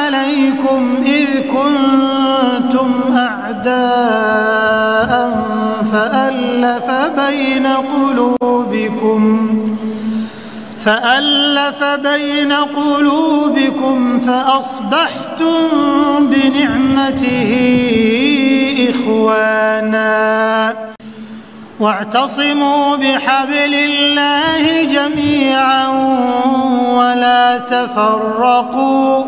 عليكم إذ كنتم أعداء فألف بين قلوبكم فألف بين قلوبكم فأصبحتم بنعمته إخوانا واعتصموا بحبل الله جميعا ولا تفرقوا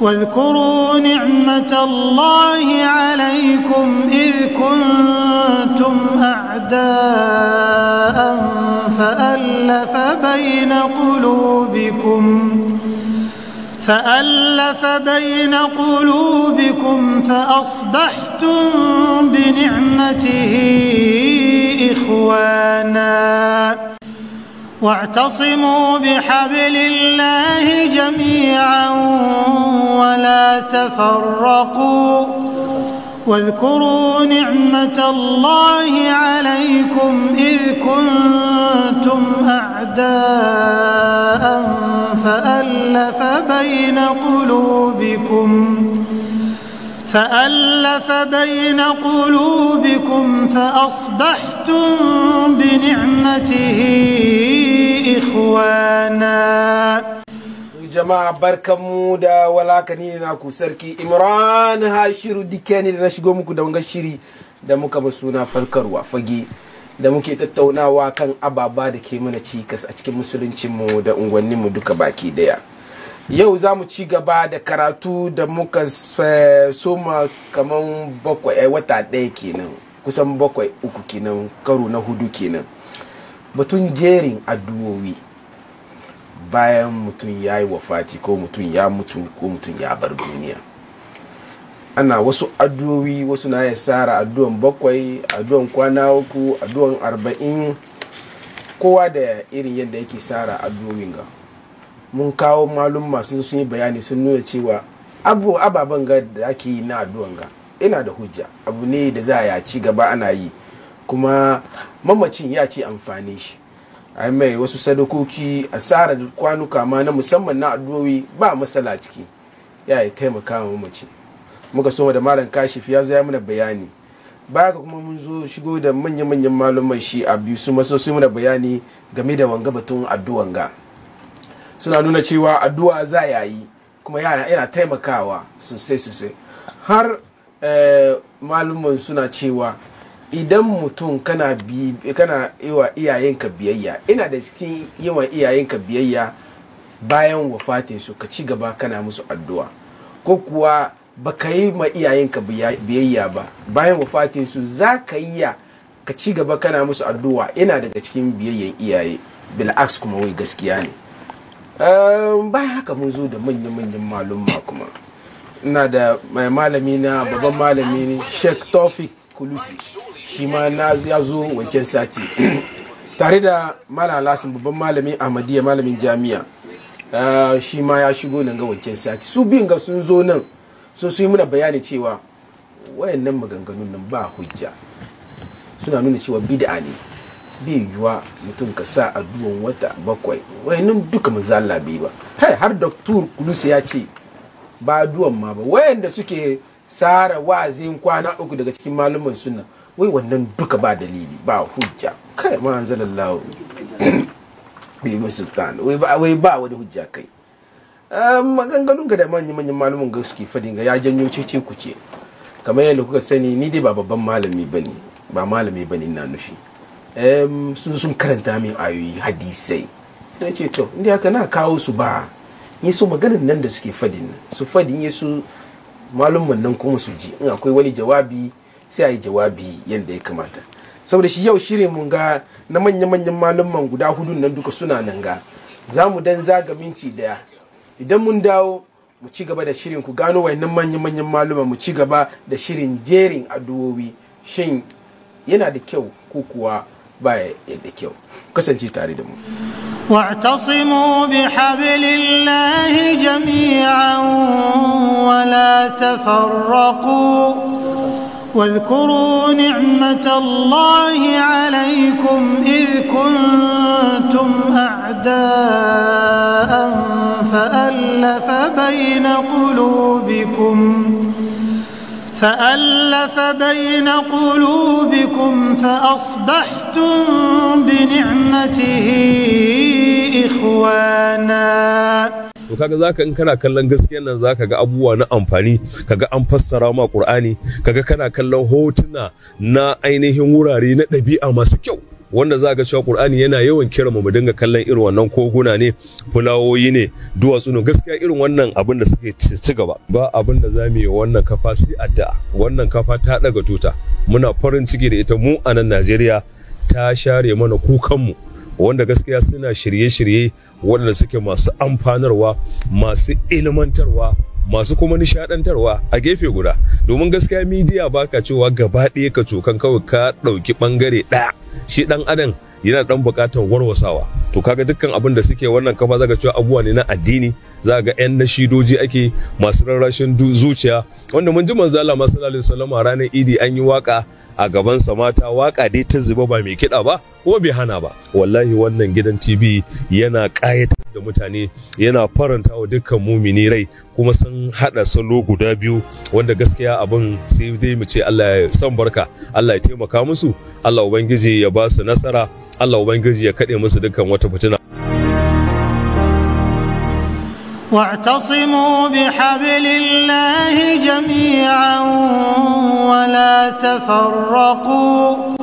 واذكروا نعمة الله عليكم إذ كنتم أعداء فألف بين قلوبكم فألف بين قلوبكم فأصبحتم بنعمته إخواناً واعتصموا بحبل الله جميعا ولا تفرقوا واذكروا نعمة الله عليكم إذ كنتم أعداء فألف بين قلوبكم فألف بين قلوبكم فأصبحتم بنعمته إخوانا jama'a barkanmu da walakani na ku sarki imran hashiru dike ne da na shigo muku da wanga shiri da muka ba suna farkarwa fage da muke tattaunawa kan ababa da ke mana cikas a cikin musuluncinmu da unguwanninmu duka baki ɗaya. yau za mu ci gaba da karatu da muka eh, soma kamar bakwai eh, wata ɗaya kenan kusan bakwai uku kenan karo na hudu kenan batun jerin addu'o'i bayan mutum ya yi wafati ko mutum ya mutu ko mutum ya bar duniya ana wasu addu'o'i wasu na ya tsara addu'an bakwai addu'an kwana uku addu'an arba'in kowa da irin yadda yake tsara addu'o'in gaba mun kawo malum masu sun yi bayani sun nuna cewa abu ababen ga da ake yi na addu'an ga ina da hujja abu ne da za a ci gaba ana yi kuma mamacin ya ci amfani shi ai mai wasu sadakoki asara da kwanuka ma na musamman na addu'o'i ba matsala ciki ya yi taimaka wa mamaci muka so da malam kashif ya zo mana bayani baya kuma mun zo shigo da manya-manyan malumai shi a biyu su maso su mana bayani game da wanga batun addu'an ga suna nuna cewa addu'a za ya yi kuma yana yana taimakawa sosai sosai har eh, malumin suna cewa idan mutum kana kana yiwa iyayenka biyayya ina da cikin yiwa iyayenka biyayya bayan wafatinsu ka ci gaba kana musu addu'a ko kuwa baka yi ma iyayenka biyayya ba bayan wafatinsu za ka yi ya ka ci gaba kana musu addu'a ina daga cikin biyayyen iyaye bil'aks kuma wai gaskiya ne Ehm, bayan haka mun zo da manya-manyan malumma kuma ina da mai malami na babban malami ne sheikh tofik kulusi shi ma ya zo wancan sati tare da malam lasin babban malami ahmadiyya malamin jami'a ehm, shi ya shigo nan ga wancan sati su biyun ga sun zo nan sun su yi muna bayani cewa wayannan maganganun nan ba hujja suna nuna cewa bid'a ne bai yiwuwa mutum ka sa addu'an wata bakwai wayannan duka manzo Allah bai ba har doktor kulusi ya ce ba addu'an ma ba wayanda suke sara wazin kwana uku daga cikin malaman sunna wai wannan duka ba dalili ba hujja kai ma anzalallahu bi musultan wai ba wai ba wani hujja kai maganganun ga da manyan manyan malaman ga suke fadin ga ya janyo cece kuce kamar yadda kuka sani ni dai ba babban malami bane ba malami bane ina nufi sun sun karanta min ayoyi hadisai sai na ce to inda haka na kawo su ba ya so maganin nan da suke fadin su fadin ya su malumman nan kuma su ji in akwai wani jawabi sai a yi jawabi yadda ya kamata saboda shi yau shirin mun ga na manya-manyan malumman guda hudu nan duka suna nan ga za mu dan zaga minti daya idan mun dawo mu ci gaba da shirin ku gano wayannan manya-manyan maluma mu ci gaba da shirin jerin addu'o'i shin yana da kyau ko kuwa baya yadda kyau kasance tare واعتصموا بحبل الله جميعا ولا تفرقوا واذكروا نعمة الله عليكم إذ كنتم أعداء فألف بين قلوبكم فألف بين قلوبكم فأصبحتم بنعمته إخوانا to kaga zaka in kana kallon gaskiyar nan zaka ga abubuwa na amfani kaga an fassara ma Qur'ani kaga kana kallon hotuna na ainihin wurare na ɗabi'a masu kyau wanda za ka cewa Qur'ani yana yawan kira mu dinga kallon irin wannan koguna ne fulawoyi ne duwatsu ne gaskiya irin wannan abin da suke ci gaba ba abin da zamu yi wannan kafa sai addu'a wannan kafa ta daga tuta muna farin ciki da ita mu a nan Najeriya ta share mana kukanmu wanda gaskiya suna shirye-shirye waɗanda suke masu amfanarwa masu ilmantarwa masu kuma nishadantarwa a gefe guda domin gaskiya midiya baka cewa gaba ɗaya ka cokan kawai ka ɗauki ɓangare ɗaya shi ɗan adam yana dan bukatar warwasawa to kaga dukkan abin da suke wannan kafa zaka cewa abubuwa ne na addini za ga yan nashidoji ake masu rarrashin zuciya wanda mun ji manzo Allah sallallahu alaihi wasallam ranar Idi an yi waka a gaban sa mata waka dai ta zuba ba mai kiɗa ba ko bai hana ba wallahi wannan gidan TV yana kayata da mutane yana faranta wa dukkan mumini rai kuma sun hada salo guda biyu wanda gaskiya abin sai dai mu ce Allah ya san barka Allah ya taimaka musu Allah ubangiji ya ba su nasara Allah ubangiji ya kade musu dukkan wata fitina واعتصموا بحبل الله جميعا ولا تفرقوا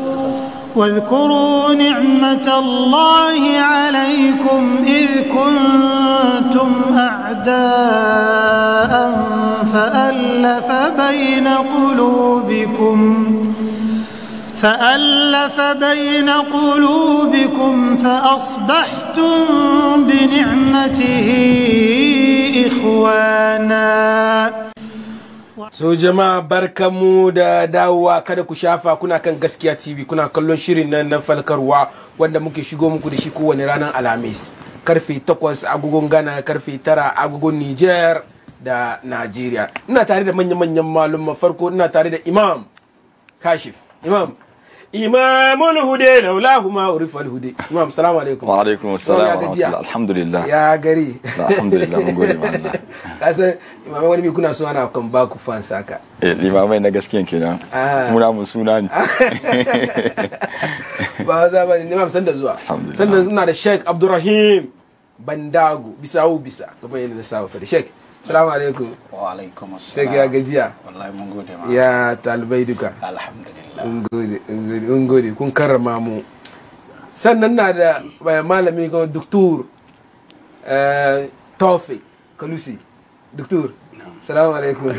واذكروا نعمة الله عليكم إذ كنتم أعداء فألف بين قلوبكم فألف بين قلوبكم فأصبحتم بنعمته إخواناً So jama'a barkamu da dawowa kada ku shafa kuna kan gaskiya TV kuna kallon shirin nan na falkarwa wanda muke shigo muku da shi kowane ranar Alhamis. Karfe 8 agogon Ghana karfe 9 agogon Niger da Nigeria. Ina tare da manya-manyan malum farko ina tare da Imam Kashif. Imam imamul hude laulahu ma urifal hude imam salamu alaikum wa alaikum assalam wa rahmatullahi alhamdulillah ya gari alhamdulillah mun gode ma Allah kasan imamai wani kuna so ana kan ba ku fan saka eh imamai na gaskiyan kenan ah. muna mun suna ne ba za ba ne imam san da zuwa sannan ina da sheikh abdurrahim bandago bisawu bisa Ka bayyana na saba fadi sheikh salamu alaikum wa alaikum assalam sheikh ya gajiya wallahi mun gode ma ya talibai duka alhamdulillah ungodi gode kun karrama mu sannan na da eh, malami ko doktor eh, tofi kalusi doktor assalamu alaikum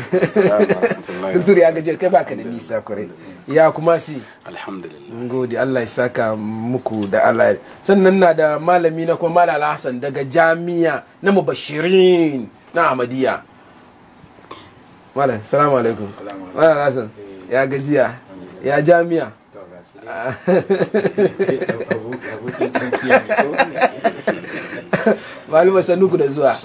doktor ya gaje kai baka da nisa kore ya kuma si alhamdulillah gode allah ya saka muku da allah sannan na da malami na kuma malal hasan daga jami'a na mubashirin na ahmadiyya malam assalamu alaikum malam hasan ya gajiya ya jami'a malama sannuku da zuwa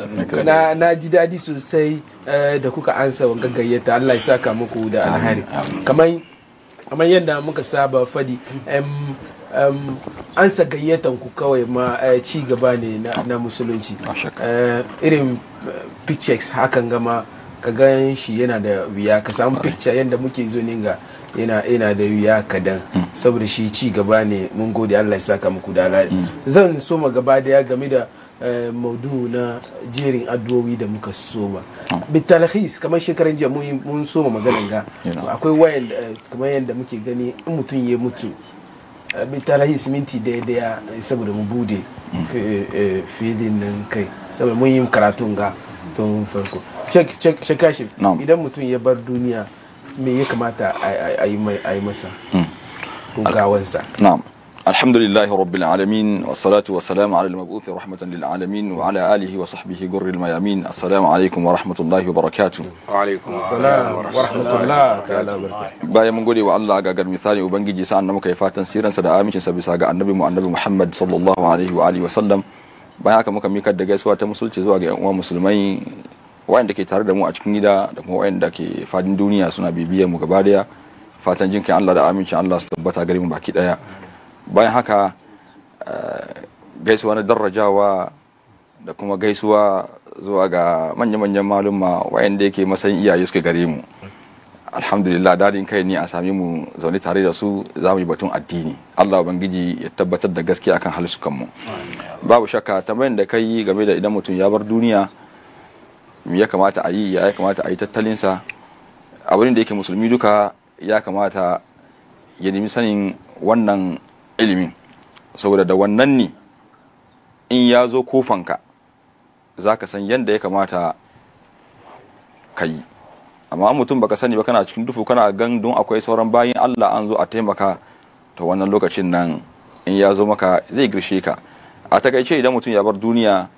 na, ji daɗi sosai eh, da kuka ansa wa gayyata Allah ya saka muku da alhari kamar yadda muka saba fadi um, um, ansa gayyatan ku kawai ma eh, ci gaba ne na, musulunci eh, irin pictures hakan gama ka gan shi yana da wuya ka samu picture yadda muke zo ne ga yana ina da wuya kadan hmm. saboda shi ci gaba ne mun gode Allah ya saka muku da alheri hmm. zan so gaba da ya game da eh, maudu na jerin addu'o'i da muka soma oh. bitalhis kamar shekaran jiya mun soma magana ga akwai wayan eh, kamar yadda muke gani in mutum ya mutu eh, bitalhis minti daya saboda mu bude hmm. filin nan kai saboda mun yi karatun ga tun farko shek idan mutum ya bar duniya me ya kamata a yi masa hmm. gawansa na'am alhamdulillahi rabbil alamin wa salatu wa salam ala al-mabuthi rahmatan lil alamin wa ala alihi wa sahbihi ghurril mayamin assalamu alaikum wa rahmatullahi wa barakatuh bayan alaikum assalam wa mun gode wa Allah ga gar misali ubangiji sa'an nan muka yi fatan sirran sa da amincin sa bisa ga annabi mu annabi muhammad sallallahu alaihi wa alihi wa sallam bayan haka muka mika da gaisuwa ta musulci zuwa ga yan uwa musulmai wayanda ke tare da mu a cikin gida da kuma wayanda ke fadin duniya suna bibiyar mu gaba daya fatan jin kai Allah da amincin Allah su tabbata gare mu baki daya bayan haka eh, gaisuwa na darajawa da kuma gaisuwa zuwa ga manya-manyan maluma wayanda yake masayin iyaye suke gare mu alhamdulillah dadin kai ne a sami mu zaune tare da su za mu yi batun addini Allah ubangiji ya tabbatar da gaskiya akan halisukan mu babu shakka tambayan da kai game da idan mutum ya bar duniya me ya kamata a yi ya ya kamata a yi tattalinsa abin da yake musulmi duka ya kamata ya nemi sanin wannan ilimin saboda da wannan ne in ya zo kofanka za ka san yadda ya kamata ka yi amma mutum baka sani ba kana cikin dufu kana gan don akwai sauran bayan allah an zo a taimaka ta wannan lokacin nan in ya zo maka zai girshe ka a takaice idan mutum ya bar duniya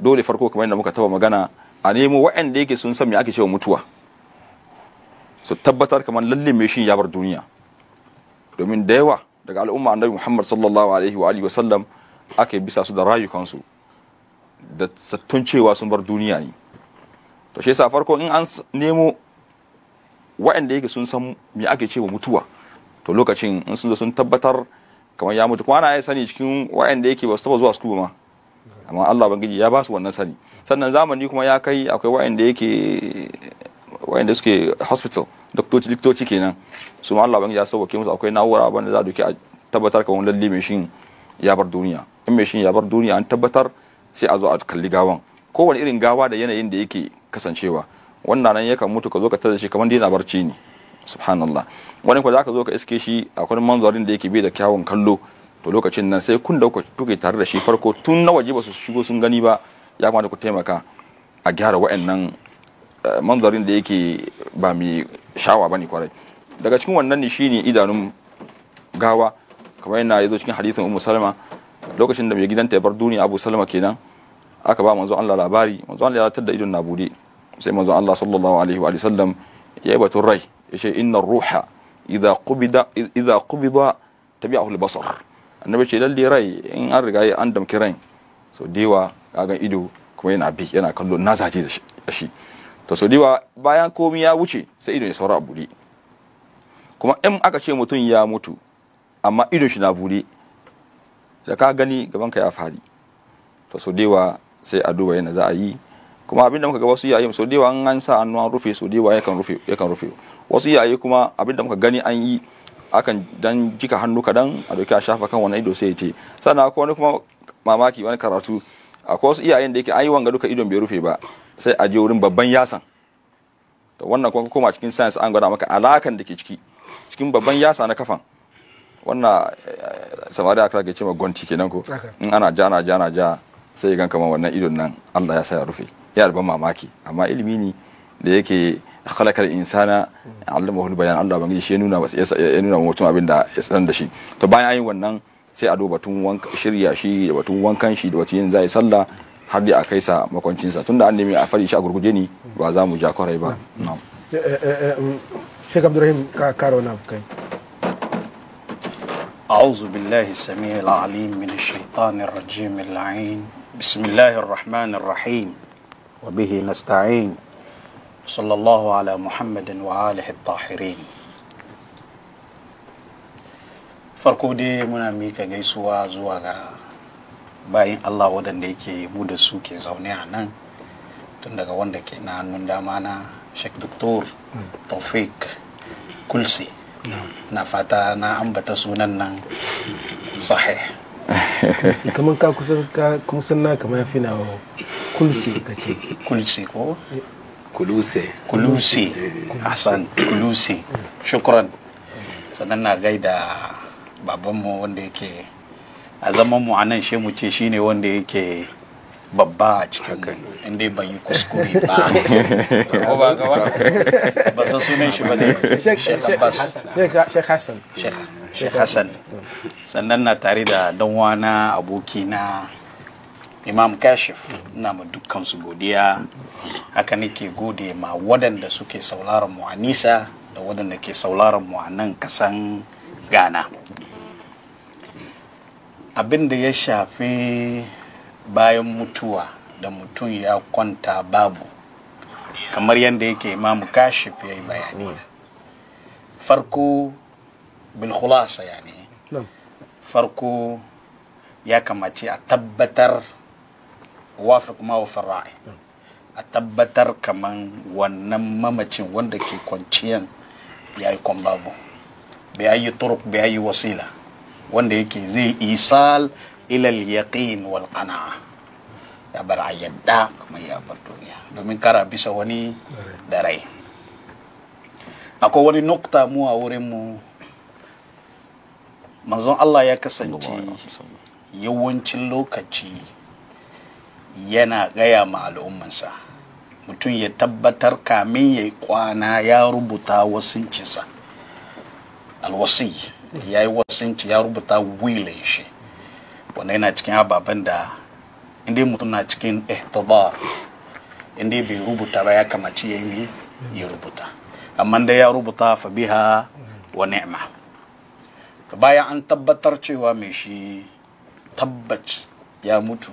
dole farko kamar yadda muka taba magana a nemo waɗanda yake sun san me ake cewa mutuwa su tabbatar kamar lalle mai shi ya bar duniya domin da yawa daga al'umma annabi Muhammad sallallahu alaihi wa alihi wasallam aka yi bisa su da rayukansu da sattun cewa sun bar duniya ne to shi yasa farko in an nemo waɗanda yake sun san me ake cewa mutuwa to lokacin in sun zo sun tabbatar kamar ya mutu kuma ana sani cikin waɗanda yake ba su taba zuwa su ma amma Allah bangiji ya ba su wannan sani sannan zamani kuma ya kai akwai wa'anda yake wa'anda suke hospital doktoci liktoci kenan su ma Allah bangiji ya sauke musu akwai na'ura wanda za a doke a tabbatar ka wani lalle mai shin ya bar duniya in mai shin ya bar duniya an tabbatar sai a zo a kalli gawan kowane irin gawa da yanayin da yake kasancewa wannan nan yakan mutu ka zo ka tada shi kamar da yana barci ne subhanallah wani kuma zaka zo ka iske shi akwai manzarin da yake bai da kyawun kallo to lokacin nan sai kun dauka kuke tare da shi farko tun na waje ba su shigo sun gani ba ya kamata ku taimaka a gyara wa'annan eh, manzarin da yake ba mai shawa ba bane kwarai daga cikin wannan ne shine idanun gawa kamar yana yazo cikin hadisin ummu salma lokacin da mai gidanta ya bar duniya abu salma kenan aka ba manzo Allah labari manzo Allah ya tada da idon na bude sai manzo Allah sallallahu alaihi wa sallam ya yi batun rai ya ce inna ruha idza qubida idza qubida tabi'ahu al-basar annabi ce lalle rai in an riga an damki rai so dewa kagan ido kuma yana bi yana kallo na zaje da shi to so diwa bayan komi ya wuce sai ido ya saura a buɗe kuma in aka ce mutum ya mutu amma ido shi na buɗe da ka gani gabanka ya fari to so diwa sai a duba yana za a yi kuma abinda muka ga wasu yayi so diwa an sa hannu an rufe so dewa yakan rufe yakan rufe wasu yayi kuma abinda muka gani an yi akan dan jika hannu kadan a doki a shafa kan wani ido sai ya ce sannan akwai wani kuma mamaki wani karatu akwai wasu iyayen da yake ayi yi wanga duka idon bai rufe ba sai a je wurin babban yasan to wannan kuma koma cikin science an gwada maka alakan da ke ciki cikin babban yasa na kafan wannan eh, samari aka ga ce ma gonti kenan ko in ana ja ana ja ana ja sai gan kamar wannan idon nan Allah ya sa ya rufe ya da mamaki amma ilimi ne da yake khalaqal insana allamahu bayan Allah bangiji shi ya nuna ya mutum abin da ya san da shi to bayan an yi wannan sai a duba batun wanka shirya shi da batun wankan shi da wacce yin zai sallah har da a kai sa makwancin sa tunda an nemi a fari shi a gurguje ni ba za mu ja kwarai ba na'am eh, eh, eh, um, Sheikh Abdurrahim ka karo na kai أعوذ بالله السميع العليم من الشيطان الرجيم اللعين بسم الله الرحمن الرحيم وبه نستعين صلى الله على محمد وآله الطاهرين farko dai muna mika gaisuwa zuwa ga bayan allah wadanda yake mu da su ke zaune a nan tun daga wanda ke na hannun dama na sheikh doktor taufik kulsi na fata na ambata sunan nan sahih kamar ka kusan na kamar ya na kulsi ka ce kulsi ko kuluse eh, kuluse hassan kuluse shukran sannan na gaida babanmu wanda yake a zaman mu anan shi mu ce shine wanda yake babba a cikin inda ban yi kuskure ba ko ba ga ba san sunan shi ba da Sheikh Hassan Sheikh Hassan sannan na tare da dan wana abokina imam kashif ina ma su godiya haka nake gode ma waɗanda suke sauraron mu a da waɗanda ke sauraron mu nan kasan ghana abin da ya shafi bayan mutuwa da mutum ya kwanta babu kamar yadda yake imam kashif ya yi bayani farko bilkhulasa yani farko ya kamace a tabbatar wafiq ma wa a tabbatar kaman wannan mamacin wanda ke kwanciyan ya yi babu bai yi turuk bai yi wasila wanda yake zai isal ilal yaqin wal qana'a ya bar a yadda kuma ya bar duniya domin kara bisa wani da rai akwai wani nukta mu a wurin mu manzon Allah ya kasance yawancin lokaci yana gaya ma al'ummansa mutum ya tabbatar kamin ya yi kwana ya rubuta wasincinsa alwasi ya yi wasinci ya rubuta wilin shi wanda yana cikin ababen da inda mutum na cikin ihtidar inda bai rubuta ba ya kamaci ya yi ya rubuta amma da ya rubuta fa biha wa ni'ma bayan an tabbatar cewa mai shi tabbaci ya mutu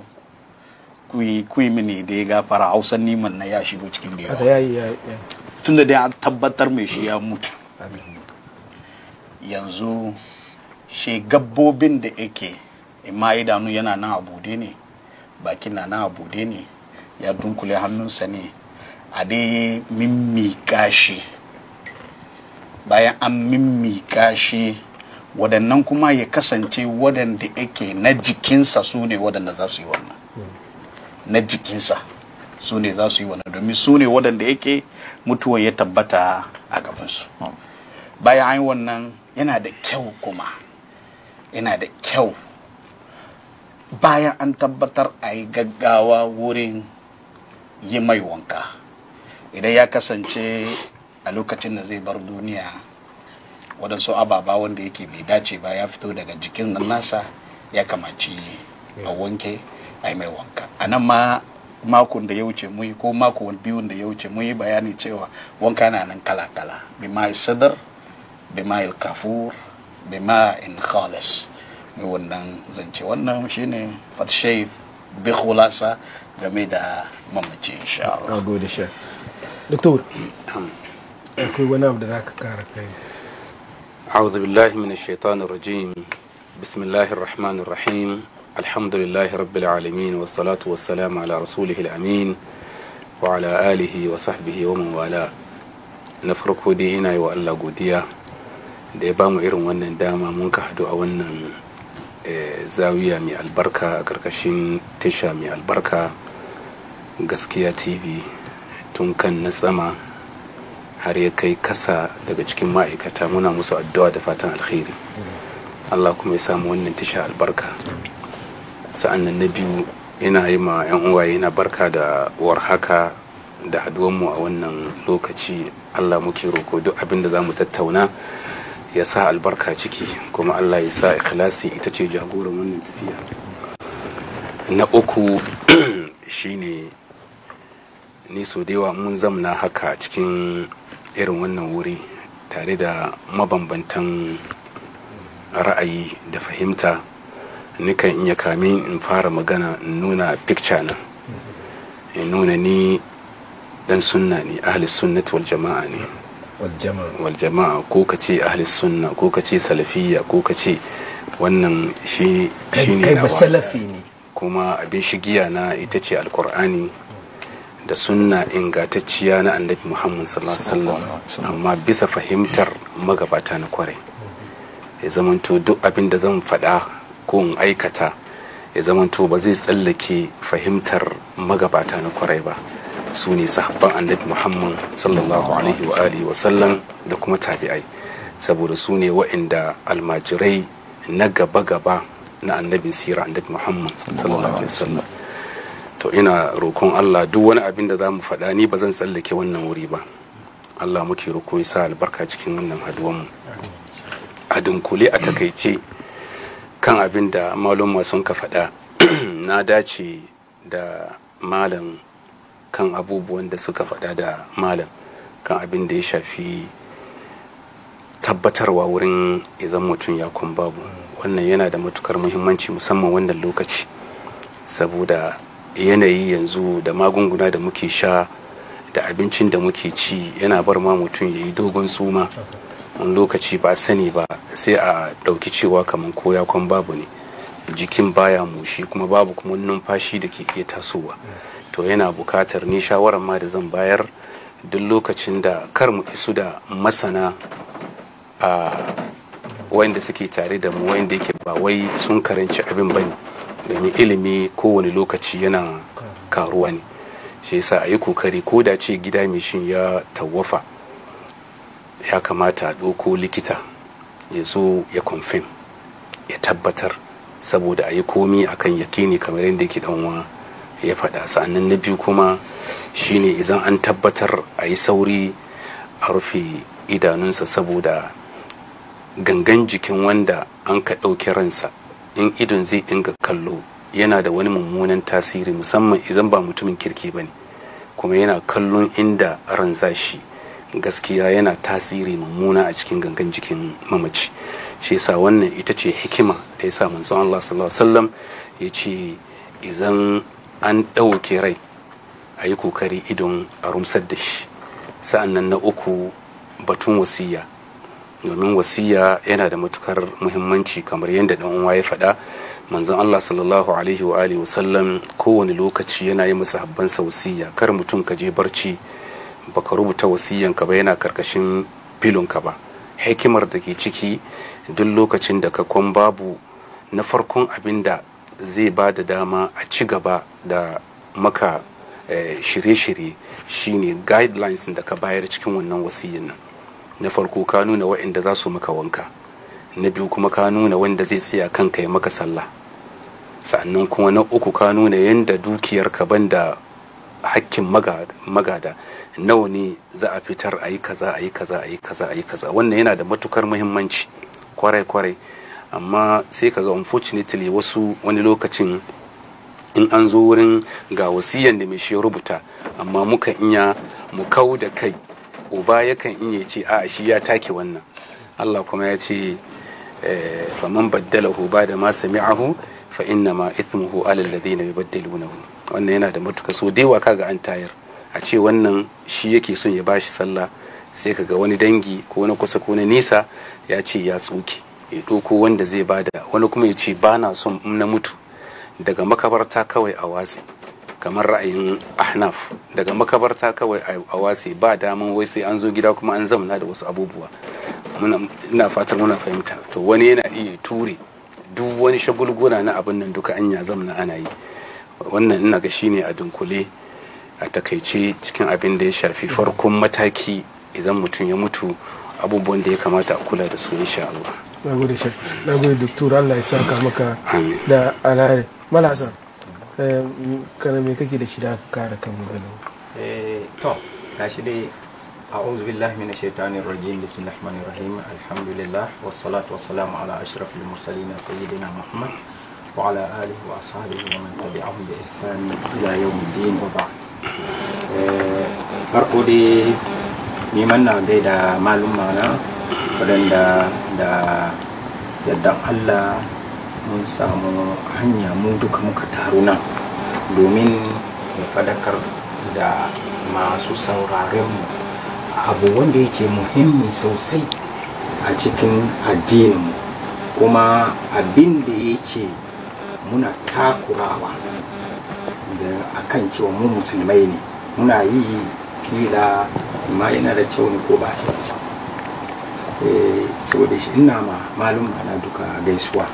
kuyi mini da ya gafara hausan niman na ya shigo cikin da yawa tunda dai an tabbatar mai shi ya mutu yanzu shi da yake imma idanu yana nan a bude ne baki na nan a bude ne ya dunkule hannunsa ne a dai mimmika shi bayan an mimmika shi waɗannan kuma ya kasance waɗanda yake na jikinsa su ne waɗanda za su yi wannan na jikinsa su ne za su yi wannan domin su ne waɗanda yake mutuwan ya tabbata a gabansu hmm. bayan an yi wannan yana da kyau kuma yana da kyau bayan an tabbatar a yi gaggawa wurin yi mai wanka idan ya kasance a lokacin da zai bar duniya waɗansu ababa wanda yake bai dace ba ya fito daga jikin nan nasa ya kamaci a wanke ai yi mai wanka a nan ma makon da ya wuce mu ko mako biyun da ya wuce mu yi bayani cewa wanka na nan kala-kala bi bima sadar bi bima kafur bi ma in khalis mu wannan zance wannan shine fatshai bi khulasa game da mamaci insha Allah. gode shi. Doktor. Akwai wani abu da zaka kara kai. a'udhu billahi minash shaitanir rajim bismillahir rahmanir rahim alhamdulillahi rabbil alamin was salatu ala rasulihi al-amin wa ala alihi wa sahbihi wa man wala na farko dai ina yi wa Allah godiya da ya bamu irin wannan dama mun ka hadu a wannan eh, zawiya mai albarka a karkashin tasha mai albarka gaskiya tv tun kan na sama har ya kai kasa daga cikin ma'aikata muna musu addu'a da fatan alkhairi allah kuma ya samu wannan tasha albarka sa'annan na biyu yana yi ma 'yan uwaye yana barka da warhaka da haduwanmu a wannan lokaci allah muke roko duk abin da za mu tattauna ya sa albarka ciki kuma allah ya sa ikhlasi ita ce jagoran wannan tafiya na uku shine ne so da yawa mun zamna haka cikin irin wannan wuri tare da mabambantan ra'ayi da fahimta nikan iya kamin in fara magana in nuna picture nan in nuna ni dan sunna ne ahli sunnati wal jama'a ne wal jama'a ko ka ce ahli sunna ko ka ce salafiyya ko ka ce wannan shi ne nawa kuma abin shigiya na ita ce alkur'ani da sunna ingantacciya na annabi muhammad sallallahu alaihi wasallam amma bisa fahimtar magabata na kwarai ya zamanto duk abin da zan faɗa ko in aikata ya zamanto ba zai tsallake fahimtar magabata na kwarai ba su ne sahabban annabi muhammad sallallahu alaihi wa alihi wa sallam da kuma tabi'ai saboda su ne wa'inda almajirai na gaba-gaba na annabin sira annabi muhammad sallallahu alaihi wa sallam to ina roƙon allah duk wani abin da za mu faɗa ni ba zan tsallake wannan wuri ba allah muke roƙo ya sa albarka cikin wannan haduwan mu. a dunkule a takaice kan abin da malon sun ka faɗa na dace da malam kan abubuwan da suka faɗa da malam kan abin da ya shafi tabbatarwa wurin izan mutum ya kun babu wannan yana da matukar muhimmanci musamman wannan lokaci saboda yanayi yanzu da magunguna da muke sha da abincin da muke ci yana bar ma mutum ya yi dogon tsuma. wani lokaci ba sani ba sai a ɗauki cewa kamar koya kwan babu ne jikin baya mushi kuma babu kuma numfashi da ke iya tasowa to yana bukatar ni shawarar ma da zan bayar duk lokacin da kar mu isu da masana a wanda suke tare da mu wanda yake ba wai sun karanci abin bane domin ilimi kowane lokaci yana karuwa ne shi yasa a yi kokari ko da ce gida mai shin ya tawafa ya kamata a ɗauko likita ya zo ya confirm ya tabbatar saboda a yi komi a kan yakini kamar yadda ke danwa ya faɗa sa'annan na biyu kuma shine idan an tabbatar a yi sauri a rufe idanunsa saboda gangan jikin wanda an ka ɗauki ransa in idon zai dinga kallo yana da wani mummunan tasiri musamman idan ba mutumin kirki ba ne kuma yana kallon inda ran shi gaskiya yana tasiri mummuna a cikin gangan jikin mamaci shi yasa wannan ita ce hikima da yasa manzon Allah sallallahu alaihi wasallam ya ce idan an ɗauke rai a yi kokari idon a rumsar da shi sa'an nan na uku batun wasiya domin wasiya yana da matukar muhimmanci kamar yadda dan uwa ya faɗa manzon Allah sallallahu alaihi wa alihi wasallam kowane lokaci yana yi masa habban wasiya kar mutum ka je barci baka rubuta wasiyanka ba yana karkashin filonka ba hikimar da ke ciki duk lokacin da ka kwan babu na farkon abin da zai ba da dama a ci gaba da maka eh, shirye-shirye shine guidelines da ka bayar cikin wannan wasiyan nan na farko ka nuna waɗanda za su maka wanka na biyu kuma ka nuna wanda zai tsaya kanka ya maka sallah sannan kuma na uku ka nuna yadda dukiyarka banda hakkin magada nawa ne za a fitar a yi kaza a yi kaza a yi kaza a yi kaza wannan yana da matukar muhimmanci kwarai kwarai amma sai kaga unfortunately wasu wani lokacin in an zo wurin ga wasiyan da mai shi rubuta amma muka iya mu kau da kai uba yakan iya ce a shi ya take wannan Allah kuma ya ce eh, man hu ba da ma sami'ahu fa inna ma ithmuhu alal ladina yubaddilunahu wannan yana da matuka so da yawa kaga an tayar a ce wannan shi yake son ya bashi sallah sai ka ga wani dangi ko na kusa ko na nisa ya ce ya tsoke ya ɗauko wanda zai bada wani kuma ya ce ba na son na mutu daga makabarta kawai a watsi kamar ra'ayin ahnaf daga makabarta kawai a watsi ba daman wai sai an zo gida kuma an zamna da wasu abubuwa ina fatar muna fahimta to wani yana iya ture duk wani shagulguna na abin nan duka ya zamna ana yi wannan ina ga shine a dunkule a takaice cikin abin da ya shafi farkon mataki idan mutum ya mutu abubuwan da ya kamata a kula da su insha Allah. Nagode shek, nagode doktor Allah ya saka maka da alare. Malasa, eh, kana me kake da shi da kare kan maganin? Eh to, shi dai أعوذ بالله من الشيطان الرجيم بسم الله الرحمن الرحيم الحمد لله والصلاة والسلام على أشرف المرسلين سيدنا محمد وعلى آله وأصحابه ومن تبعهم بإحسان إلى يوم الدين وبعد farko dai neman na gai da malumma na waɗanda da yadda allah mun samu hanya mu duka muka taru nan domin mu fadakar da masu saurarenmu abu wanda yake muhimmi sosai a cikin addininmu kuma abin da yake muna takurawa da akan cewa mu musulmai ne muna yi kila ma yana da kyau ne ko ba shi da kyau eh, saboda shi ina ma malum na duka gaisuwa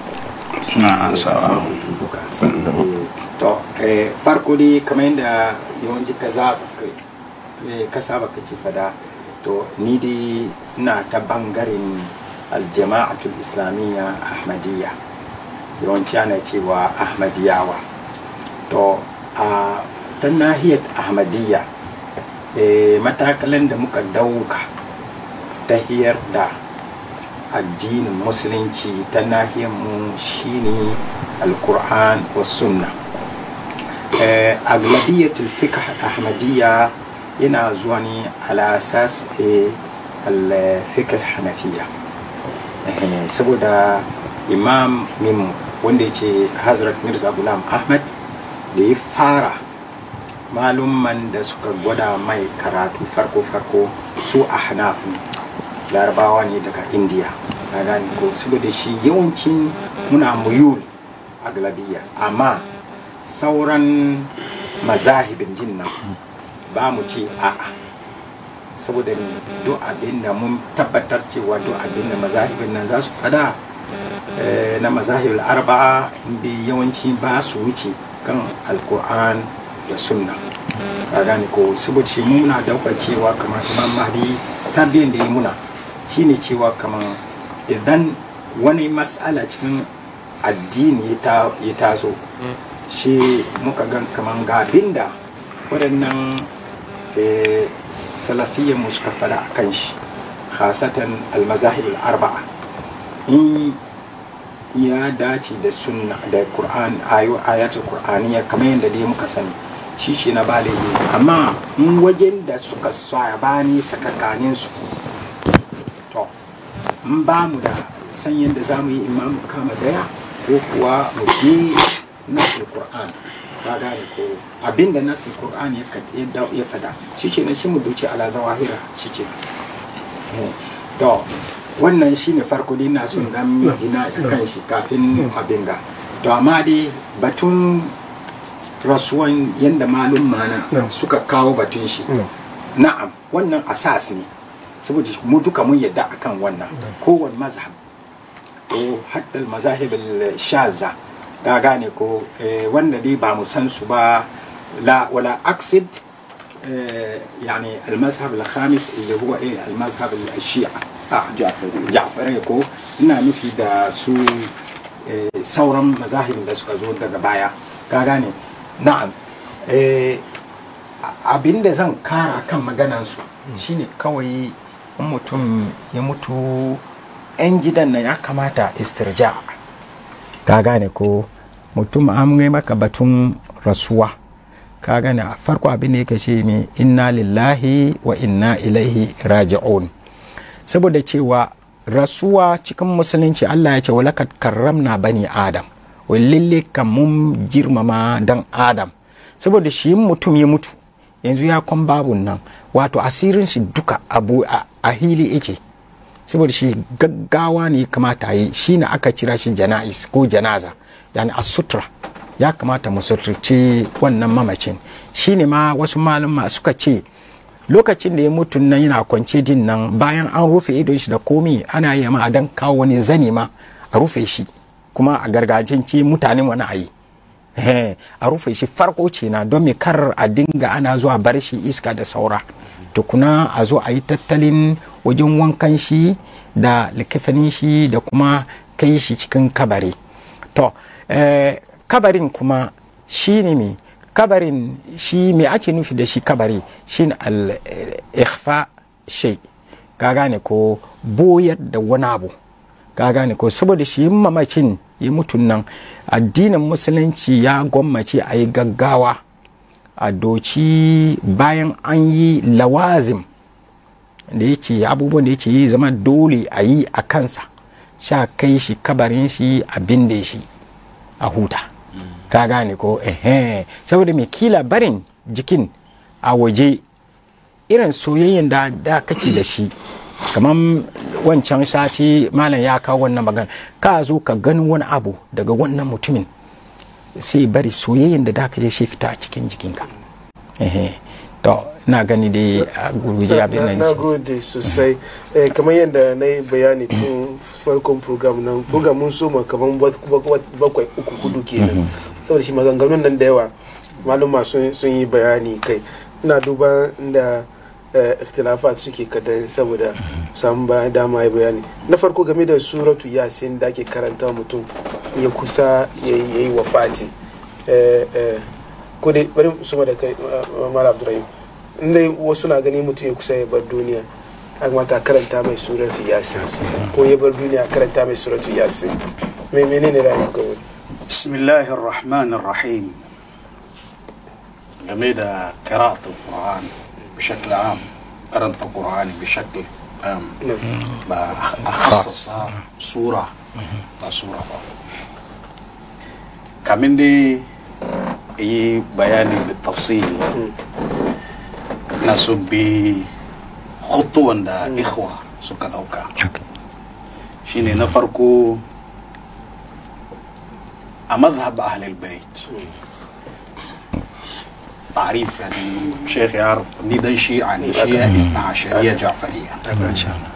suna asawa duka eh, to eh, farko dai kamar yadda yawanci ka ka saba ka ce fada to ni dai ina ta bangaren aljama'atul islamiyya ahmadiyya yawanci ana cewa ahmadiyawa to a ta nahiyar ahmadiyya eh, matakalan da muka dauka ta hiyar da addinin musulunci ta nahiyar mu ne alkur'an wa sunna eh, aglabiyatul fiqh ahmadiyya yana zuwa ne alasas a eh, alfikar hanafiya saboda imam mimu wanda ya ce hazrat mirza gulam ahmad da ya fara malumman da suka gwada mai karatu farko-farko su a hanafi larabawa ne daga indiya na gani ko da shi yawancin muna muyul a galabiya amma sauran mazahibin jin nan ba mu ce a'a saboda ne duk abin da mun tabbatar cewa duk abin da mazahibin nan za su fada eh, na mazahibin arba'a inda yawanci ba su wuce kan alkur'an da sunna a gane ko saboda shi muna daukar cewa kamar imam mahdi tarbiyyar da ya muna shine cewa kamar idan wani matsala cikin addini ya taso shi muka gan kamar ga abinda waɗannan eh, salafiyyar mu suka fada a kan shi khasatan almazahib arba'a in ya dace da sunna da qur'an ayo qur'aniya kamar yadda dai muka sani shi shi na ba amma in wajen da suka sabani sakakanin su to in ba mu da san yadda za mu yi imamu kama daya ko kuwa mu je nasul qur'an ta gane ko abinda nasul qur'an ya fada shi shi mu duce ala zawahira shi ke eh. to wannan shine farko dai ina son dan ina kan shi kafin abin ga to amma dai batun rasuwan yanda malum mana suka kawo batun shi na'am wannan asas ne saboda mu duka mun yadda akan wannan kowanne mazhab ko hatta mazahib al shaza ka gane ko wanda dai ba mu san su ba la wala aksid يعني المذهب الخامس اللي هو ايه المذهب الشيعي a ja'fari ko ina nufi da su eh, sauran mazahirin da suka zo daga baya ka gane na'am eh, abin da zan kara kan maganansu shine kawai in mutum ya mutu 'yan gidan nan ya kamata istirja ka gane ko mutum an maka batun rasuwa ka gane farko abin da yake ce ne inna lillahi wa inna ilaihi raji'un saboda cewa rasuwa cikin musulunci Allah ya ce walakat karramna bani adam lalle kan mun girmama dan adam saboda shi mutum ya mutu yanzu ya kwan babu nan wato asirin shi duka abu a hili yake saboda shi gaggawa ne kamata yi shi na aka kira shi jana'is ko janaza yani a sutura ya kamata mu suturci wannan mamacin shi ne ma wasu malama suka ce lokacin da ya mutu nan yana kwance din nan bayan an rufe idon shi da komi ana yi ma dan kawo wani zani ma a rufe shi kuma a gargajiyance mutanen wani ayi a rufe shi farko ce na don mi kar a dinga ana zuwa bar shi iska da saura tukuna a zo a yi tattalin wajen wankan shi da likifanin shi da kuma kai shi cikin kabari to eh, kabarin kuma shi ne kabarin shi mai ake nufi da shi kabari shi al-ikhfa shai ka gane ko boyar da wani abu ka gane ko saboda shi mamacin yi mutun nan addinin musulunci ya gwammace a yi gaggawa a doci bayan an yi lawazim da yake abubuwan da ya ce yi zama dole a yi a kansa sha kai shi kabarin shi abin da shi a huta ka gane ko ehe saboda mai kila barin jikin a waje irin soyayyen da da kace da shi kamar wancan sati malam ya kawo wannan magana ka zo ka gani wani abu daga wannan mutumin sai bari soyayyen da da kace shi fita a cikin jikinka ehe to na gani dai a gurguje abin nan na gode sosai eh, kamar yadda na yi bayani tun farkon program nan program mun soma kamar bakwai uku kudu kenan mhm. saboda shi maganganun nan da yawa maluma sun yi bayani kai ina duba da eh, ikhtilafat suke kadan saboda samun bayan dama ya bayani na farko game da suratu yasin da ake karanta mutum ya kusa ya yi wa eh, eh, ko dai bari su da kai mara abdurrahim inda wasu na gani mutum ya kusa ya bar duniya a mata karanta mai suratu yasin ko ya bar duniya karanta mai suratu yasin mai menene ra'ayin kawai بسم الله الرحمن الرحيم جميلة قراءة القرآن بشكل عام قراءة القرآن بشكل عام نعم. بأخصص سورة سورة كمين دي اي بياني بالتفصيل ناس بخطوة إخوة سكتوكا شيني نفركو مذهب اهل البيت تعريف يعني شيخ يعرف دي ده شيء يعني شيء عشريه جعفريه ان شاء الله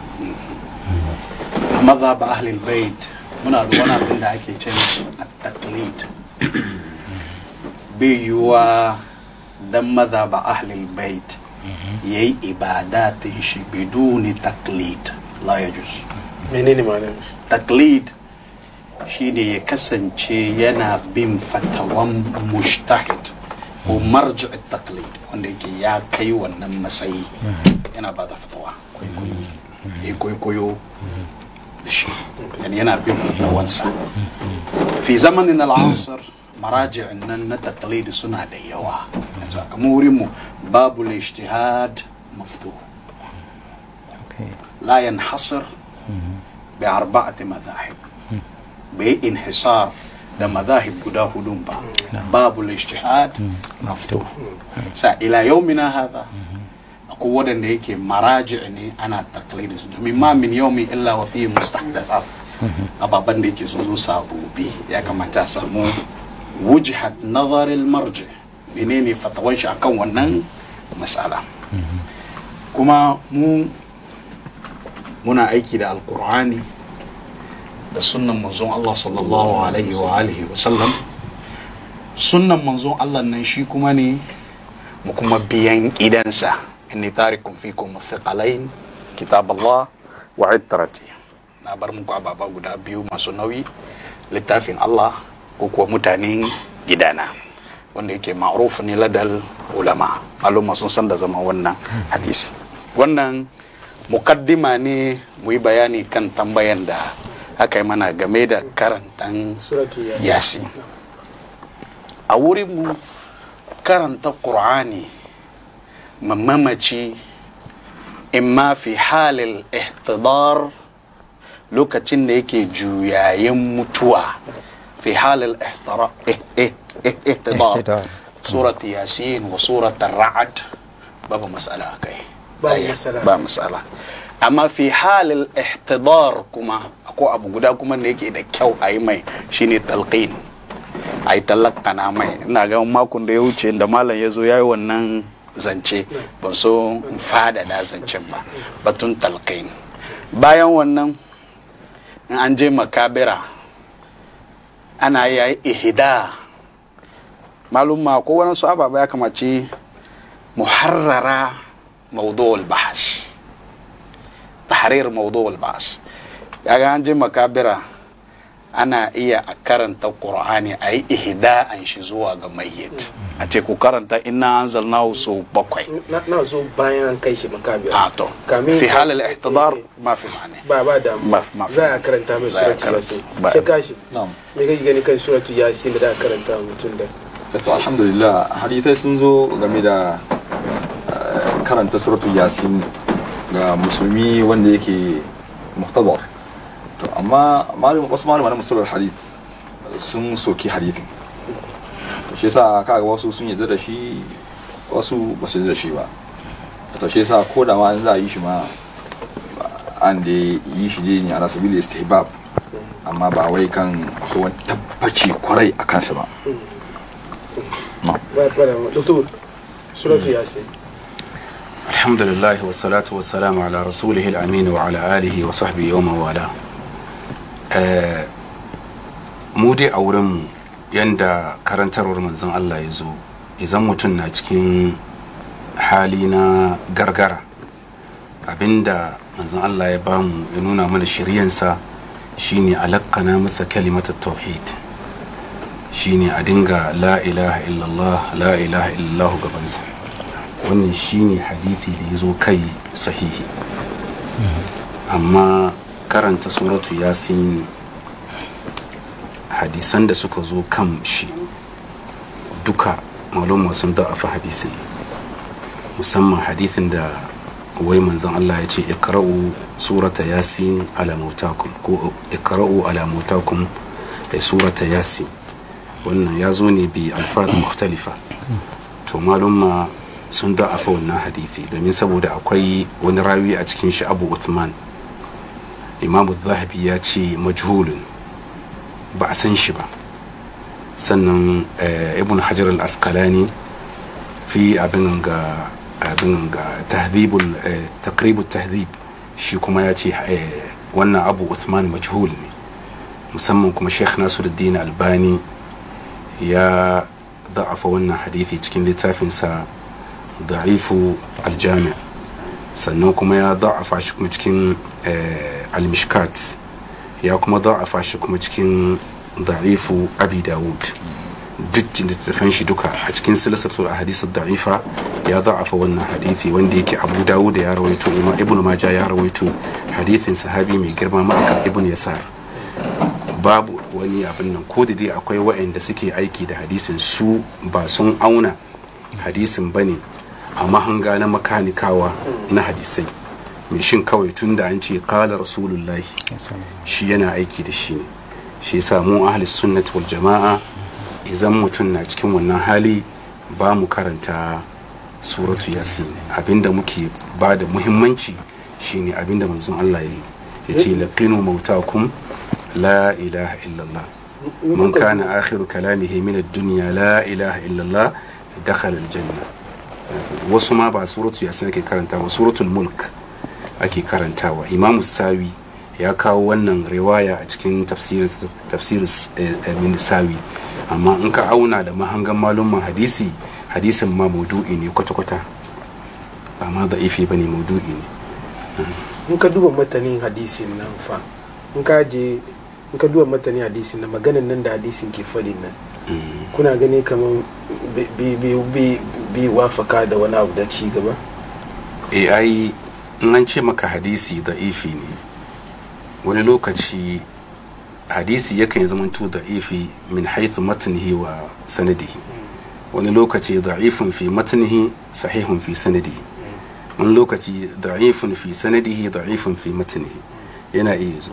مذهب اهل البيت من ادوانا من ذاك التقليد بيوا دم مذهب اهل البيت يي عبادات بدون تقليد لا يجوز منين ما تقليد shine ya kasance yana bin fatawan mujtahid ko marji taqlid wanda yake ya kai wannan matsayi yana ba da fatawa koyo koyo koyo shi yana yana bin fatawan sa fi zamanin al'asar maraji'in nan na taqlid suna da yawa yanzu kamar mu babu al-ijtihad maftu maftuh لا ينحصر بأربعة مذاهب بانحصار لمذاهب قدا هدومبا باب الاجتهاد مفتوح سا الى يومنا هذا akwai waɗanda yake maraji'a ne ana taklidi su domin ma min yau mai illa wa fiye mustahdasat ababen da yake sun zo sabobi ya kamata samu wujhat nazarin marji menene fatawan shi akan wannan matsala kuma mu muna aiki da alkur'ani da sunan manzon Allah sallallahu alaihi wa alihi wa sallam sunan manzon Allah nan shi kuma ne mu kuma biyan idansa inni tarikum fikum thiqalain kitab Allah wa ittarati na bar muku ababa guda biyu masu nauyi littafin Allah ko kuwa mutanen gidana wanda yake ma'ruf ne ladal ulama maluma sun san da zama wannan hadisi wannan mukaddima ne mu yi bayani kan tambayan da aka yi mana game da karantan yasi a mu karanta ƙur'ani mamamaci imma fi halil ihtidar lokacin da yake juyayen mutuwa fi halil eh, eh, eh, ihtidar surat yasin wa surat ra'ad babu masala kai ba masala amma fi halin ihtidar kuma ko abu guda kuma da yake da kyau a yi mai shine talqin a yi na mai ina ga makon da ya wuce da malam ya zo ya yi wannan zance ban so in fada da zancen ba batun talqin bayan wannan in an je makabira ana yi ihida maluma ko wani su ababa ya kamaci muharrara maudu'ul bahas tahrir mawdu al-ba'as kaga an je makabira ana iya a karanta qur'ani a yi ihda'an shi zuwa ga mayyit a ce ku karanta inna anzalnahu su bakwai na zo bayan an kai shi makabira a to fi halal ihtidar ma fi ma'ana ba ba da ma za a karanta mai suratu yasin shi kashi me kake gani kan suratu yasin da karanta mutum da to alhamdulillah hadisai sun zo game da karanta suratu yasin ga musulmi wanda yake muhtadar to amma wasu malama na musulun hadith sun soki hadithin shi yasa kaga wasu sun yadda da shi wasu ba su yadda da shi ba to shi yasa ko da ma an za a yi shi ma an da yi shi ne a rasabil istihbab amma ba wai kan akwai tabbaci kwarai a kansa ba. Ba, ba, doktor, suratu yasin. الحمد لله والصلاة والسلام على رسوله الأمين وعلى آله وصحبه يوم ولا mudi a wurinmu yadda karantarwar manzon Allah ya zo idan mutum na cikin hali na gargara abinda manzon Allah ya bamu ya nuna mana sa shine alakana masa kalimata tauhid shine a dinga la ilaha illallah la ilaha illallah gabansa wannan shine hadithi da ya zo kai sahihi amma karanta suratu yasin hadisan da suka zo kan shi duka malumma sun da'afa hadisin musamman hadithin da wai manzon Allah ya ce ikra'u surata yasin ala mautakum ko ikra'u ala mautakum eh, surata yasin wannan ya zo ne bi alfaz mukhtalifa to ma. sun don afa wannan hadithi domin saboda akwai wani rawi a cikin shi abu uthman imamu zahabi ya ce majhulun ba a san shi ba sannan eh, ibn hajar al-asqalani fi abin ga abin ga eh, shi kuma ya ce eh, wannan abu uthman majhul ne musamman kuma sheikh nasiruddin albani ya da'afa wannan hadithi cikin littafinsa da'ifu aljami'a sannan kuma ya za'afa shi kuma cikin eh, almishkat ya kuma za'afa shi kuma cikin da'ifu abi dawud duk littattafan shi duka a cikin a ahadith da'ifa ya za'afa wannan hadithi wanda yake abu dawud ya rawaito imam ibnu ya rawaito hadithin sahabi mai girma ma'akar ibnu yasar babu wani abin nan ko da dai akwai waɗanda suke aiki da hadisin su ba sun auna hadisin bane a mahanga na makanikawa na hadisai mai shin kawai tun da an ce kala rasulullahi shi yana aiki da shi ne shi yasa mu ahli sunnati wal jama'a idan mutum na cikin wannan hali ba mu karanta suratu yasin abinda muke ba da muhimmanci shine abinda manzon Allah ya yi ya ce laqinu mautakum la ilaha illallah man kana akhiru kalamihi min ad-dunya la ilaha illallah dakhala al-janna wasu ma ba suratu yasin ake karanta ba suratul mulk ake karantawa imamu sawi ya kawo wannan riwaya a cikin tafsirin eh, eh, min sawi amma in ka auna da mahangan malumman hadisi hadisin ma maudu'i ne kwata-kwata ba ma da ife ba ne maudu'i ne in ka duba matanin hadisin nan fa in ka je in ka duba matanin hadisin nan maganin nan da hadisin ke fadin nan mm. kuna gani kamar bi wafaka da wani abu da ci gaba eh ai in an ce maka hadisi da ifi ne wani lokaci hadisi yakan to da ifi min haithu matnihi wa sanadihi wani lokaci da'ifun fi matnihi sahihun fi sanadihi wani lokaci da'ifun fi sanadihi da'ifun fi matnihi yana iya zo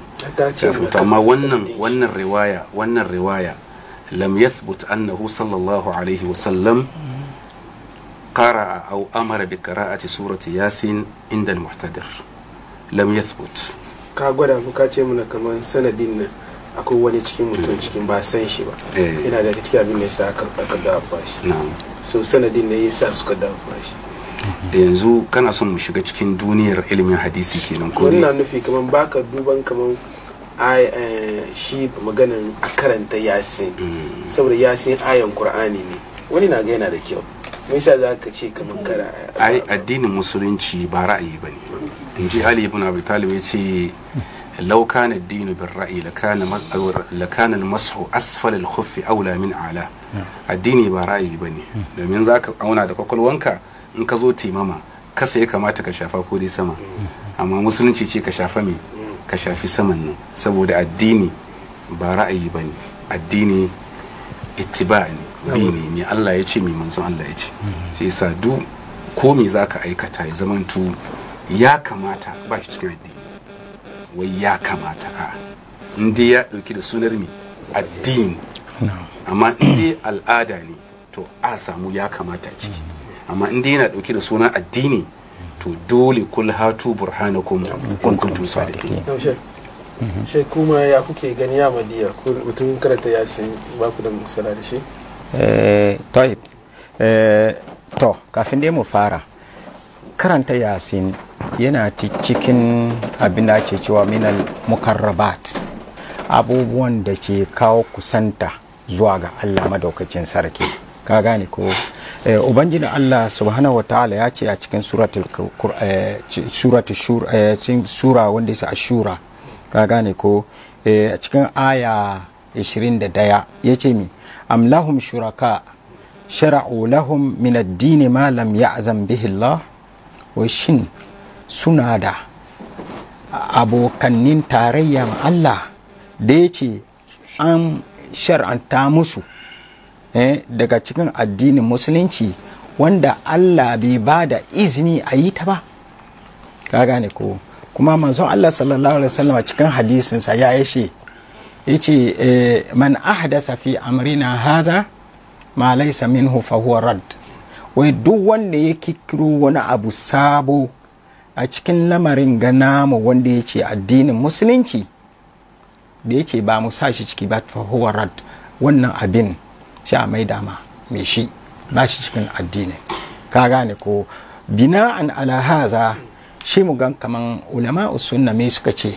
amma wannan wannan riwaya wannan riwaya lam yathbut annahu sallallahu alaihi wa sallam قرا او امر بقراءه سوره ياسين عند المحتضر لم يثبت ka gwada ku ka ce mana kamar sanadin nan akwai wani cikin mutum hmm. cikin ba san shi ba Ina eh. daga cikin abin da yasa aka aka dafa na'am so sanadin ne yasa suka da shi yanzu kana son mu shiga cikin duniyar ilimin hadisi kenan ko ne nufi kamar baka duban kamar ai eh, shi maganan a karanta yasin hmm. saboda yasin ayan qur'ani ne wani na ga yana da kyau me za ka ce kamar kara ai addinin musulunci ba ra'ayi bane in ji ali ibn abi talib ya ce laukan kana bin ra'ayi lakanan masu mashu asfal al ala addini ba ra'ayi bane domin za ka auna da kwakwalwanka in ka zo taimama kasa ya kamata ka shafa ko dai sama amma musulunci ce ka shafa me ka shafi saman nan saboda addini ba ra'ayi bane addini ittiba ne bi ne me Allah ya ce me manzon Allah ya ce sai sa du ko me zaka aikata ya tu ya kamata ba shi cikin addini wai ya kamata a inda ya dauki da sunar mi addini amma inda al'ada ne to a samu ya kamata ciki amma inda yana dauki da sunan addini to dole kul hatu burhanakum kun kuntum sadiqin shi mhm. kuma ya kuke gani ya madiya ko mutum karanta yasin ba ku da musala da shi Eh, taib eh, to kafin dai mu fara karanta yasin yana cikin abin da ake cewa minal mukarrabat abubuwan da ke kawo kusanta zuwa ga allah madaukacin sarki ka gane ko eh, ubangijin allah subhanahu wataala ya ce a cikin sura wanda ya sa ashura ka gane ko a cikin aya 21 ya ce mi am lahum shuraka shara'u lahum min addini ma lam ya'zam bihi wai shin suna da abokannin tarayya Allah da ya ce an shar'anta musu eh, daga cikin addinin musulunci wanda Allah bai ba da izini a yi ta ba ka gane ko kuma manzon Allah sallallahu alaihi wasallam cikin hadisinsa ya yashe yace eh, man ahdasa fi amrina haza ma laysa minhu fa huwa rad wai duk wanda ya kikiro wani abu sabo a cikin lamarin ga namu wanda ya ce addinin musulunci da ya ce ba mu sa shi ciki ba fa huwa rad wannan abin sha mai dama mai shi ba shi cikin addinin ka gane ko bina an ala haza shi mu gan kaman ulama sunna me suka ce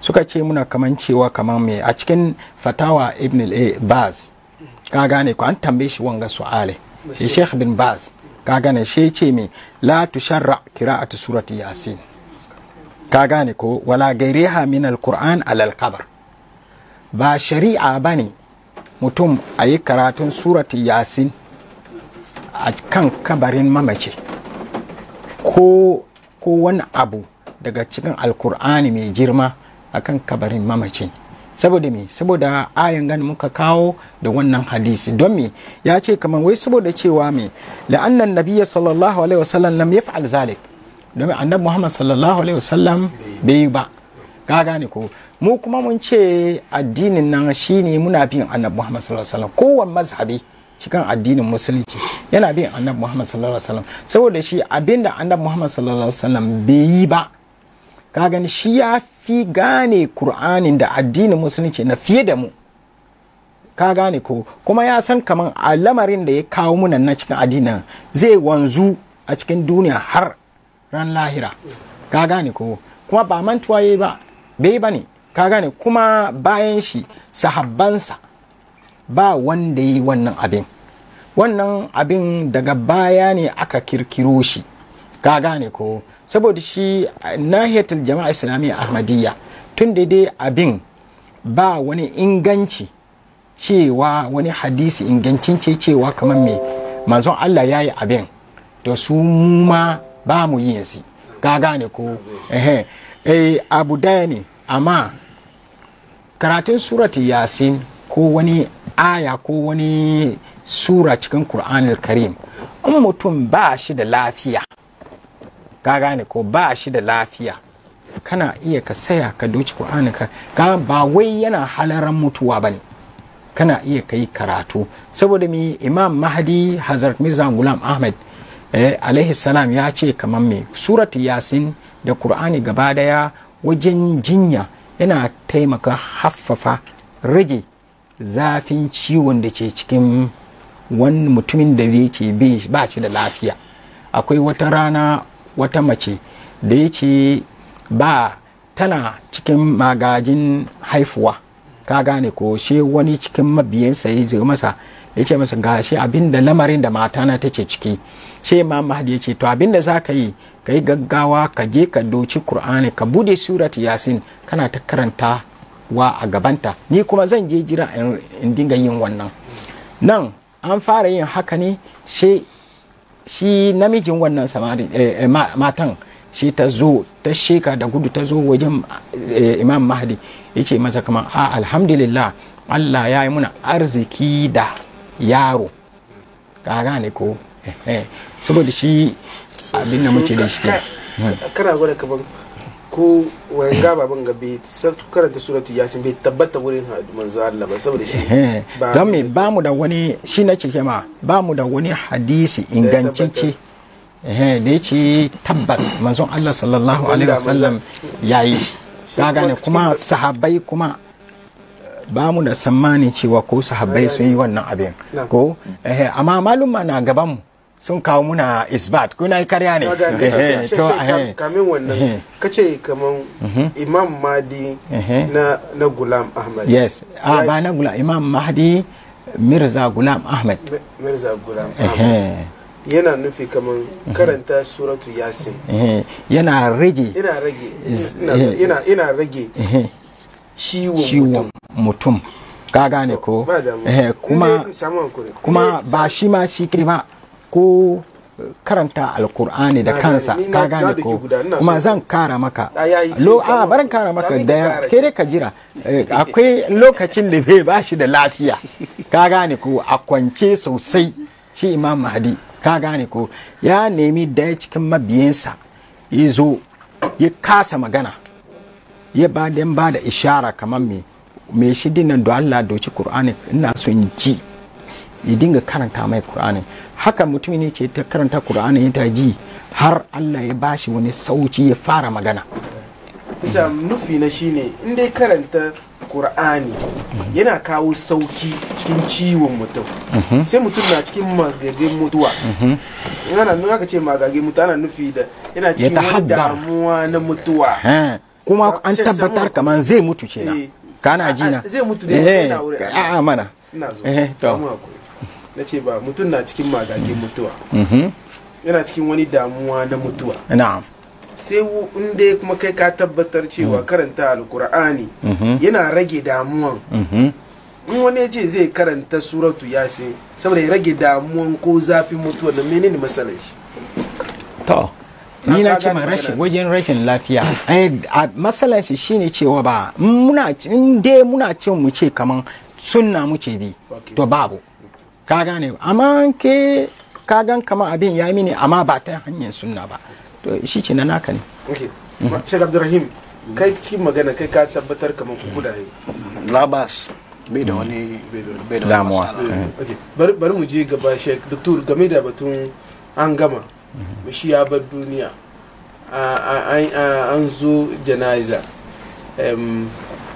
suka ce muna kaman cewa kaman me a cikin fatawa ibn al eh, baz ka gane ko an tambaye shi wanga su'ale shi sheikh bin baz ka gane shi ce me la tusharra qira'atu surati yasin ka gane ko wala gairiha min alquran ala alqabr ba shari'a bane mutum a yi karatun surati yasin a kan kabarin mamace ko ko wani abu daga cikin alkur'ani mai girma akan kabarin mamaci saboda me saboda ayan gani muka kawo da wannan hadisi don me ya ce kamar wai saboda cewa me la'annan nabiya sallallahu alaihi wasallam lam yaf'al zalik don annabi muhammad sallallahu alaihi wasallam bai ba ka gane ko mu kuma mun ce addinin nan shine muna bin annabi muhammad sallallahu alaihi wasallam kowanne mazhabi cikin addinin musulunci yana bin annabi muhammad sallallahu alaihi wasallam saboda shi abinda annabi muhammad sallallahu alaihi wasallam bai yi ba ka gani shi ya fi gane kur'anin da addinin musulunci na fiye da mu ka gane ko kuma ya san kaman a lamarin da ya kawo muna na cikin addinin zai wanzu a cikin duniya har ran lahira ka gane ko kuma ba mantuwa ya ba bai ba ne ka gane kuma bayan shi sahabbansa ba wanda yi wannan abin wannan abin daga baya ne aka kirkiro shi ka gane ko saboda shi nahiyatul jama'a islamiyya ahmadiyya tun da dai abin ba wani inganci cewa wani hadisi ingancin ce cewa kamar mai manzon Allah ya yi abin to su mu ma ba mu yi si ka gane ko eh abu daya ne amma karatun surati yasin ko wani aya ko wani sura cikin Kur'anul Karim in mutum ba shi da lafiya ka gane ko ba shi da lafiya kana iya ka saya ka doci qur'ani ka ga ba wai yana halaran mutuwa ba ne. kana iya yi karatu saboda mi imam mahadi hazrat mirza gulam ahmed eh, alaihi salam ya ce kamar me surat yasin da ƙur'ani gaba daya wajen jinya yana taimaka haffafa rage zafin ciwon da ke cikin wani mutumin da yake ba shi da lafiya akwai wata rana wata mace da ya ce ba tana cikin magajin haifuwa ka gane ko shi wani cikin mabiyansa ya zai masa ya ce masa ga shi abin da lamarin da ta ce ciki shi ma mahdi ya ce to abin da za ka yi ka yi gaggawa ka je ka doci kur'ani ka bude surat yasin kana ta karanta wa a gabanta ni kuma zan je jira in dinga yin wannan nan an fara yin haka ne shi shi namijin wannan samari eh, eh, matan shi ta zo ta sheka da gudu ta zo wajen eh, imam mahdi ya ce masa kamar a ah, alhamdulillah allah ya yi muna arziki da yaro ka gane ko saboda shi abin da mace da shi kara hmm. gwada kaban ko wayan gaba ban ga bai sartu karanta suratu yasin bai tabbata wurin manzo Allah ba saboda shi don me ba mu da wani shi na cike ma ba mu da wani hadisi ingancicce da yake tabbas manzon Allah sallallahu alaihi wasallam yayi ka gane kuma sahabbai kuma ba mu da sammani cewa ko sahabbai sun yi wannan abin ko amma malum na gaban mu sun kawo muna isbat kuna yi karya ne eh, eh, eh. kamin wannan kace kamar mhm. imam mahdi na gulam ahmad yes ah, a ba na gulam imam mahdi mirza gulam ahmad mirza gulam ahmad yana nufi kamar mhm. karanta suratu yasin yana rage yana rage ciwon mutum ka gane ko kuma ba shi ma shi kirma ko karanta alkur'ani da kansa ka gane ko kuma zan kara maka ah, ah, a barin kara maka da kere ka jira eh, akwai lokacin da bai bashi da lafiya ka gane ko a kwance sosai shi imam mahdi ka gane ko ya nemi daya cikin mabiyansa ya zo ya kasa magana ya ba da ba da ishara kamar me me shi dinan da Allah doci Qur'ani ina son ji ya dinga karanta mai Qur'ani haka mutum ne ce ta karanta Qur'ani ta ji har Allah ya bashi wani sauci ya fara magana bisa nufi na shine in dai karanta Qur'ani yana kawo sauki cikin ciwon mutum mhm. sai mutum na cikin magagin mutuwa yana mhm. nuna ka ce magagin mutuwa ana nufi da yana cikin wani damuwa na mutuwa kuma an tabbatar kamar zai mutu eh. na. kana na zai mutu da eh. yana wuri a'a mana ina zo na ce ba mutum na cikin magagin mutuwa mhm. yana cikin wani damuwa na mutuwa sai in dai kuma kai ka tabbatar cewa mm. karanta alkur'ani mhm. yana rage damuwan mhm. in wani ce zai karanta suratu yasin saboda ya rage damuwan ko zafin mutuwa da menene matsalar shi to ni na ce ma rashin wajen rashin lafiya eh, a matsalar shi shine cewa ba muna in dai muna cin mu ce kaman sunna muke bi to babu ka gane amma ke ka gan kama abin ya mini amma ba ta hanyar sunna ba to shi ce na naka ne mhm. shek abdurrahim kai cikin magana kai ka tabbatar kamar kukudaye labas mhm. bai da wani damuwa eh. bari mu je gaba shek doktor game da batun an gama mhm. shi ya bar duniya an zo janaiza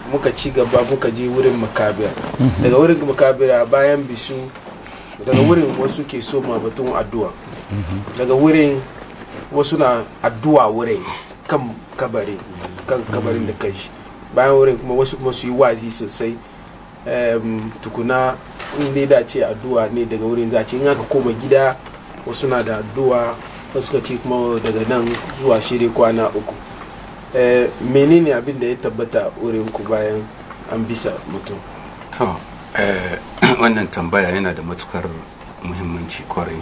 muka ci gaba muka je wurin makabira daga wurin makabira bayan bisu daga wurin wasu ke so ma batun addu'a daga wurin wasu na addu'a wurin kan kabarin kan kabarin da kai bayan wurin kuma wasu kuma su yi wazi sosai tukuna in da ce addu'a ne daga wurin za ce in aka koma gida wasu na da addu'a wasu ka ce kuma daga nan zuwa shiri kwana uku eh, menene abin da ya tabbata wurin ku bayan an bisa mutum Eh, wannan tambaya yana da matukar muhimmanci kwarai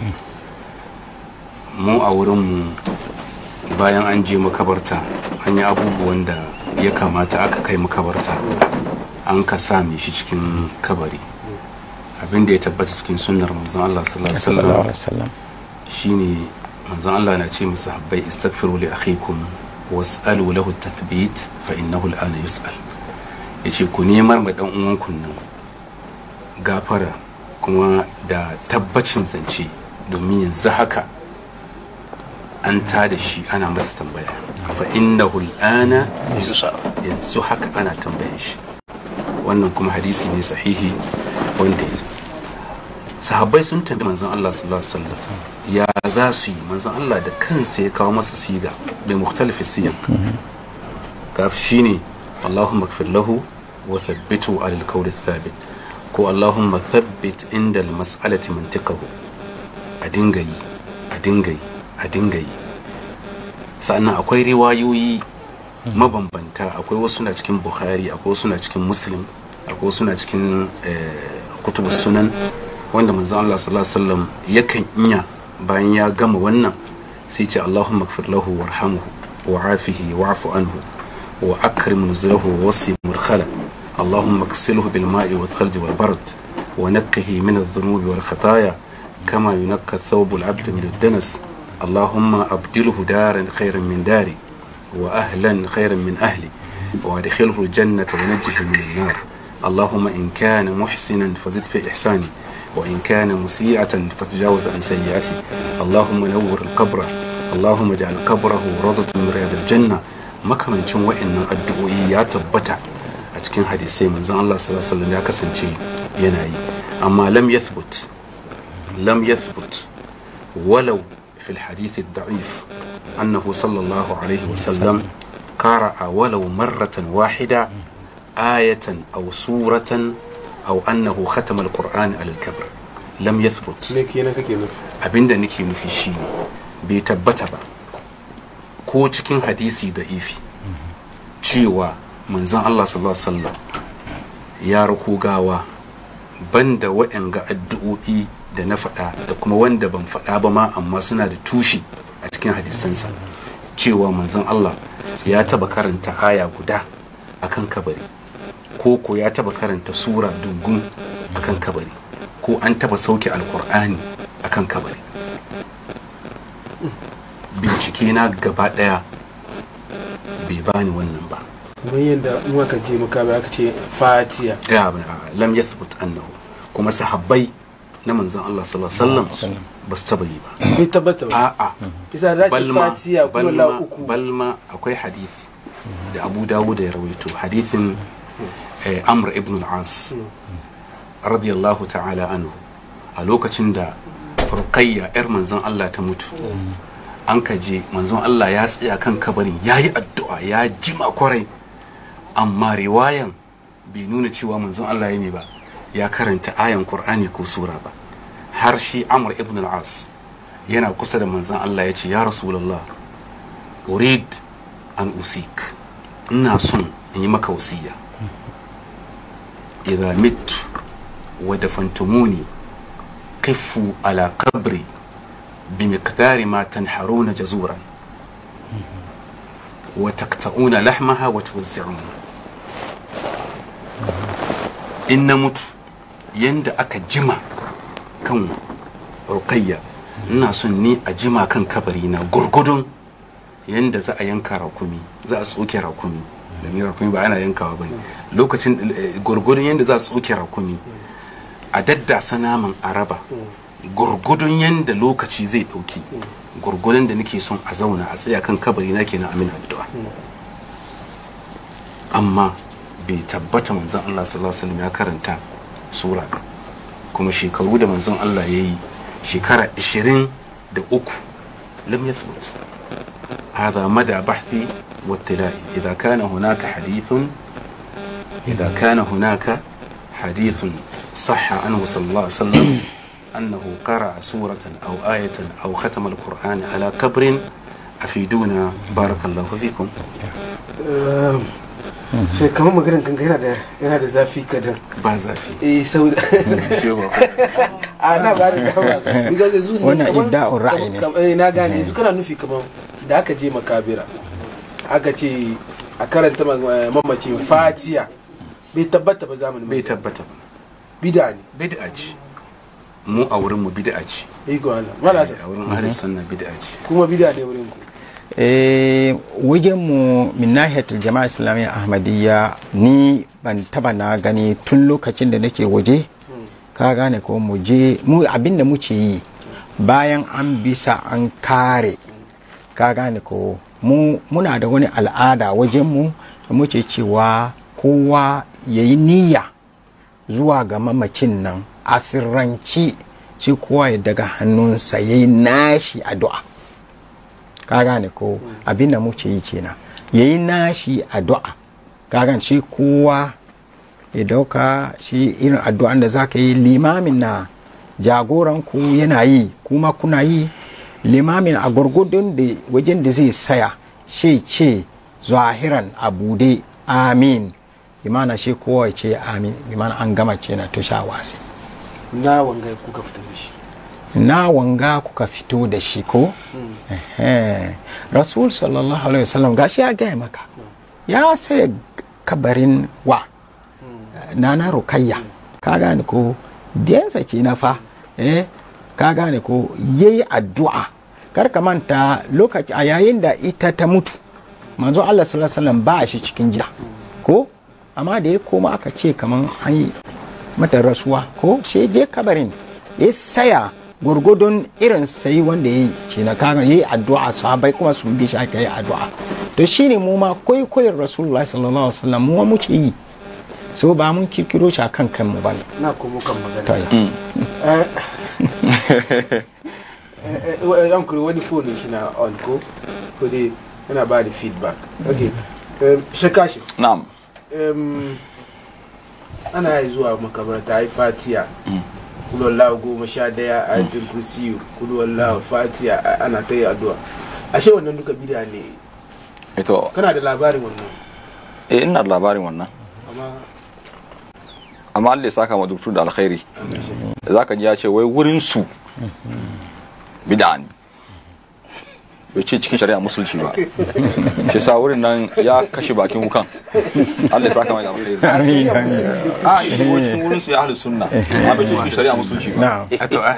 mu a wurinmu bayan an je makabarta an yi abubuwan da ya kamata aka kai makabarta an ka sami shi cikin kabari abin da ya tabbata cikin sunnar manzon Allah sallallahu alaihi wasallam shine manzon Allah na ce musu habbai istaghfiru li akhikum was'alu lahu tathbit fa innahu al'ana yus'al yace ku nemar ma dan uwan nan gafara kuma da tabbacin zance domin yanzu haka an ta da shi ana masa tambaya fa inna hul'ana yanzu haka ana tambayan shi wannan kuma hadisi ne sahihi wanda ya zo sahabbai sun tambayi manzon Allah sallallahu alaihi ya za su yi manzon Allah da kansa ya kawo masu siga da mukhtalifi siyan kafi shine Allahumma kfir lahu wa thabbitu alal qawli thabit ko Allahumma thabbit inda mas'alati mantiqahu a dinga yi a dinga yi a dinga yi sannan akwai riwayoyi mabambanta akwai wasu na cikin bukhari akwai wasu na cikin muslim akwai wasu na cikin eh, kutubu sunan wanda manzo Allah sallallahu alaihi wasallam yakan iya bayan ya gama wannan sai ce Allahumma ighfir lahu warhamhu wa wa'fu anhu wa akrim nuzulahu wa wasi murkhala اللهم اغسله بالماء والثلج والبرد ونقه من الذنوب والخطايا كما ينقى الثوب العبد من الدنس اللهم أبدله دارا خيرا من داري وأهلا خيرا من أهلي وادخله الجنة ونجه من النار اللهم إن كان محسنا فزد في إحساني وإن كان مسيئة فتجاوز عن سيئتي اللهم نور القبر اللهم اجعل قبره روضة من رياض الجنة makamancin wa'annan addu'o'i ya tabbata cikin hadisai manzon Allah sallallahu alaihi ya kasance yana yi amma lam yathbut lam yathbut walau fil hadith ad-da'if annahu sallallahu alaihi wasallam qara'a walau marratan wahida ayatan aw suratan aw annahu khatama al-qur'an al-kabr lam yathbut me kenan kake nufi abinda nake nufi shine bai tabbata ba ko cikin hadisi da ifi mhm. cewa manzan Allah sallallahu alaihi wasallam ya rako gawa banda waɗanga addu'o'i da na faɗa da kuma wanda ban faɗa ba ma amma suna da tushi a cikin hadisansa cewa manzon Allah ya taba karanta aya guda akan kabari ko ko ya taba karanta sura dungun akan kabari ko an taba sauke alkur'ani akan kabari bincike na gaba ɗaya bai bani wannan ba kamar yadda in aka je maka ba aka ce fatiya ya lam yathbut annahu kuma sahabbai na manzon Allah sallallahu alaihi wasallam ba su taba yi ba bai tabbata ba a'a isa da ce fatiya kuma la uku balma akwai hadith. da Abu Dawud ya rawaito hadithin eh, Amr ibn al-As radiyallahu ta'ala anhu a lokacin da Ruqayya yar manzon Allah ta mutu an ka je manzon Allah ya tsaya kan kabarin ya yi addu'a ya jima kwarai amma riwayan bai nuna cewa manzon Allah ya ba ya karanta ayan Qur'ani ko sura ba har shi Amr ibn al-As yana kusa da manzon Allah yace ya Rasulullah urid an usik ina son in yi maka wasiya idza mit wa dafantumuni qifu ala qabri bi miqdari ma tanharuna jazuran wa taqta'una lahmaha in na mutu yanda aka jima kan rukayya ina son ni a jima kan kabari na gurgudun yanda za a yanka rakumi za a tsoke rakumi domin rakumi ba ana yankawa ne lokacin eh, gurgudun yanda za a tsoke rakumi a daddasa naman araba gurgudun yanda lokaci zai ɗauki gurgudun da nake son a zauna a tsaya kan kabari na kenan Amina addu'a amma bai tabbata manzon Allah sallallahu alaihi wasallam ya karanta sura kuma shekaru da manzon Allah yayi shekara 23 lam yathbut هذا مدى بحثي واتلائي إذا كان هناك حديث إذا كان هناك حديث صح عنه صلى الله عليه وسلم أنه قرأ سورة أو آية أو ختم القرآن على قبر أفيدونا بارك الله فيكم shi eh, kamar maganar kanka yana da yana da zafi kadan ba zafi eh saboda a ah, na ba da dama because yanzu wannan idda'un ra'ayi ne eh, na gane yanzu eh. kana nufi kamar da aka je makabira aka ce a karanta mamacin fatiya bai tabbata ba zamanin bai tabbata bid'a ne bid'a ce mu a wurin mu bid'a ce eh gwala wala a wurin ahlus sunna bid'a ce kuma bid'a ne wurin ku Eh, wajen mu min nahiyatul jama'a islamiyya ahmadiyya ni ban taba na gani tun lokacin da nake waje ka gane ko mu je mu abin da muke yi bayan an bisa an kare ka gane ko mu muna da wani al'ada wajen mu muke cewa kowa ya yi niyya zuwa ga mamacin nan a sirranci shi kowa ya daga hannunsa ya yi nashi addu'a ka gane ko abin da muke yi kenan yayi nashi addu'a ka gane shi kowa ya dauka shi irin addu'an da zaka yi limamin na jagoran ku yana yi kuma kuna yi limamin a gurgudun da wajen da zai saya shi ce zahiran a bude amin imana shi kowa ce amin imana an gama ce na tusha wasi na wanga kuka fito da shi na wanga kuka fito da shi ko rasul sallallahu alaihi wasallam gashi ya gaya maka ya sai kabarin wa nana rukayya ka gane ko diyansa ce na fa eh ka gane ko yayi addu'a kar ka manta lokaci a yayin da ita ta mutu manzo Allah sallallahu alaihi wasallam ba shi cikin gida ko amma da ya koma aka ce kaman an yi mata rasuwa ko shi je kabarin ya saya gwargwadon irin sai wanda ya yi shi na kaga yi addu'a sahabai kuma sun bi shi aka yi addu'a to shine mu ma kwaikwayar rasulullah sallallahu alaihi wasallam mu muke yi so ba mun kirkiro shi akan mu ba ne na kuma kan magana mm. eh an eh, eh, eh, kuri wani phone shi na on ko ko dai yana ba da feedback okay shakashi na'am ana zuwa makabarta ai fatiya mm. kulu wallahu goma sha daya ayatul kursiyu kulu wallahu fatiha ana ta yi addu'a ashe wannan duka bid'a ne ito kana da labarin wannan eh ina da labarin wannan amma Allah ya saka ma da alkhairi zaka ji ya ce wai wurin su bid'a ne bai ce cikin shari'a musulci ba shi sa wurin nan ya kashe bakin wukan Allah ya saka mai a wurin su ya ahlus sunna bai ce cikin shari'a musulci ba a to a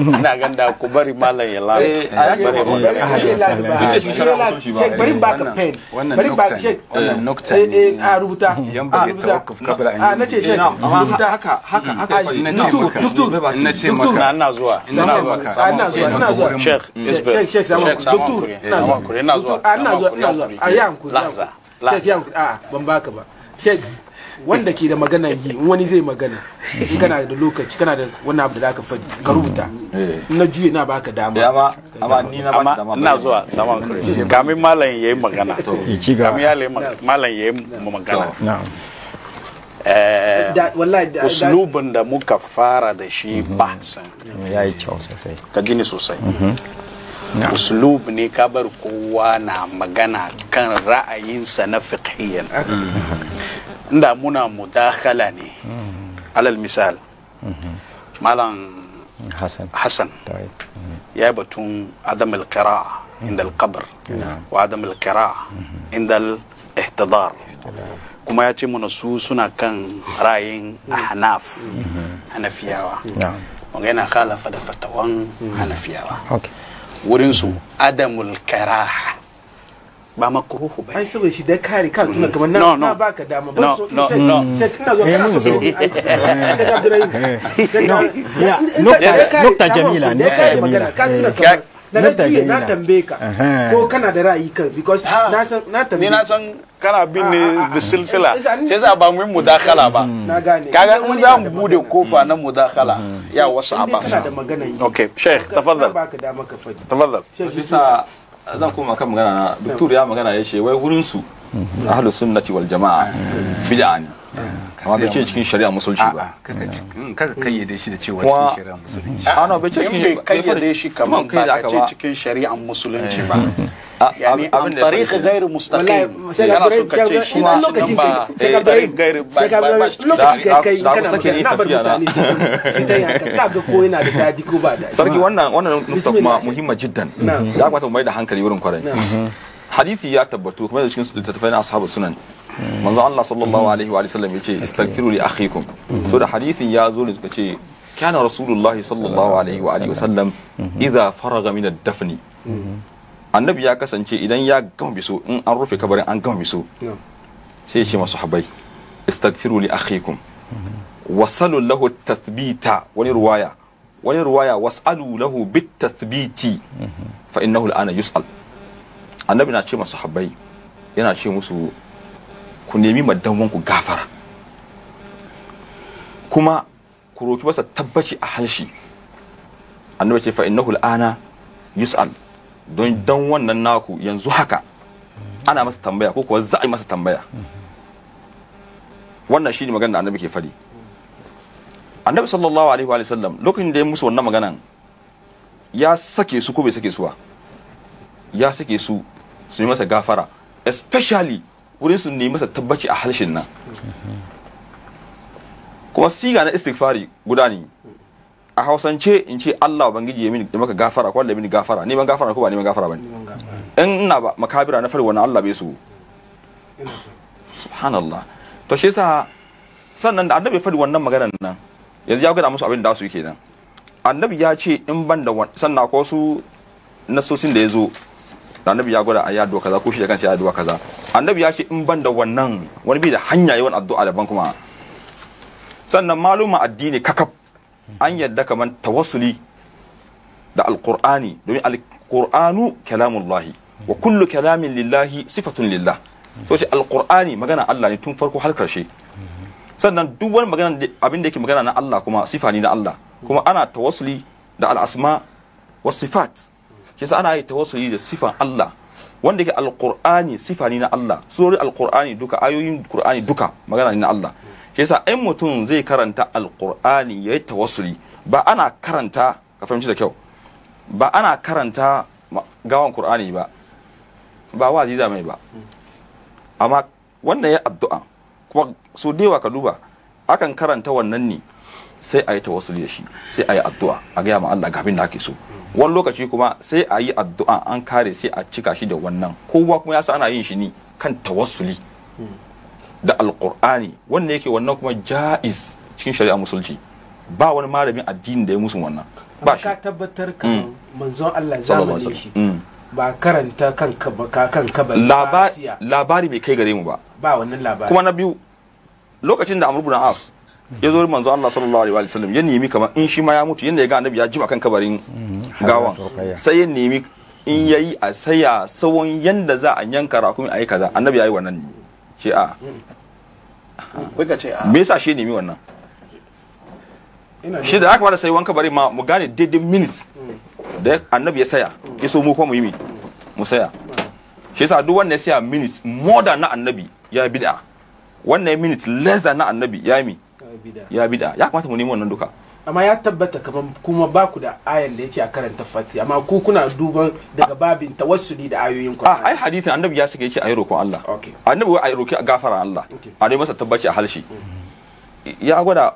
ina ganda ku bari ya lawo a bari bari ba ka pen bari ba shek wannan nokta a rubuta a rubuta haka haka haka zuwa zuwa zuwa ah, ban baka ba shek wanda ke da magana yi wani zai magana in kana da lokaci kana da wani abu da zaka faɗi ka rubuta eh. na juye na baka dama amma ni na baka dama ina zuwa sama kamin malam yayi magana kamin malam yayi magana uslubin da muka fara da shi ba ya yi kyau sosai ka gini sosai uslub ne ka bar kowa na magana kan ra'ayinsa na fiqhiyan inda muna mudakala ne alal misal malam hassan ya yi batun adam al-qira'a inda al-qabr wa adam al-qira'a inda al-ihtidar kuma ya ce mana su suna kan ra'ayin hanaf hanafiyawa wanga yana khalafa da fatawan hanafiyawa wurin su adamul karaha ba makruhu ba ai saboda shi da kare kan tuna kamar na baka dama ba so sai sai kana zo kana so ka nokta jamila nokta jamila da na jiya na tambaye ka ko kana da ra'ayi kan because na san na tambaye ni na san kana bin ne da silsila sai za ba mu mudakala ba na kaga in za mu bude kofa na mudakala ya wasu abasa kana da magana yi okay sheikh tafaddal baka da maka fadi tafaddal bisa zan koma kan magana na doktor ya magana ya ce wai wurin su ahlus sunnati wal jamaa bid'a ne amma bai ce cikin shari'a musulunci ba kaga kayyade shi da cewa cikin shari'a musulunci ana bai ce cikin kayyade shi kaman ba ka ce cikin shari'a musulunci eh. ba yani an tariq ghair mustaqim sai ka so ka ce shi na lokacin ba sai ka ghair ba lokacin kai kai kana na sai ta yi ka ga ko yana da dadi ko ba dadi sarki wannan wannan kuma muhimma jiddan ya kamata mu mai da hankali wurin kwarai hadisi ya tabbatu kuma da cikin littattafai na ashabu sunan manzo Allah sallallahu alaihi wa sallam yace istaghfiru li akhikum mm-hmm. so da hadisin ya zo ne suka ce kana rasulullahi sallallahu alaihi wa sallam. wasallam idza faraga min ad-dafni mm-hmm. annabi ya kasance idan ya gama biso in an rufe kabarin an gama biso sai ya ce masu habai istaghfiru li akhikum mm-hmm. wasalu lahu tathbita wani ruwaya wani ruwaya wasalu lahu bit tathbiti fa innahu al'ana yus'al annabi na ce masu habai yana ce musu ku nemi madawwan ku gafara kuma ku roki masa tabbaci a halshi annabi ce fa innahu al'ana yus'al don dan wannan naku yanzu haka ana masa tambaya ko kuwa za a yi masa tambaya wannan shine magana da annabi ke fadi annabi sallallahu alaihi wa sallam lokacin da ya musu wannan maganan ya sake su ko bai sake su ba ya sake su su yi masa gafara especially wurin su nemi masa tabbaci a harshen nan kuma siga na istighfari guda ne a hausance in ce Allah ubangiji ya mini maka gafara ko Allah ya mini gafara ni ban gafara ko ba ni ban gafara bane in ina ba makabira na farwa na Allah bai so subhanallah to shi yasa sannan da annabi fari wannan maganar nan yanzu ya gada musu abin da su kenan annabi ya ce in ban da sannan ko su nasosin da ya zo da annabi ya gwada ayi addu'a kaza ko shi da kansa ya addu'a kaza annabi ya ce in ban da wannan wani bi da hanya yawan addu'a ban kuma sannan maluma addini kakaf an yadda kaman tawassuli da alqur'ani domin alqur'anu kalamullahi wa kullu kalamin lillahi sifatun lillah so shi alqur'ani magana Allah ne tun farko har karshe sannan duk wani magana abin da yake magana na Allah kuma sifa ne na Allah kuma ana tawassuli da al'asma wa sifat shi ana yi tawassuli da sifan Allah wanda yake alqur'ani sifa ne na Allah surori alqur'ani duka ayoyin qur'ani duka magana ne na Allah shi yasa in mutum zai karanta alqur'ani yayi tawassuli ba ana karanta ka fahimci da kyau ba ana karanta gawan qur'ani ba ba wa da mai ba amma wannan ya addu'a kuma so dewa ka duba akan karanta wannan ne sai a yi tawassuli da shi sai a yi addu'a a gaya ma Allah gabin da ake so wani lokaci kuma sai a yi addu'a an kare sai a cika shi da wannan kowa kuma ya sa ana yin shi ne kan tawassuli da alqur'ani wannan yake wannan kuma ja'iz cikin shari'a musulci ba wani malamin addini da ya musu wannan ba shi ka tabbatar ka mm. manzon Allah zamanin shi mm. ba karanta kan ba ka kanka ba labari bai kai gare mu ba ba wannan labari kuma na biyu lokacin da Amr ibn As ya zo manzo Allah sallallahu alaihi wa sallam ya nemi kamar in shi ma ya mutu yanda ya ga annabi ya jima kan kabarin hmm, gawan sai ya nemi in yayi a saya sawon yanda za a yanka rakumi ayi kaza annabi yayi wannan ce a me yasa shi nemi wannan shi da aka fara sai wanka bari ma mu gane daidai minutes hmm. da annabi ya saya ya so mu kuma mu yi mu saya shi yasa duk wanda ya saya minutes more than na annabi ya bid'a wannan minutes less than na annabi ya yi ya bida ya kamata mu nemi wannan duka amma ya tabbata kaman kuma ba ku da ayan da yace a karanta fati amma ku kuna duban daga babin tawassuli da ayoyin ku ah, ai hadisin annabi ya saka yace ayi roƙon Allah annabi wai ayi roƙi gafara Allah a dai masa tabbaci a halshi mm. ya gwada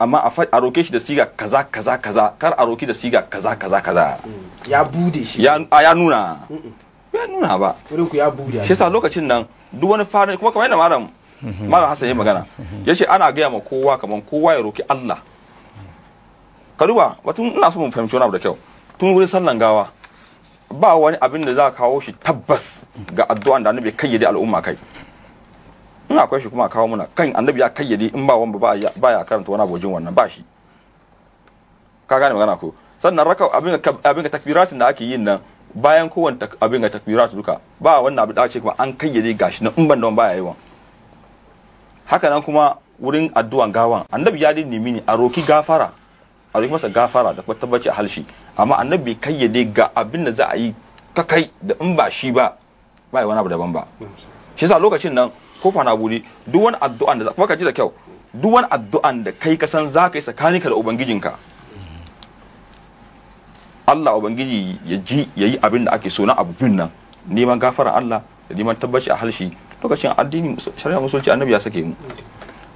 amma a roƙe shi da siga kaza kaza kaza kar a roƙi da siga kaza kaza kaza mm. ya bude shi ya nuna ya nuna ba wurin ku ya bude shi yasa lokacin nan duk wani fara kuma kamar yadda malam malam hassan ya magana ya ce ana gaya ma kowa kamar kowa ya roki allah ka duba batun ina so mu fahimci wani abu da kyau tun wurin sallan gawa ba wani abin da za kawo shi tabbas ga addu'an da annabi kayyade al'umma kai in akwai shi kuma kawo muna kan annabi ya kayyade in ba wanda ba ya karanta wani abojin wannan ba shi ka gane magana ko sannan raka abin ga takbiratin da ake yin nan bayan kowanne abin ga takbiratu duka ba wannan abin da ake kuma an kayyade gashi na in ban da wani yi yawan haka nan kuma wurin addu'an gawan annabi ya nemi ne a roki gafara a roki masa gafara da kuma tabbaci a halshi amma annabi kayyade ga abin da za a yi kakai da in ba shi ba ba wani abu daban ba shi yasa lokacin nan kofana na buri duk wani addu'an da kuma ka ji da kyau duk wani addu'an da kai ka san za ka yi ka da ubangijinka Allah ubangiji ya ji ya abin da ake so na abu nan neman gafara Allah da neman tabbaci a halshi lokacin addini shari'a musulunci annabi ya sake mu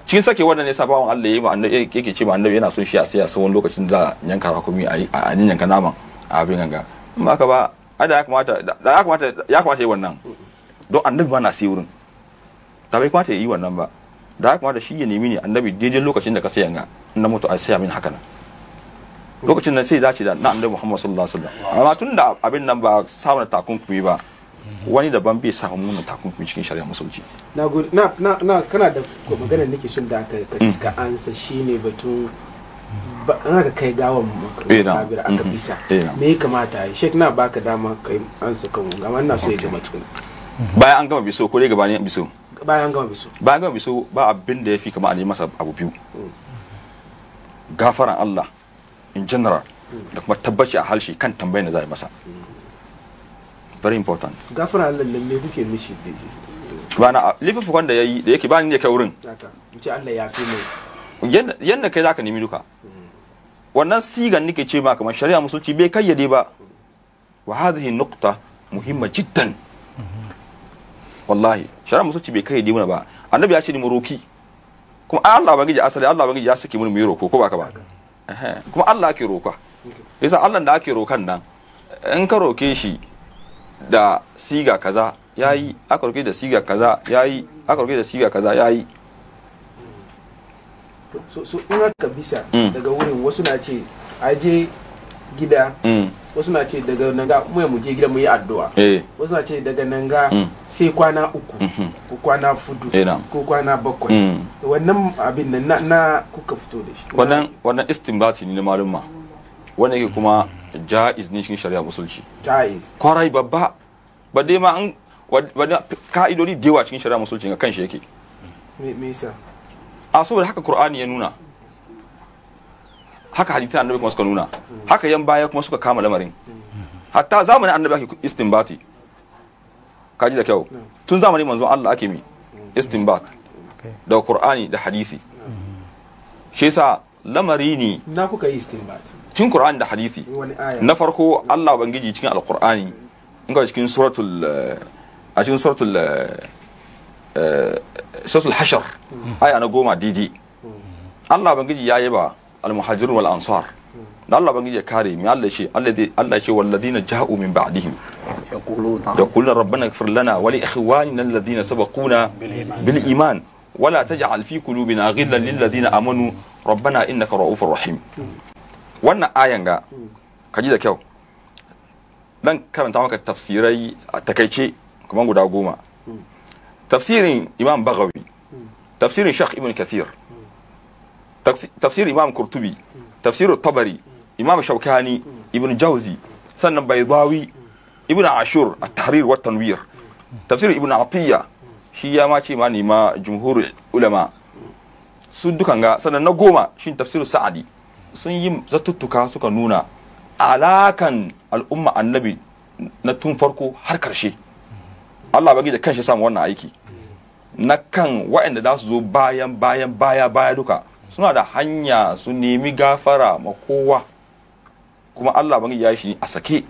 cikin sake wannan ne sabawan Allah yayi annabi yake ce annabi yana son shi a sai a wani lokacin da yanka rakumi a a yanka naman a abin ganga in ba ka ba ada ya kamata da ya kamata ya kamata yi wannan don annabi ba na sai wurin da bai kamata yi wannan ba da ya kamata shi ya nemi ne annabi daidai lokacin da ka sai yanga na mutu a siya min haka nan lokacin nan sai dace da na annabi Muhammad sallallahu alaihi wasallam amma tun da abin nan ba samun takunkumi ba wani daban bai sa munin takunkumi cikin shari'a musulci na na na kana da magana nake son da ka mm. ka ansa shine batun ba an aka kai gawan eh, kabira aka mm-hmm. bisa eh, me ya kamata shek na baka dama kai ansa kan amma ina so ya gama cikin bayan an gama biso ko dai gabanin biso bayan an gama biso bayan gama biso ba abin da yafi kamar a masa abu biyu mm. gafaran Allah in general mm. da kuma tabbaci a halshi kan tambayar da za a yi masa very important gafara Allah nan me kuke mishi daje ba na lifafukan da yayi da yake ba ni ne kai wurin haka ce Allah ya fi mai yanda kai zaka nemi duka wannan sigan nake ce ma kamar shari'a musulci bai kayyade ba wa hadhihi nuqta muhimma jiddan wallahi shari'a musulci bai kayyade mana ba annabi ya ce ni muruki kuma Allah ba gije asali Allah ba gije ya saki mun mu yi roko ko baka ba kuma Allah ake roka yasa Allah da ake rokan nan in ka roke shi da siga kaza yayi aka rubuta da siga kaza yi aka rubuta da siga kaza ya so so in aka bisa mm. daga wurin wasu na ce aje gida mm. wasu na ce daga nan ga mu je gida mu yi addu'a eh. wasu na ce daga nan ga mm. sai kwana uku mm-hmm. ko kwana fudu eh, ko kwana bakwai wannan abin nan na kuka fito da shi wannan wannan istinbati ne na malumma wannan yake kuma jaiz ne cikin shari'a musulci jaiz kwarai babba ba dai ma an ka'idodi da yawa cikin shari'a musulci ga kanshi yake me yasa a saboda haka qur'ani ya nuna haka hadithan annabi kuma suka nuna haka yan baya kuma suka kama lamarin hatta zamanin annabi ake istinbati kaji da kyau tun zamanin manzon Allah ake mi istinbat da qur'ani da hadisi shi yasa lamari ne na kuka yi istinbati cikin Qur'ani da hadisi na farko Allah ubangiji cikin alqur'ani in ka cikin suratul a cikin suratul eh suratul hashr aya na goma didi Allah ubangiji ya yaba al wal ansar dan Allah ubangiji kare mi Allah shi Allah Allah shi wal ladina ja'u min ba'dihim yaquluna rabbana ighfir lana wa li ikhwanina alladhina sabaquna bil iman ولا تجعل في قلوبنا غلا للذين امنوا ربنا انك رؤوف رحيم wannan ayan ga ka ji da kyau dan karanta maka tafsirai a takaice kuma guda goma tafsirin imam bagawi tafsirin shak ibn kathir tafsirin imam kurtubi tafsirin tabari imam shaukani ibn jauzi sannan baydawi ibn ashur a tahrir watan tanwir tafsirin ibn atiyya shi ya ma ce ma nima jumhur ulama su dukan ga sannan na goma shi tafsirin sa'adi sun yi zatuttuka suka nuna alakan al'umma annabi na tun farko har karshe Allah bagi da kanshi samu wannan aiki na kan waɗanda za su zo bayan bayan baya baya duka suna da hanya su nemi gafara ma kowa kuma Allah bagi ya shi a sake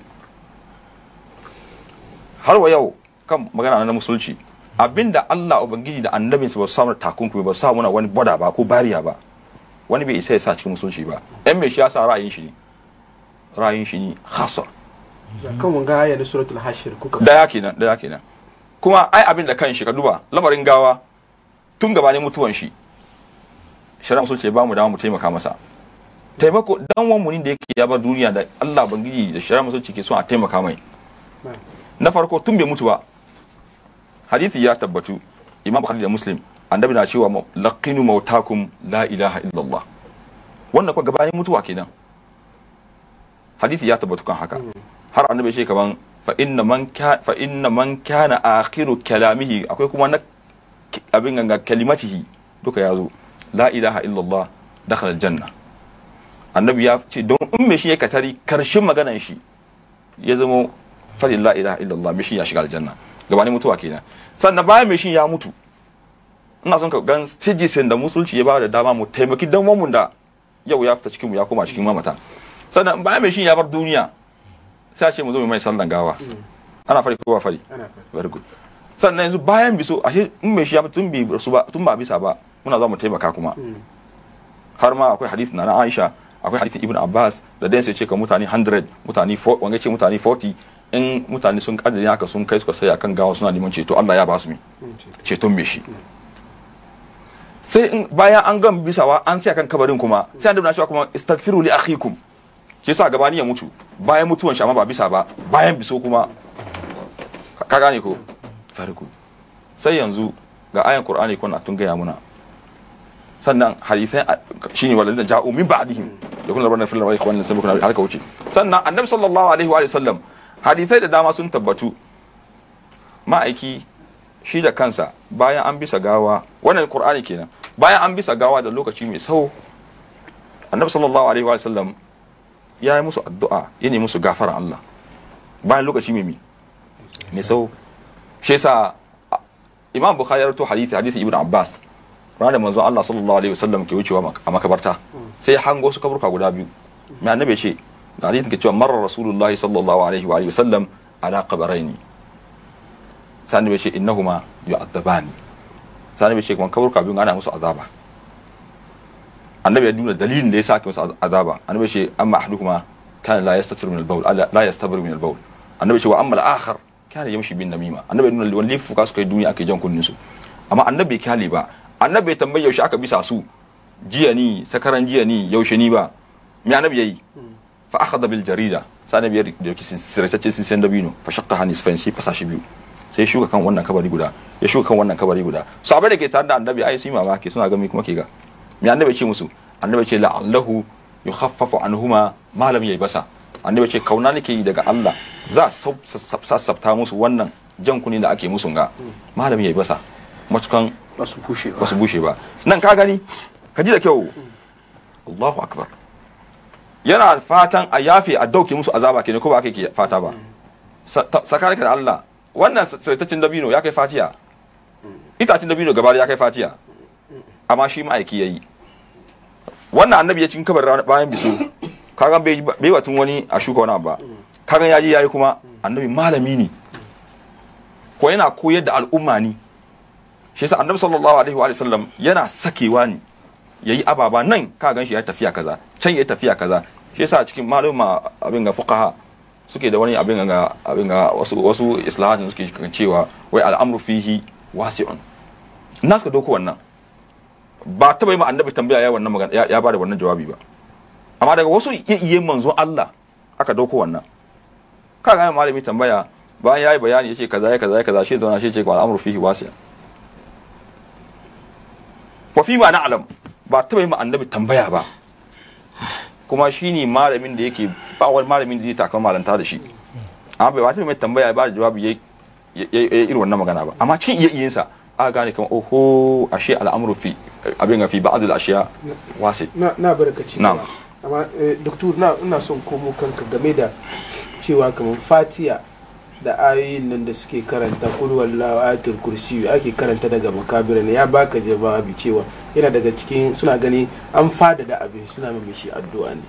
har wa yau kan magana na musulci abinda Allah ubangiji da annabinsa ba su samu takunkumi ba su samu wani bada ba ko bariya ba wani bai isa ya sa cikin musulunci ba yan mai shi ya sa ra'ayin shi ne ra'ayin shi ne hasar kan wanga ya na suratul hashir kuka daya kenan daya kenan kuma ai abin da kan shi ka duba lamarin gawa tun gabanin mutuwan shi shari'a musulunci ba mu dama mu taimaka masa taimako dan wan munin da yake ya bar duniya da Allah bangiji da shari'a musulunci ke son a taimaka mai na farko tun bai mutu ba hadisi ya tabbatu imam bukhari da muslim annabi na cewa laqinu mautakum la ilaha illallah wannan kuma gabanin mutuwa kenan hadisi ya tabbatu kan haka hmm. har annabi shi kaman fa inna man ka fa inna man kana akhiru kalamihi akwai kuma na abin ganga kalimatihi duka yazo la ilaha illallah dakhala aljanna annabi ya ce don in me shi ya katari karshen maganan shi ya zama fadin la ilaha illallah me shi ya shiga aljanna gabanin mutuwa kenan sannan bayan me shi ya mutu ina son ka gan stages da musulci ya ba da dama mu taimaki dan mu da yau ya fita cikin mu ya koma cikin mamata sannan bayan mai shi ya bar duniya sai a ce mu zo mu mai sallan gawa mm. ana fari ko ba fari very good sannan yanzu bayan biso ashe in mai shi ya tun bi su ba tun ba bisa ba muna za mu taimaka kuma mm. har ma akwai hadisi na Aisha akwai hadisi Ibn Abbas da dan sai ce ka mutane 100 mutane 40 wanga ce mutane 40 in mutane sun kaddare haka sun kai suka sai akan gawa suna neman ceto Allah ya ba su mi mm, ceton me shi sai in bayan an gan bisawa an sai kan kabarin kuma sai annabi na cewa kuma istaghfiru li akhikum shi yasa gabani ya mutu bayan mutuwan shi amma ba bisa ba bayan biso kuma ka gane ko farko sai yanzu ga ayan qur'ani kun tun ya muna sannan hadisai shine walladina ja'u min ba'dihim da yakun rabbana fil wa ikhwanina sabaquna har ka wuce sannan annabi sallallahu alaihi wa sallam hadisai da dama sun tabbatu ma'aiki shi da kansa bayan an bisa gawa wannan qur'ani kenan bayan an bisa gawa da lokaci mai tsawo annabi sallallahu alaihi wa sallam ya yi musu addu'a ya nemi musu gafara Allah bayan lokaci mai mai tsawo shi yasa imam bukhari ya rawaito hadisi hadisi ibnu abbas ranar manzon Allah sallallahu alaihi wasallam ke wucewa a makabarta sai ya hango su kaburka guda biyu mai annabi ce da hadisin ke cewa marar rasulullahi sallallahu alaihi wa sallam ala qabaraini sani bai ce innahuma yu'adzabani sani bai ce kuma kawar biyu ana musu azaba annabi ya nuna dalilin da ya sake musu azaba annabi ce amma kuma kana la yastatir min al-bawl la yastabir min al-bawl annabi ce wa amma al-akhar kana yamshi bin namima annabi nuna wani ka suka yi duniya ake jan kunnin su amma annabi kyali ba annabi ya tambaye yaushe aka bisa su jiya ni sakaran jiya ni yaushe ni ba me annabi yayi fa akhadha bil jarida sani annabi da dauki sirrataccen sinsin dabino fa shaqqa hanis fa sai fasashi biyu sai shuka kan wannan kabari guda ya shuka kan wannan kabari guda sabai da ke tare da annabi ai sun mamaki suna ga me kuma ke ga me annabi ce musu annabi ce la'allahu yukhaffafu anhuma ma lam basa annabi ce kauna nake yi daga Allah za sassafta musu wannan jan kuni da ake musu ga malam yayi basa matukan basu bushe ba basu bushe ba nan ka gani ka ji da kyau Allahu akbar yana fatan a yafe a dauke musu azaba kenan ko ba kake fata ba sakarka da Allah wannan sautaccen dabino ya kai fatiya itacen dabino gaba ya kai fatiya amma shi ma'aiki ya yi wannan annabi ya cikin kabar bayan biso kagan bai watan wani a shuka wani ba kagan ya yi kuma annabi malami ne ko yana koyar da al'umma ne shi yasa annabi sallallahu alaihi wa sallam yana sakewa ne ya yi ababa nan kagan shi ya tafiya kaza can ya tafiya kaza shi yasa cikin maluma abin ga fuqaha suke da wani abin ga abin ga wasu wasu islahatin suke cewa wai al'amru fihi wasi'un na suka doko wannan ba taba yi ma annabi tambaya ya wannan magana ya bada wannan jawabi ba amma daga wasu iyayen manzon Allah aka doko wannan ka ga malami tambaya bayan yayi bayani yace kaza ya kaza ya kaza shi zauna shi ce al'amru fihi wasi'un wa fi ma na'lam ba taba yi ma annabi tambaya ba kuma shi ne malamin da yake ba wani malamin da zai takama malanta da shi amma bai wata mai tambaya ba da jawabi ya yi irin wannan magana ba amma cikin iya iyinsa a gane kamar oho ashe al'amuru fi abin ga fi ba ba'adul ashiya wasi na na barkaci na amma eh, doktor na ina son komo kanka game da cewa kamar fatiya da ayoyin nan da suke karanta kulwar la'atul kursi ake karanta daga makabira ne ya baka jawabi cewa yana daga cikin suna gani an fada da abin suna mai shi addu'a ne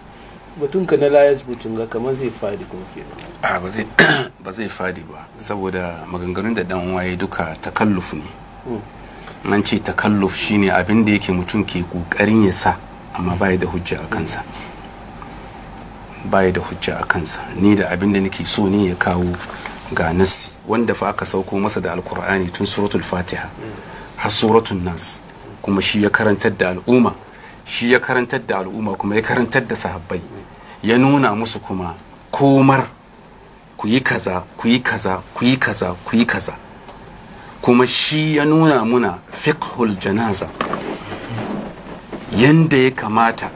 batun ka na layas butun ga kamar zai fadi kuma ke ba zai ba zai fadi ba saboda maganganun da dan waye duka takalluf ne hmm. nan ce takalluf shine abin da yake mutum ke kokarin ya sa amma ya da hujja a kansa baya da hujja a kansa ni da abin da nake so ne ya kawo ga nasi wanda fa aka sauko masa da alkur'ani tun suratul fatiha har suratul nas kuma shi ya karantar da al'umma shi ya karantar da al'umma kuma ya karantar da sahabbai ya nuna musu kuma komar ku yi kaza ku yi kaza ku yi kaza ku yi kaza kuma shi ya nuna muna fiqhul janaza yanda ya kamata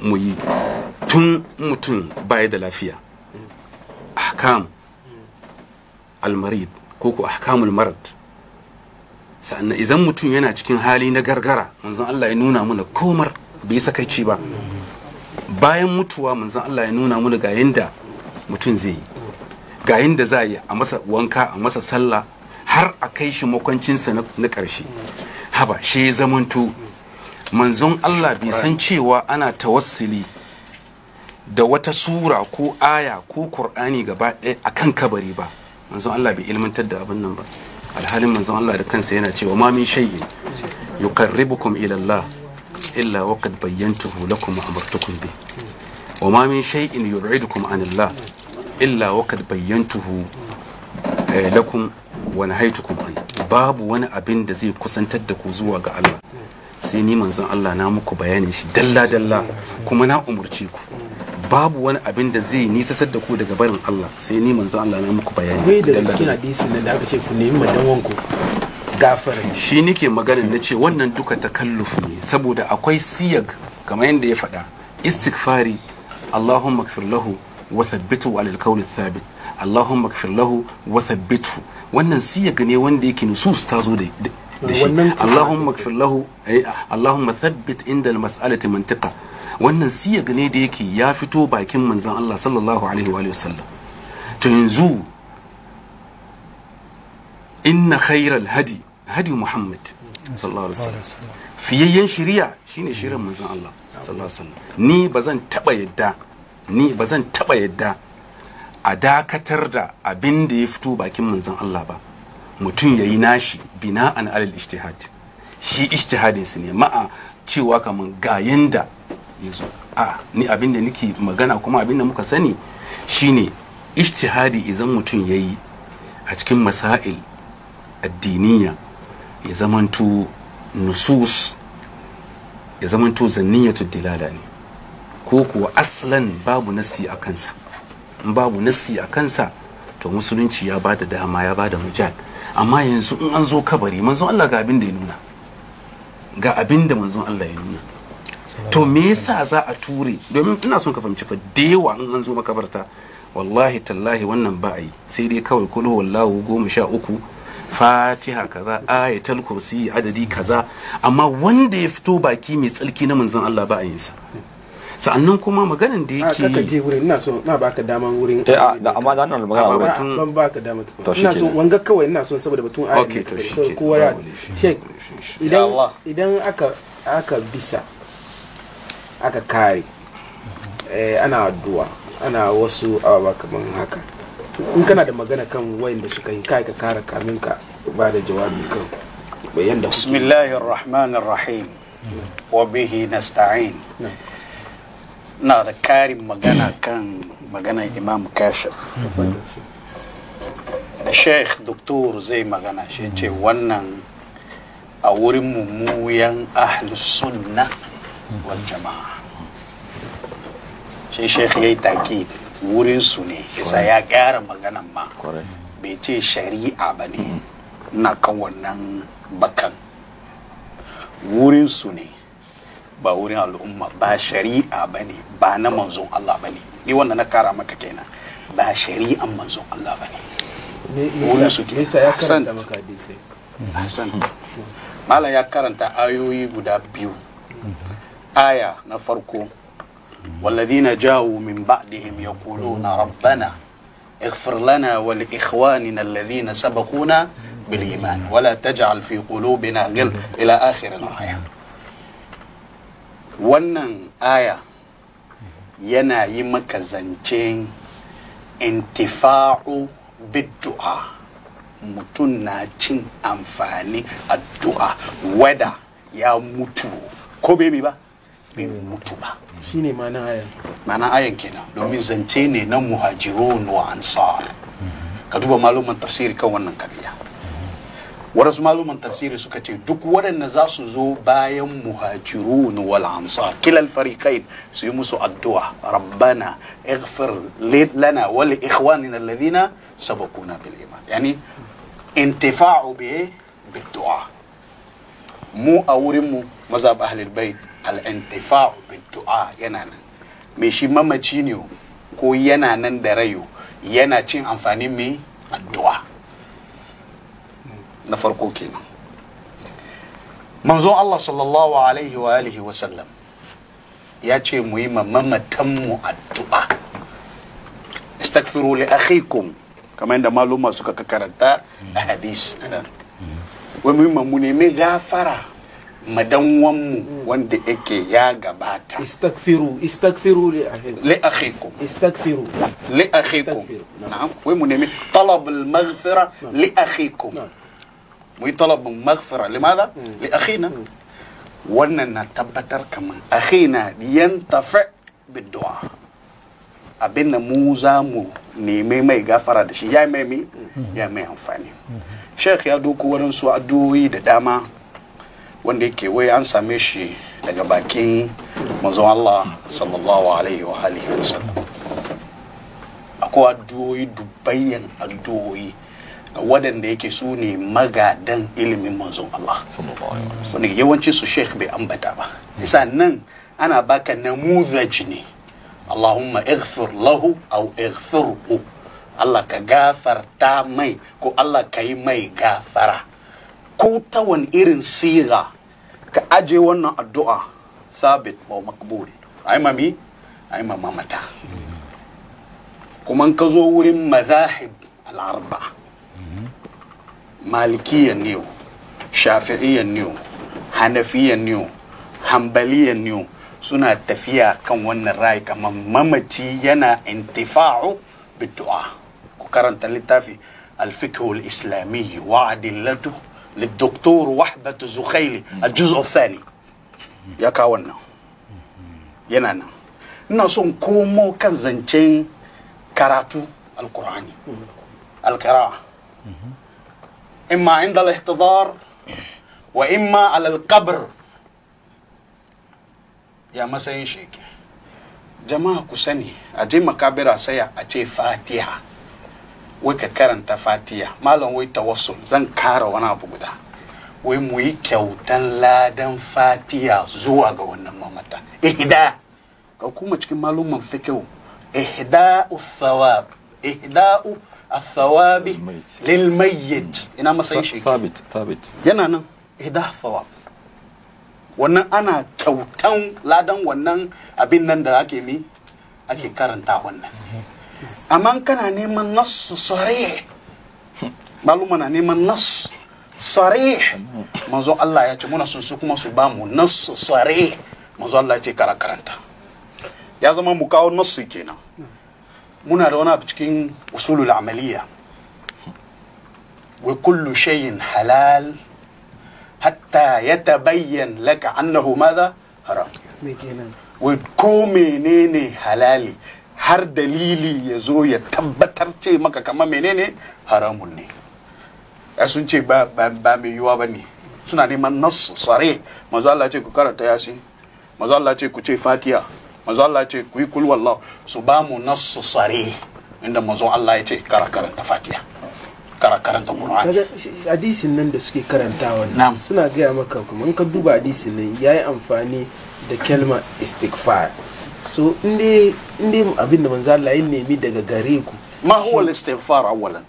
mu yi tun mutum baya da lafiya ahkam almarid ko ko ahkamul marad sa'annan idan mutum yana cikin hali na gargara manzon Allah ya nuna mana komar bai sakaici ba bayan mutuwa manzon Allah ya nuna mana ga yanda mutum zai yi ga yanda za yi a masa wanka a masa sallah har a kai shi makwancinsa na karshe haba shi zamanto manzon Allah bai san cewa ana tawassuli da wata sura ko aya ko qur'ani gaba ɗaya akan kabari ba manzon Allah bai ilmantar da abin nan ba alhalin manzon Allah da kansa yana cewa ma min shay'in yuqarribukum ila Allah illa waqad bayyantuhu lakum wa amartukum bi wa ma min shay'in yub'idukum an Allah illa waqad bayyantuhu eh, lakum wa nahaytukum an babu wani abin da zai kusantar da ku zuwa ga Allah sai ni manzon Allah na muku bayanin shi dalla dalla kuma na umurce ku babu wani abin da zai nisatar da ku daga barin Allah sai ni manzo Allah na muku bayani wai da cikin hadisi nan da aka ce ku nemi madanwan ku gafarin shi nake maganin na ce wannan duka takalluf ne saboda akwai siyag kamar yadda ya faɗa istighfari Allahumma kafir lahu wa thabbitu alal qawli thabit Allahumma kafir lahu wa thabbitu wannan siyag ne wanda yake nusus ta zo da shi Allahumma kafir lahu eh, Allahumma thabbit inda al-mas'alati mantiqa wannan siya gane da yake ya fito bakin manzan Allah sallallahu alaihi wa sallam to yanzu inna khairal hadi hadi muhammad sallallahu alaihi wasallam fiyayyen shiriya shine shirin manzan Allah sallallahu alaihi wasallam ni bazan taba yadda ni bazan taba yadda a dakatar da abin da ya fito bakin manzan Allah ba mutum yayi nashi an alal ijtihad shi ijtihadin su ne ma'a cewa kaman ga yanda ya a ni abin da nake magana kuma abin da muka sani shine ijtihadi idan mutum ya yi a cikin masail addiniya ya zamanto nusus ya zamanto zanniyatu dilala ne ko kuwa aslan babu nasi a kansa in babu nasi a kansa to musulunci ya bada dama ya bada mujal amma yanzu in an zo kabari manzon Allah ga abin da ya nuna ga abin da manzon Allah ya nuna to me yasa za a ture domin ina son ka fahimci fa da yawa an an zo makabarta wallahi tallahi wannan ba a yi sai dai kawai kullu wallahu goma sha uku fatiha kaza ayatul kursi adadi kaza amma wanda ya fito baki mai tsalki na manzon Allah ba a yin sa sa'annan kuma maganin da yake kaka je wurin ina so na baka dama wurin eh da amma da nan magana wurin ban baka dama ina so wanga kawai ina so saboda batun ayi so kowa ya shek idan idan aka aka bisa aka kare eh, ana addu'a ana wasu ababa kamar haka in kana da magana kan wayanda suka yi kai ka kara kamin ka ba da jawabi kan bayan da bismillahir rahmanir rahim wa bihi nasta'in na da karin magana kan magana imam kashif mm-hmm. da sheikh doktor zai magana shi ce wannan a wurin mummuyan ahlus sunna wal jama'a shi shekhi ya yi wurin su ne isa ya gyara maganan ma bai ce shari'a ba ne na kan wannan bakan wurin su ne ba wurin al'umma ba shari'a ba ne ba na manzon Allah ba ne ni wanda na kara maka kenan ba shari'an manzon Allah ba ne wurin su ke hassan malam ya karanta ayoyi guda biyu aya na farko والذين جاءوا من بعدهم يقولون ربنا اغفر لنا ولإخواننا الذين سبقونا بالإيمان ولا تجعل في قلوبنا غل إلى آخر الآية wannan aya yana yi maka zancen intifa'u biddu'a mutum na cin amfani addu'a wada ya mutu ko bai ba bai mutu ba shine ma'ana ayan ma'ana ayan kenan domin zance ne na muhajirun wa ansar ka duba maluman tafsiri kan wannan kariya wadansu maluman tafsiri suka ce duk waɗanda za su zo bayan muhajirun wal ansar kilal fariqain su yi musu addu'a rabbana ighfir lana wa li ikhwanina alladhina sabaquna bil iman yani intifa'u bi bid du'a mu a wurin mu mazhab ahlul bait al'intifa'u biddu'a yana nan mai shi mamaci ne ko yana nan da rayo yana cin amfani mai addu'a na farko kenan manzon Allah sallallahu alaihi wa alihi wa sallam ya ce mu yi mamatanmu addu'a istaghfiru li akhikum kamar yadda maluma suka karanta a hadis mm-hmm. wai mu nemi gafara madanwanmu wanda yake ya gabata istakfiru istakfiru li akhikum istakfiru li akhikum na'am wai mu nemi talab al maghfira li akhikum mu yi talab al maghfira limadha li akhina wannan na tabbatar kaman akhina yantafa biddu'a abin da mu za mu nemi mai gafara da shi ya mai ya mai amfani shek ya doko wadansu addu'o'i da dama wanda yake wai an same shi daga bakin manzon Allah sallallahu alaihi wa alihi wa akwai addu'o'i dubbayyan addu'o'i ga wadanda yake su ne magadan ilimin manzon Allah wanda yawanci su sheikh bai ambata ba isa nan ana baka namuzaji ne Allahumma ighfir lahu aw ighfirhu Allah ka gafarta mai ko Allah ka yi mai gafara ko ta wani irin siga ka aje wannan addu'a sabit ba makbul ai mami ai mama mata kuma ka zo wurin mazahib al'arba malikiyan ne shafi'iyan ne hanafiyan ne hambaliyan suna tafiya kan wannan rai kamar mamaci yana intifa'u bidu'a ku karanta littafi al-fiqh al-islami wa للدكتور وحبة الزخيلي الجزء الثاني يا كاونا نانا نصون كومو كان كنزنتين كاراتو القرآن القراءة إما عند الاحتضار وإما على القبر يا مسايين شيكي جماعة كساني أجي مكابرة سيا أجي فاتحة wai ka karanta fatiya malam wai tawassul zan kara wani abu guda wai mu yi kyautan ladan fatiya zuwa ga wannan mamata ihda ka kuma cikin malumman fikihu ihda'u thawab ihda'u athawabi lil mm. ina matsayin shi thabit thabit yana nan ihda thawab wannan ana kyautan ladan wannan abin nan da ake mi ake karanta wannan mhm. amma kana neman nas sarih maluma na neman nas sarih manzon Allah ya ce muna son su kuma su ba mu nas sarih manzon Allah ya ce kara karanta ya zama mu kawo nas kenan muna da wani cikin usulul amaliya wa kullu shay'in halal hatta yatabayyan laka annahu madha haram me kenan wai ko menene halali har dalili ya zo ya tabbatar ce maka kama menene haramun ne ya sun ce ba, mai yiwa ba ne suna neman nasu sare mazu Allah ce ku karanta yasin mazu Allah ce ku ce fatiya mazu Allah ce ku yi kulwallah su ba mu nasu sare inda mazu Allah ya ce kara karanta fatiya kara karanta Qur'ani kaga hadisin nan da suke karantawa suna gaya maka kuma in ka duba hadisin nan yi amfani da kalma istighfar so ndi ndi abinda manzo Allah yin nemi daga gare ku ma huwa al-istighfar awalan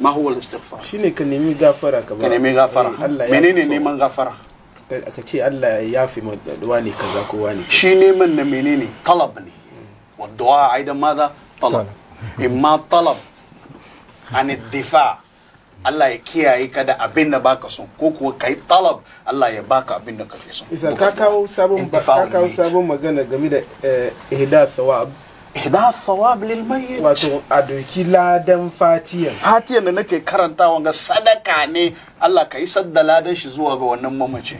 ma huwa al-istighfar shine ka nemi gafara ka ba ka nemi gafara Allah ya menene neman gafara ka ce Allah ya yafi fi wani kaza ko wani shi neman na menene talab ne wa du'a aidan madha talab imma talab an ad-difa' Allah ya kiyaye ka da abin da baka so ko kuwa kai talab Allah ya baka abin da kake so isa ka kawo sabon ka kawo sabon magana game da eh, ihda thawab ihda thawab lil mayyit wato a ladan fatiyan fatiyan da nake karantawa ga sadaka ne Allah ka yi sadda ladan shi zuwa ga wannan mamace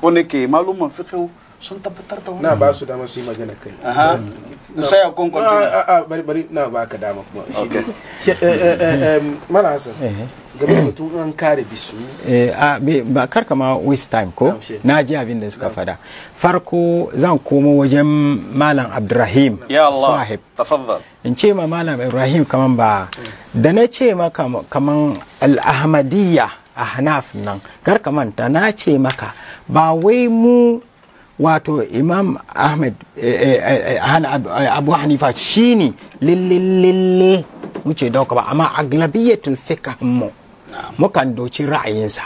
ko nake okay malumin fiqh sun tabbatar da wannan na ba su dama su yi magana kai aha sai a kon continue a ah, a ah, ah, bari bari na ba ka dama kuma shi da mala hasan game da tun an kare bisu eh a ba karka ma waste time ko na ji abin da suka fada farko zan komo wajen malam abdurrahim ya Allah sahib tafaddal in ce ma malam ibrahim kaman ba da na ce maka kaman al-ahmadiyya a hanaf nan kar ka manta na ce maka ba wai mu wato imam ahmed eh, eh, eh, abu hanifa shine lalle lalle dauka ba amma aglabiyatul fiqh mu mukan doci ra'ayinsa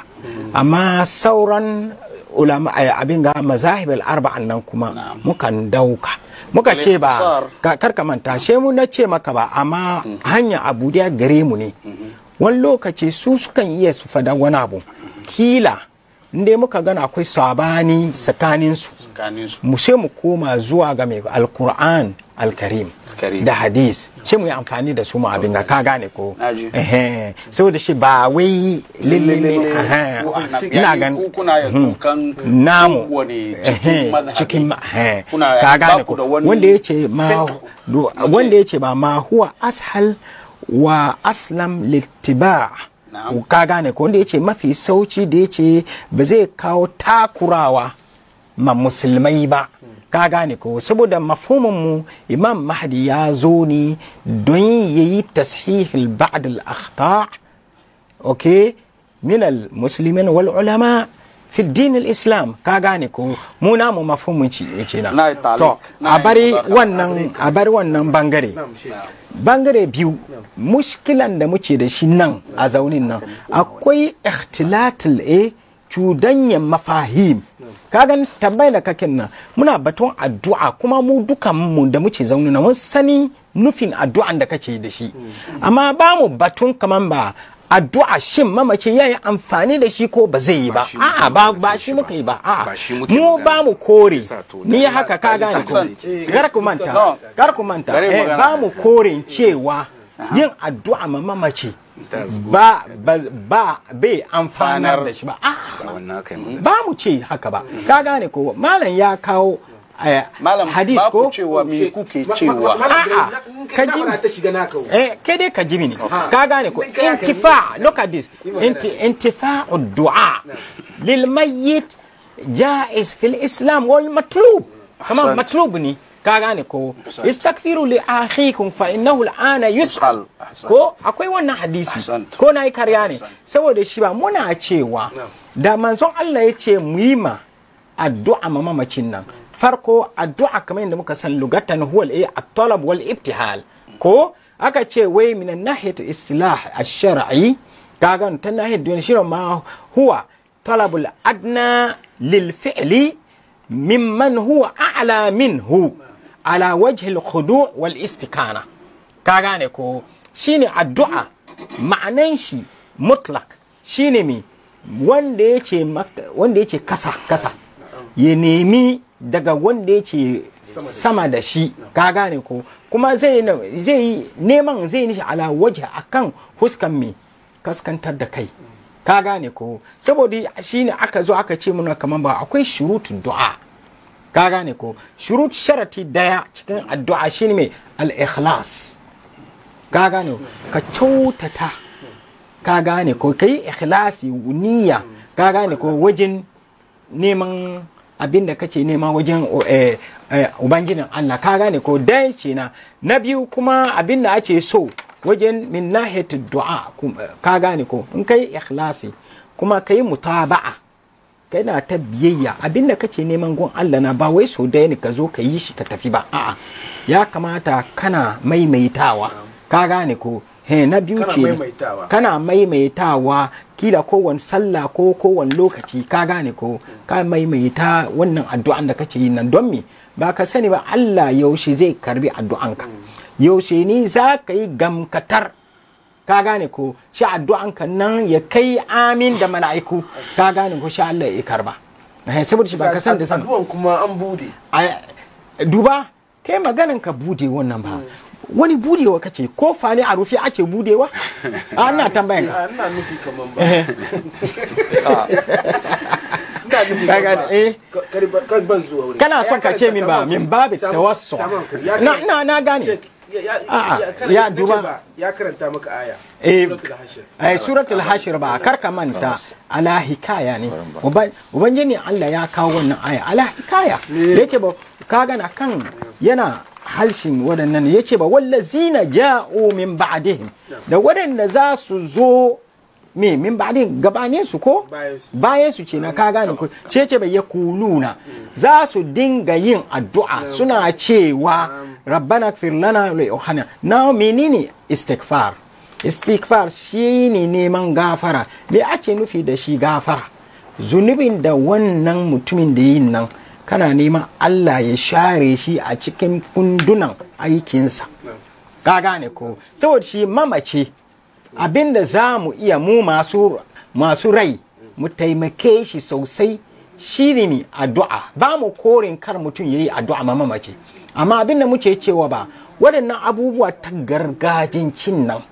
amma sauran ulama abin ga mazahib arba'an nan kuma mukan dauka muka ce ba karka manta she mu na ce maka ba amma mm-hmm. hanya abu da gare mu ne mm-hmm. wani lokaci su sukan iya su fada wani abu mm-hmm. kila inda muka gana akwai sabani tsakaninsu mu sai mu koma zuwa ga mai alkur'an alkarim da hadis sai mu yi amfani da su mu abin ga ka gane ko saboda shi ba wai lillili ina gan hmm. namu cikin ka gane ko wanda ya ce ma wanda ya ce ba ma huwa ashal wa aslam littiba' ka gane ko wanda ya ce mafi sauci da ya ce ba zai kawo takurawa ma musulmai ba hmm. ka gane ko saboda mafhumin mu imam mahdi ya zo ne don yi tashihil ba'd al akhta ok minal musulmin wal ulama fi islam ka gane ko mu na mu mafhumin ci ce na to a bari wannan a bari wannan bangare bangare biyu mushkilan da muke da shi nan a zaunin nan akwai ikhtilatul eh cudanyen mafahim kagan tambayar da kakin nan muna baton addu'a kuma mu dukan mu da muke zaune na mun sani nufin addu'an da kake da shi amma ba mu batun kaman ba addu'a shin mamacin yi amfani da shi ko ba zai yi ba a'a ba ba shi muka yi ba a'a mu ba mu kore ni haka ka gane ko gar eh, ku manta gar ku manta eh, ba mu kore cewa yin addu'a ma mamaci ba ba bai amfanar da shi ba ba mu ce haka ba ka gane ko malam ya kawo Eh, hadis ko cewa me kuke cewa a'a ka ji eh kai dai ka ji mini ka gane ko intifa look at this intifa du'a lil mayyit jaiz fil islam wal matlub kama matlub ni ka gane ko istakfiru li akhikum fa innahu al'ana yus'al ko akwai wannan hadisi ko nayi karya ne saboda shi ba muna cewa da manzon Allah ya ce mu yi ma addu'a ma mamacin nan farko addu'a kamar yadda muka san lugatan huwal eh at-talab wal ibtihal ko aka ce wai min nahiyat istilah ash-shar'i kaga ta nahiyat duniya shi ma huwa talabul adna lil fi'li mimman huwa a'la minhu ala wajhi al wal istikana ka gane ko shine addu'a ma'anan shi mutlak shine me wanda yace wanda kasa kasa ya nemi daga wanda ya ce sama da shi ka gane ko kuma zai neman zai nishi ala waje akan huskan mai kaskantar da kai ka gane ko saboda shi ne aka zo aka ce muna kamar ba akwai shurutun du'a ka gane ko shurut sharati daya cikin addu'a ne mai al-ikhlas ka gane ka kyautata ka gane ko yi ikhlasi niyya ka gane ko wajen neman abin da kace nema wajen eh, eh, ubangijin Allah ka gane ko dan na na biyu kuma abin da ake so wajen min nahiyat du'a eh, ka gane ko in kai ikhlasi kuma kai mutaba'a kana ta biyayya abin da kace neman gun Allah na ba wai so da ne ka zo ka yi shi ka tafi ba a'a ya kamata kana maimaitawa ka gane ko he na biyu ke kana maimaitawa kila kowan sallah ko kowan lokaci ka gane ko ka maimaita wannan addu'an da kake yi nan don me ba ka sani ba Allah yaushe zai karbi addu'anka hmm. yaushe ni za ka yi gamkatar ka gane ko shi addu'anka nan ya kai amin da mala'iku ka gane ko sha Allah ya karba saboda shi ba ka san da san addu'an kuma an bude duba kai maganan ka bude wannan ba hmm. wani budewa kace ko fa ne a rufe ake budewa a ah, ina tambayan ka ah, ina nufi kaman ba kana son ka ce min ba min babu tawassu na na na gane ya ah, duba ya karanta maka aya eh suratul hashir eh, ba karka manta ala hikaya ne ubangiji Allah ya kawo wannan aya ala hikaya yace ba ka gana kan yana halshin waɗannan ya ce ba wallazina ja'u min ba'dihim da waɗanda za su zo me min ba'dihim gabanin su ko bayan su ce na ka gane ko ce ce bai yakuluna za su dinga yin addu'a suna cewa rabbana ighfir lana wa ihana now menene istighfar istighfar shine neman gafara me ake nufi da shi gafara zunubin da wannan mutumin da yin nan kana neman Allah ya share shi a cikin kundunan aikinsa ka gane ko saboda shi mamace abinda za mu iya mu masu rai mu taimake shi sosai shi ne addu'a ba mu korin kar mutum ya yi addu'a ma mamace amma abinda muke cewa ba waɗannan abubuwa ta gargajin cin nan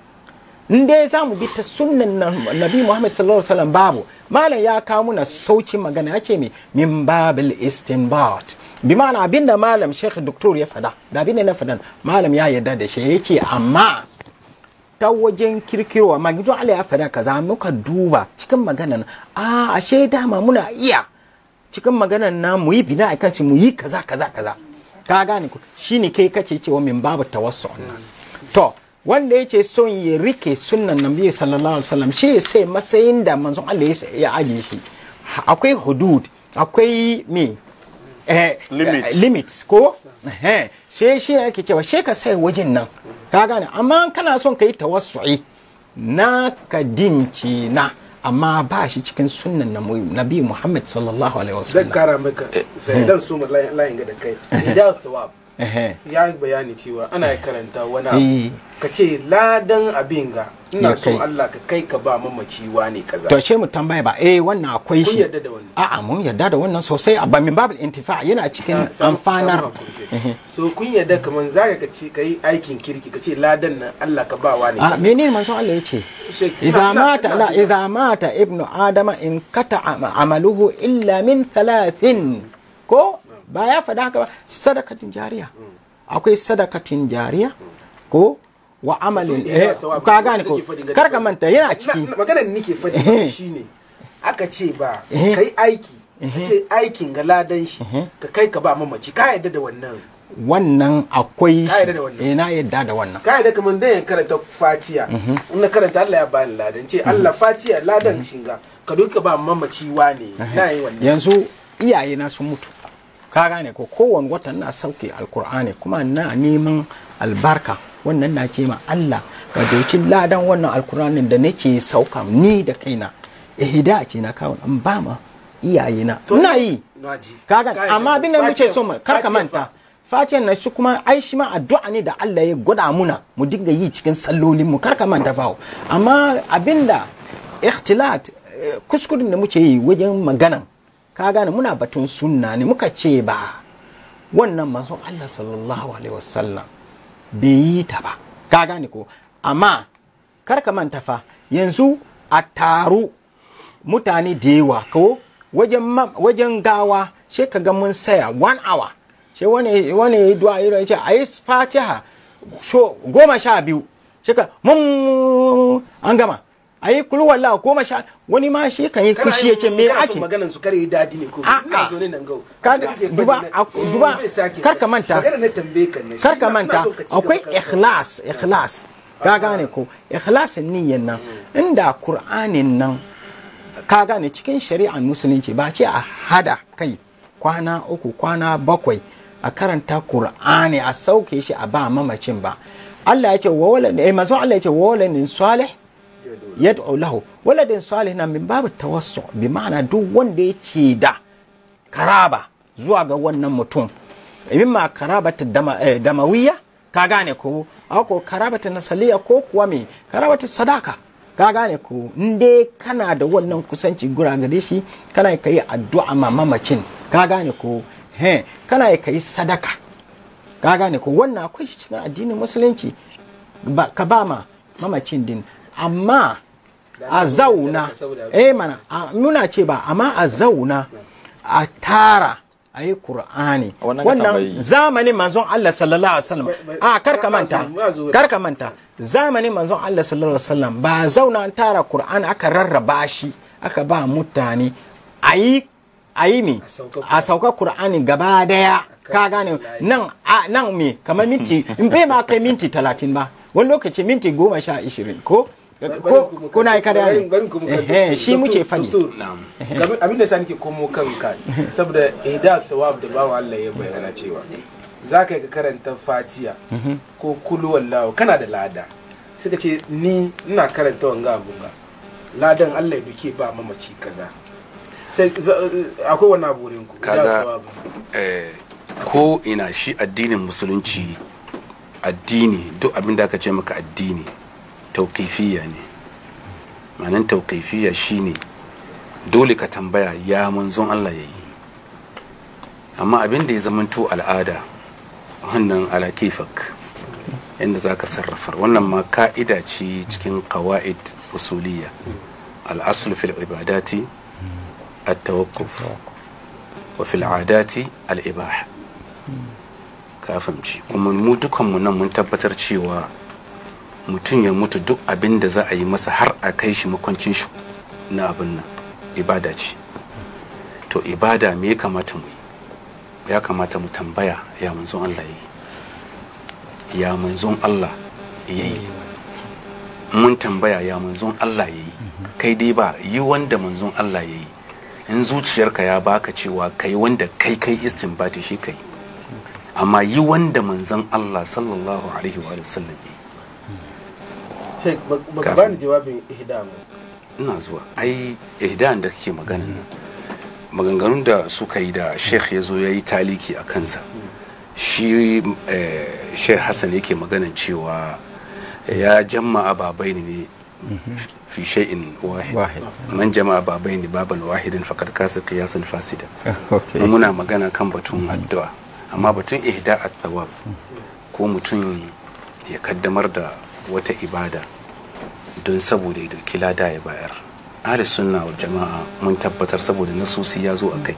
in dai za mu bi ta sunnan nabi muhammad sallallahu alaihi wasallam babu malam ya kawo muna sauci magana yake me min babil istinbat bi ma'ana abinda malam sheikh doktor ya fada da abinda na fada malam ya yarda da shi yake amma ta wajen kirkirwa magidon Allah ya fada kaza muka duba cikin maganan a ashe dama muna iya cikin maganan na mu yi bina akan shi mu yi kaza kaza kaza ka gane ku shine kai kace cewa min babu tawassu to wanda ce son ya rike sunan nabi sallallahu alaihi wasallam shi sai matsayin da manzon Allah ya aje shi akwai hudud akwai me eh, limit. Eh, limits ko eh, sai shi yake cewa shi ka sai wajen nan ka gane amma kana son kai tawassu'i na ka dinci na amma ba shi cikin sunnan nabi muhammad sallallahu alaihi wasallam zan kara maka eh, sai dan eh. su layin ga da kai idan thawab ya bayani cewa ana karanta wani ka ce ladan abin ga ina son eh. Allah ka kai ka ba mamaci ne kaza to ce mu tambaya ba eh wannan akwai shi yadda da wannan a'a mun yadda da wannan sosai a bamin babul intifa yana cikin ah, amfanar eh, eh. so kun yadda kaman zaka ka ce kai aikin kirki ka ce ladan nan Allah ka ba wani a ah, menene manzon Allah yace idza mata la idza mata ibnu adama in kata amaluhu illa min thalathin ko ba ya faɗa haka ba sadakatin jariya hmm. akwai sadakatin jariya ko wa amalin eh ka gane ko kar ka manta yana ciki maganar nike fadi eh. shine aka ce ba eh. kai aiki ka eh. ce aikin ga ladan shi ka kai ka ba mamaci ka yadda da wannan wannan akwai shi na yadda da wannan ka yadda kamar dan karanta fatiya mhm. in karanta Allah ya bani ladan ce mhm. Allah fatiya ladan mhm. shinga ka duka ba mamaci ne na yi wannan yanzu iyaye na sun mutu ka gane ko kowane watan na sauke alkur'ani kuma na neman albarka wannan na ce ma Allah wajen ladan wannan alkur'anin da nake sauka ni da kaina ihda eh, ce na kawo an ba ma iyaye na ina yi kaga amma abin da muke so kar ka manta facen na shi kuma ai shi ma addu'a ne da Allah ya gwada muna mu dinga yi cikin sallolin mu kar ka manta fawo amma abin da ikhtilat eh, kuskurin da muke yi wajen maganan ka gane muna batun sunna ne muka ce ba wannan manzon Allah sallallahu alaihi wasallam bai yi ta ba ka gane ko amma karka ka manta fa yanzu a taru mutane da yawa ko wajen gawa shi ka ga mun saya one hour shi wani wani du'a irin ce yi fatiha goma sha biyu shi ka mun an gama a yi kulu ko goma sha wani ma shi kan yi fushi ya ce me ake maganan su kare dadi ne ko ina zo ne nan gawo ka duba duba eh, kar ka manta kar ka manta akwai ikhlas ikhlas eh. ka gane ko ikhlas niyyan nan hmm. inda qur'anin nan ka gane cikin shari'ar musulunci ba ce a hada kai kwana uku kwana bakwai a karanta qur'ani a sauke shi a ba mamacin ba Allah ya ce wa wala ne eh, mazo Allah ya ce wa wala salih yad'u lahu waladin salihna min babu tawassu bi ma'ana duk wanda ya ce da karaba zuwa ga wannan mutum ma karabata eh, damawiya ka gane ko ako karabata nasaliya ko kuwa me karabata sadaka ka gane ko inda dai kana da wannan kusanci gura gare shi kana kai addu'a ma mamacin ka gane ko he kana kai sadaka ka gane ko wannan akwai shi cikin addinin musulunci ka ba ma mamacin din amma a zauna eh mana nuna ce ba amma a zauna a tara a yi ƙur'ani wannan zamanin manzon Allah sallallahu alaihi wasallam a karka manta karka manta zamanin manzon Allah sallallahu alaihi wasallam ba zauna an tara ƙur'ani aka rarraba shi aka ba mutane a yi a yi mi a sauka ƙur'ani gaba daya ka gane nan nan me kamar minti in bai ma kai minti talatin ba wani lokaci minti goma sha ishirin ko ko kuna yi kada ne bari kuma kan shi muke fadi abin da sa nake komo kanka saboda ihda thawab da bawa Allah ya bayyana cewa za ka karanta fatiha. Mhm. ko kulu wallahu kana da lada suka ce ni ina karanta wanga abun ga ladan Allah ya ke ba mamaci kaza sai akwai wani abu ku kaga eh, ko ina shi addinin musulunci addini duk abin da aka ce maka addini tauƙifiya ne manan tauƙifiya shine dole ka tambaya ya manzon Allah ya yi amma abin da ya zamanto al'ada wannan alakifak inda za ka sarrafar wannan ma ka'ida ce cikin kawa'id usuliya al'asul fil ibadati at-tawakkuf wa fil adati al-ibaha ka fahimci kuma mu dukanmu nan mun tabbatar cewa mutum ya mutu duk abin da za a yi masa har a kai shi makwancin shi na abin nan ibada ce to ibada me ya kamata mu yi ya kamata mu tambaya ya manzon Allah yi ya manzon Allah ya yi mun tambaya ya manzon Allah ya yi kai dai ba yi wanda manzon Allah ya yi in zuciyarka ya baka cewa kai wanda kai kai istinbati shi kai amma yi wanda manzon Allah sallallahu alaihi wa sallam ya Sheikh baka bani jawabin Ina zuwa. Ai ihdan da kake maganan nan. Maganganun da suka yi da Sheikh ya zo ya yi taliki a kansa. Shi eh, Sheikh Hassan yake maganan cewa eh, ya jama'a babai ne fi shay'in wahid man jama'a babai baban wahidin faqad kasa qiyasan fasida muna magana kan batun addu'a amma batun ihda at-thawab ko mutum ya kaddamar da wata ibada don saboda ya doki lada ya bayar ahli sunna wa jama'a mun tabbatar saboda nasusi ya zo a kai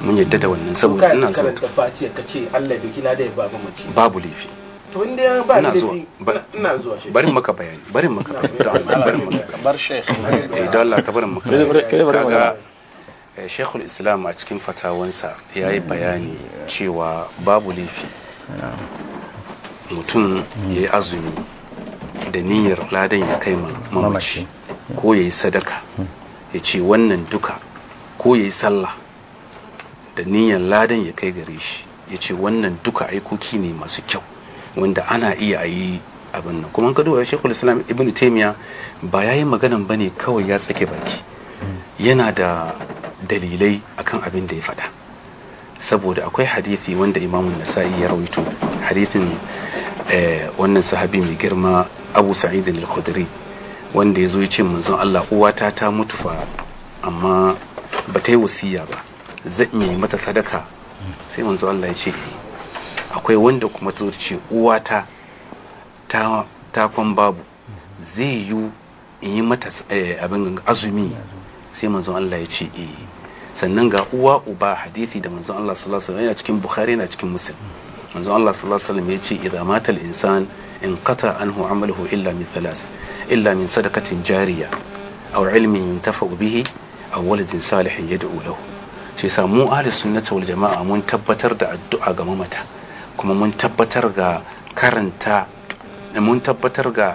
mun yadda da wannan saboda ina zo ka fatiya ka ce Allah ya doki lada ya ba mace babu lifi to inda ya ba laifi ina zuwa barin maka bayani barin maka bayani barin maka kamar sheikh eh Allah ka barin maka kaga eh, shekul islam a cikin fatawansa ya yi bayani cewa babu lifi mutum ya yi azumi da niyyar ladan ya kai mamaci ko ya yi sadaka ya ce wannan duka ko ya yi sallah da niyyar ladan ya kai gare shi ya ce wannan duka aikoki ne masu kyau wanda ana iya a yi abin nan kuma ka duba shekul islam ibn taimiya ba ya yi maganan ba ne kawai ya tsake baki yana da dalilai akan abin da ya faɗa saboda akwai hadithi wanda imamun nasa'i ya rawaito hadithin Eh, wannan sahabi mai girma abu sa'id al-khudri wanda ya zo ya ce manzon Allah uwata ta mutu fa amma ba ta yi wasiya ba zan yi mata sadaka sai manzon Allah ya ce eh, akwai wanda kuma ta zo ce uwata ta ta kwan babu zai yi in yi mata eh, abin azumi sai manzon Allah ya ce sannan ga uwa uba hadithi da manzon Allah sallallahu alaihi wasallam yana cikin Bukhari na cikin Muslim manzo Allah sallallahu alaihi wasallam yace idza matal insan in qata anhu amaluhu illa min thalas illa min sadaqatin jariya aw ilmin yuntafa'u bihi aw waladin salihin yad'u lahu shi yasa mu ahli sunnati wal jama'a mun tabbatar da addu'a ga mamata kuma mun tabbatar ga karanta mun tabbatar ga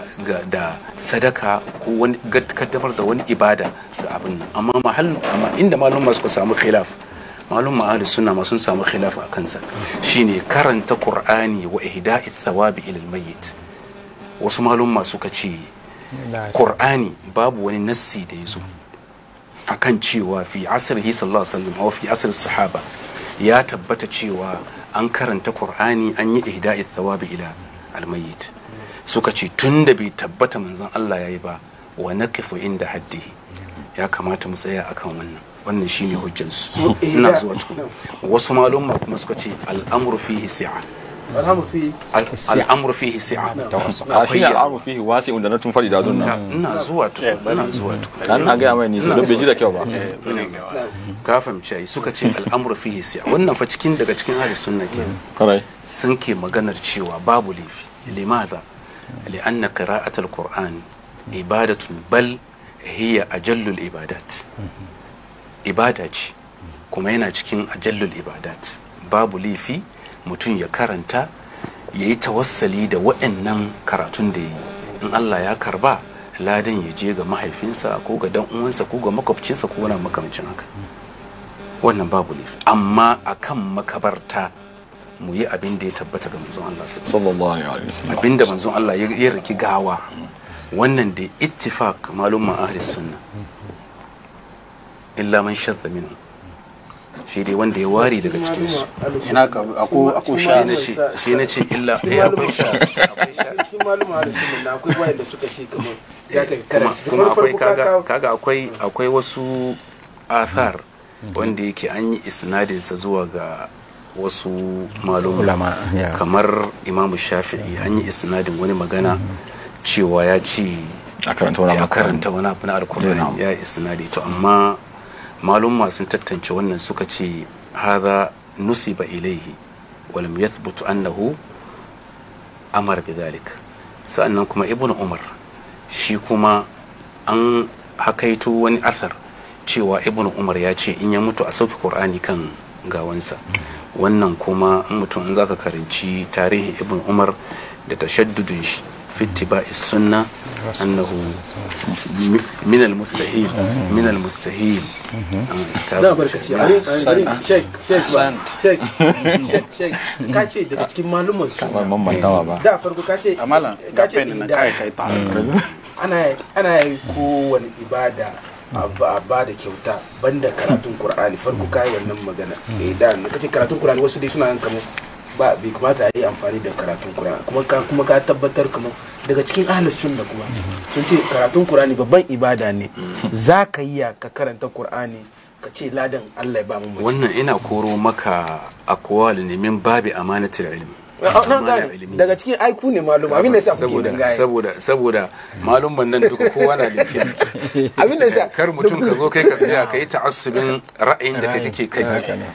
da sadaka ko wani kaddamar da wani ibada ga abin nan amma mahallin amma inda malum suka samu khilaf malum ma'adu suna ma sun samu khilafa a kansa shine karanta qur'ani wa ihda'i thawabi ila mayyit wasu malum suka ce qur'ani babu wani nassi da yazo akan cewa fi asrihi sallallahu alaihi wasallam fi asr sahaba ya tabbata cewa an karanta qur'ani an yi ihda'i thawabi ila almayyit suka ce tunda bai tabbata manzon Allah yayi ba wa naqifu inda haddihi ya kamata mu tsaya akan wannan wannan shine hujjansu eh, ina zuwa cikin wasu malumma kuma suka ce al'amuru fihi si'a al'amuru fihi si'a akwai al'amru fihi wasi inda na tun fari da zunna ina zuwa tu eh, ina zuwa tu dan na ga mai nisa don bai ji da kyau ba eh, ka fahimci ai suka ce al'amuru fihi si'a wannan fa cikin daga cikin hadis sunna ke karai sun ke maganar cewa babu lifi limadha li'anna qira'atul qur'an ibadatun bal hiya ajallul ibadat mhm. ibada ce kuma yana cikin ajallul ibadat babu laifi mutum ya karanta ya yi tawassali da waɗannan karatun da ya yi in allah ya karba ladan ya je ga mahaifinsa ko ga dan uwansa ko ga makwabcinsa ko wani makamcin haka wannan babu laifi amma akan makabarta mu yi abin da ya tabbata ga manzon Allah abin da manzon Allah ya riki gawa wannan da ittifaq malum ahli sunna illa man shadda min shi dai wanda ya ware daga cikin su ina ka ako ako shi ne ce shi ne ce illa ya eh, akwai shi cikin malum da sunan akwai wanda suka ce kamar ya kai kuma akwai kaga kaga akwai akwai wasu athar wanda yake an yi isnadin sa zuwa ga wasu maluma kamar imam shafi'i an yi isnadin wani magana cewa ya ce a karanta wani abu na alkur'ani ya isnadi to amma maluma sun tattance wannan suka ce haza nusiba ilaihi walam yathbutu annahu amar bidhalik sa'annan kuma ibnu umar shi kuma an hakaito wani athar cewa ibnu umar ya ce in ya mutu a sauki qur'ani kan gawansa wannan kuma mutum in zaka karanci tarihin ibnu umar da tashaddudin shi في اتباع السنة أنه من المستحيل من المستحيل لا بركة شيك شيك شيك شيك daga cikin ba da kai ta ana yi kowane ibada a ba da kyauta banda karatun qur'ani farko kai wannan magana eh kace karatun qur'ani wasu dai suna kamar ba bai kamata a yi amfani da karatun kurani kuma ka kuma ka tabbatar kuma daga cikin ahlus sunna kuma sun ce karatun kur'ani babban ibada ne za ka yi ka karanta kurani ka ce ladan Allah ya ba mu wannan ina koro maka akwal ne min babi amanatul ilmi daga cikin aiku ne malum abin da yasa kuke da gaya saboda saboda malumman nan duka kowa na da ke abin da yasa kar mutum ka zo kai ka tsaya ka yi ta'assubin ra'ayin da kake kai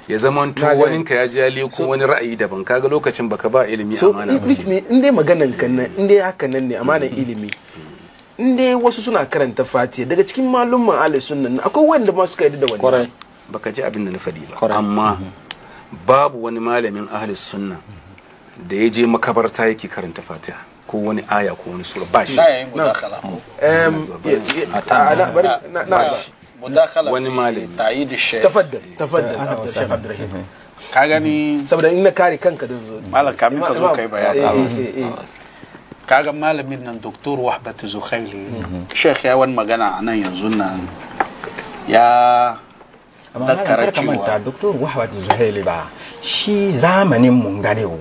ya zama to wani ka ya ji ya wani ra'ayi daban kaga lokacin baka ba ilimi amana ba in dai maganan kan nan in dai haka nan ne amanan mm-hmm. ilimi in dai wasu suna karanta fatiha daga cikin malumman ahli sunna akwai wanda ma suka yi da wannan baka ji abin da na faɗi ba amma mm-hmm. babu wani malamin ahli sunna da ya je makabarta yake karanta fatiha ko wani aya ko wani sura ba shi wani malami tafaddal tafaddal shekh abdurrahim ka gani saboda in na kare kanka da zo malam kamin ka zo kai bayani eh, eh, eh, ga malamin nan doktor wahbatu zukhaili Sheikh ya wani magana a nan yanzu nan ya amma kar ka manta doktor wahbatu zukhaili ba shi zamanin mun ganewo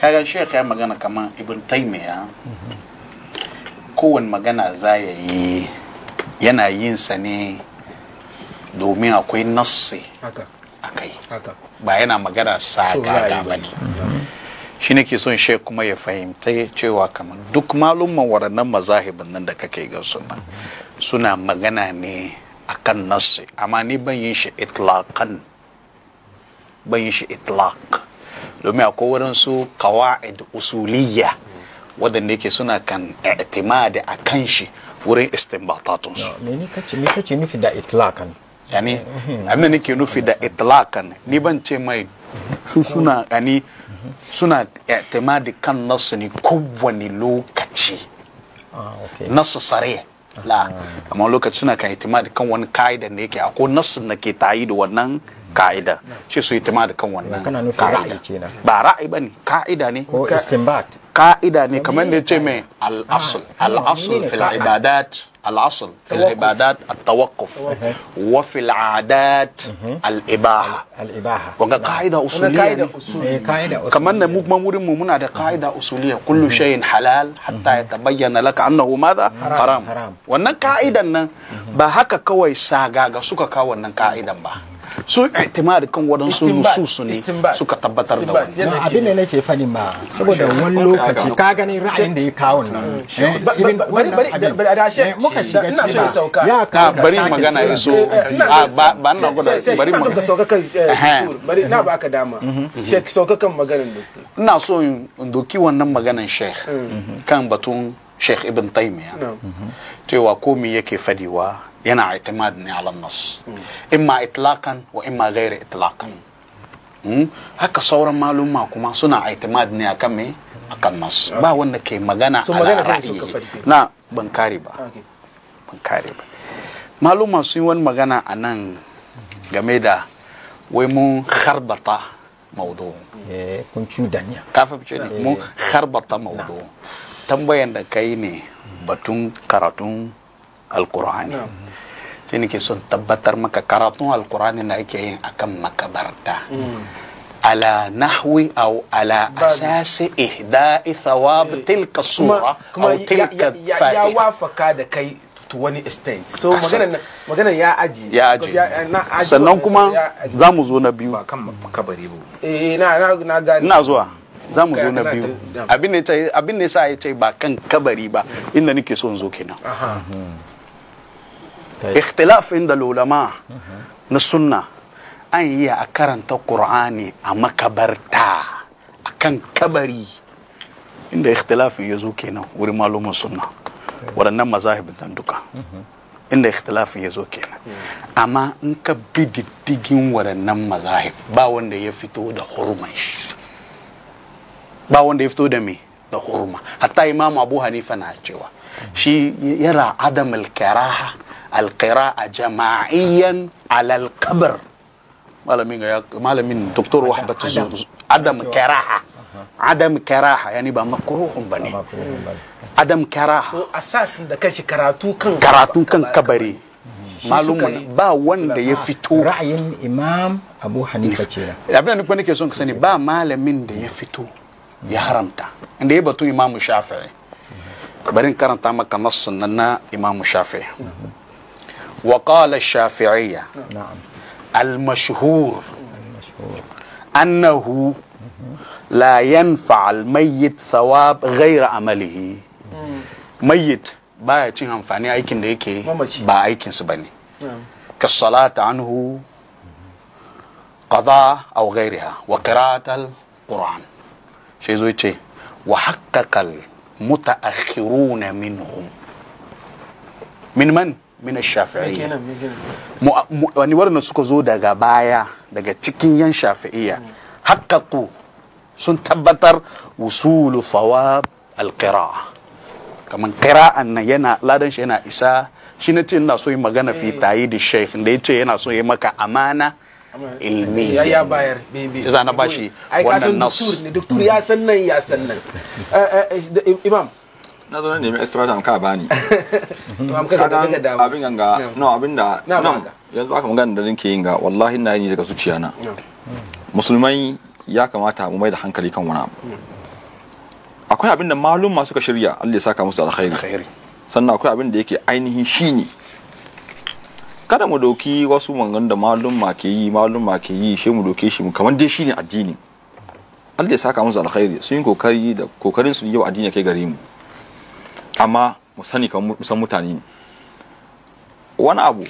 kaga shek ya magana kamar ibn taimiya kowane magana za ya yi yana yin sa ne domin akwai nassi a kai ba yana magana sagaga ba ne mhm. shi ne ke son shek kuma ya fahimta cewa kamar duk malumman waɗannan mazahibin nan da kake ga ba suna magana ne akan nassi amma ni ban yin shi itlaqan ban yin shi itlaq domin akwai wurin su kawa'id usuliyya waɗanda yake suna kan i'timadi a kan shi wurin istinbatatun su me kace nufi da itlakan yani abin nake nufi da itlakan ni ban ce mai su suna gani suna i'timadi kan nasu ne kowane lokaci ah, nasu sare la ah. amma lokaci suna kan i'timadi kan wani ka'idan da yake akwai nasu da ke tayi da wannan ka'ida shi su yi tima da kan wannan kana nufin ra'ayi ba ne ka'ida ne ko istinbat ka'ida ne kamar da ya ce mai al'asul al'asul al-asl ah, fil ibadat al-asl fil ibadat at-tawaqquf uh-huh. wa fil adat uh-huh. al-ibaha al-ibaha wanga ka'ida usuliyya ne eh, kamar da mu mamurin mu muna da ka'ida usuliyya uh-huh. kullu shay'in halal hatta ya tabayyana laka annahu madha haram wannan ka'idan nan ba haka kawai saga ga suka kawo wannan ka'idan ba su itimadi eh, kan waɗansu nususu ne suka tabbatar da wani abin da nake fani ma saboda wani lokaci ka gani ra'ayin da ya kawo nan mm, eh, bari bari bari da shi eh, muka shiga ina so ya sauka ya ka bari magana ya so ah, ba ba na gwada bari mu ka sauka kan bari na baka dama mhm, mhm. shek sauka kan maganar doktor ina so in doki wannan maganar sheikh mm. kan batun sheikh ibn taymiya cewa ko me yake fadiwa ينا اعتمادني على النص إما إطلاقا وإما غير إطلاقا haka sauran maluma kuma suna aitimad ne akan me akan nas ba wanda ke magana so, ala ra'ayi na ban kare ba okay. ban kare ba maluma sun yi wani magana a game da wai mun harbata maudu kun cudanya kafin ce ne mun harbata maudu tambayan da kai ne batun karatun alkur'ani shi nake son tabbatar maka karatun alkur'ani na ake yin akan makabarta mm. ala nahwi aw ala asasi ihda'i thawab eh, tilka sura aw tilka fatiha ya wafaka da kai to wani extent so magana ya aji ya aji sannan kuma za mu zo na biyu ba kan makabari ba eh na na na ina zuwa za mu zo na biyu abin ne abin ne sa ya ce ba kan kabari ba inda nake so in zo kenan mhm. ikhtilaf inda ulama na sunna an yi a karanta qur'ani a makabarta a kan kabari inda ikhtilafin ya zo kenan wurin malumin sunna waɗannan mazahibin nan duka inda ikhtilafin ya kenan amma in bi diddigin waɗannan mazahib ba wanda ya fito da hurman shi ba wanda ya fito da da hurma hatta imam abu hanifa na cewa shi yara adam karaha alƙira'a jama'iyyan alal qabr malamin ya malamin doktor wahbat adam karaha adam karaha yani ba makruhun bane adam karaha so asasin da karatu kan karatu kan kabari malumun ba wanda ya fito ra'ayin imam abu hanifa kenan abin da nake son ka sani ba malamin da ya fito ya haramta inda ya batun imam shafi'i bari karanta maka nassun na imam shafa. وقال الشافعية نعم المشهور المشهور أنه لا ينفع الميت ثواب غير عمله ميت باي تيهم فاني أيكين ديكي باي أيكين سباني نعم. كالصلاة عنه قضاء أو غيرها وقراءة القرآن شيء زوي شيء وحقق المتأخرون منهم من من؟ min shafi'i wani waɗanda suka zo daga baya daga cikin yan shafi'iyya mm. haqqaqu sun tabbatar usulu thawab alqira'a kaman an na yana ladan shi yana isa shi na ce yana so yi magana fi eh. tayi da sheikh da ya ce yana so yi maka amana ilmi ya bayar bebe zana bashi wannan nas ya san nan ya san nan eh, eh, imam na zo na nemi extra time ka bani to am kaga daga damu abin ganga no abin da yanzu aka magana da nake yin ga wallahi na yi daga zuciya na musulmai ya kamata mu mai da hankali kan wani abu akwai abin da malum masu ka shirya Allah ya saka musu alkhairi sannan akwai abin da yake ainihin shine kada mu doki wasu mangan da malum ma ke yi malum ma ke yi shi mu doke shi mu kamar dai shine addini Allah ya saka musu alkhairi sun yi kokari da kokarin su yau addini kai gare mu amma mu sani kan san mutane ne wani abu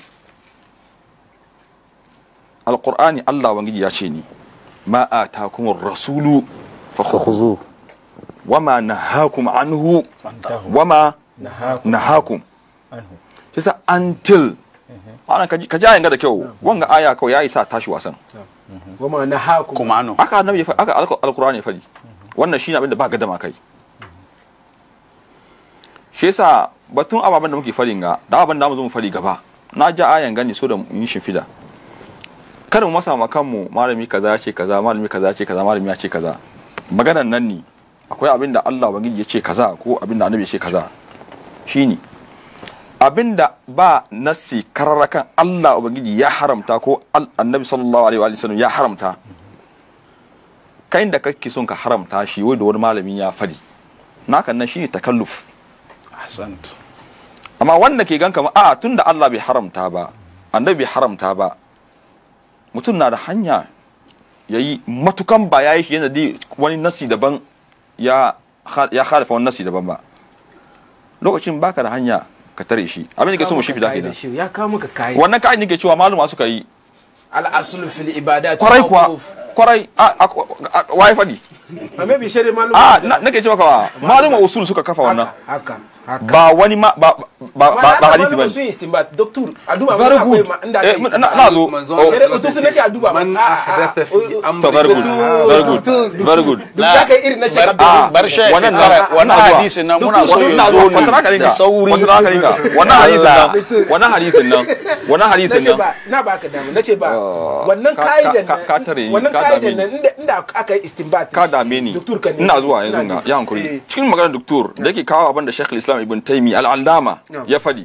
alƙur'ani Allah wangiji ya ce ni ma kuma rasulu fakhuzu wama nahakum anhu wama nahakum anhu shi sa until mhm. ana ka ji ayan da kyau wanga aya kawai ya isa tashi wasan goma na hakum kuma ano aka annabi aka ya fari mhm. wannan shine abin da ba gadama kai shi yasa batun ababen da muke fari ga da abin da mu zo mu fari gaba na ja ayan gani so da yin shimfida karin masa kanmu malami kaza ya ce kaza malami kaza ya ce kaza malami ya ce kaza maganar nan ne akwai abin da Allah ubangiji ya ce kaza ko abin da annabi ya ce kaza shine abin da ba nassi kararrakan Allah ubangiji ya haramta ko annabi sallallahu alaihi wa sallam ya haramta kai da kake son ka haramta shi wai da wani malami ya fari naka nan shine takalluf ahsant amma wanda ke gan kamar a tunda Allah bai haramta ba annabi bai haramta ba mutum na da hanya ya yi matukan ba ya yi shi yana wani nasi daban ya khalifa harafa wani nasi daban ba lokacin baka da hanya ka tare shi abin da ke so mu shi fida kenan ya kawo maka kai wannan kai nake cewa maluma suka yi al'asul fil ibadat kwarai kuwa kwarai wai fadi a me bi shari maluma ah, a nake cewa kawa maluma usul suka kafa wannan haka ba wani ma ba ba ba hadisi ba sun istinbat doctor a duba ba inda eh, ne na oh. na zo doctor nace a duba man ahdatha fi oh, amri very good very good very good da kai irin na shekaru ah, bar shi wannan wannan hadisin nan muna so ya zo ne da sauri fatara wannan hadisin wannan hadisin wannan hadisin nan wannan hadisin nan na ba ka damu nace ba oh, wannan kaidan ka tare wannan kaidan nan inda inda aka yi istinbat ka dame ni doctor ka ina zuwa yanzu ga ya hankuri eh. cikin maganar doctor da yake kawo abin da Sheikh Islam islam ibn Taymi al al'allama ya faɗi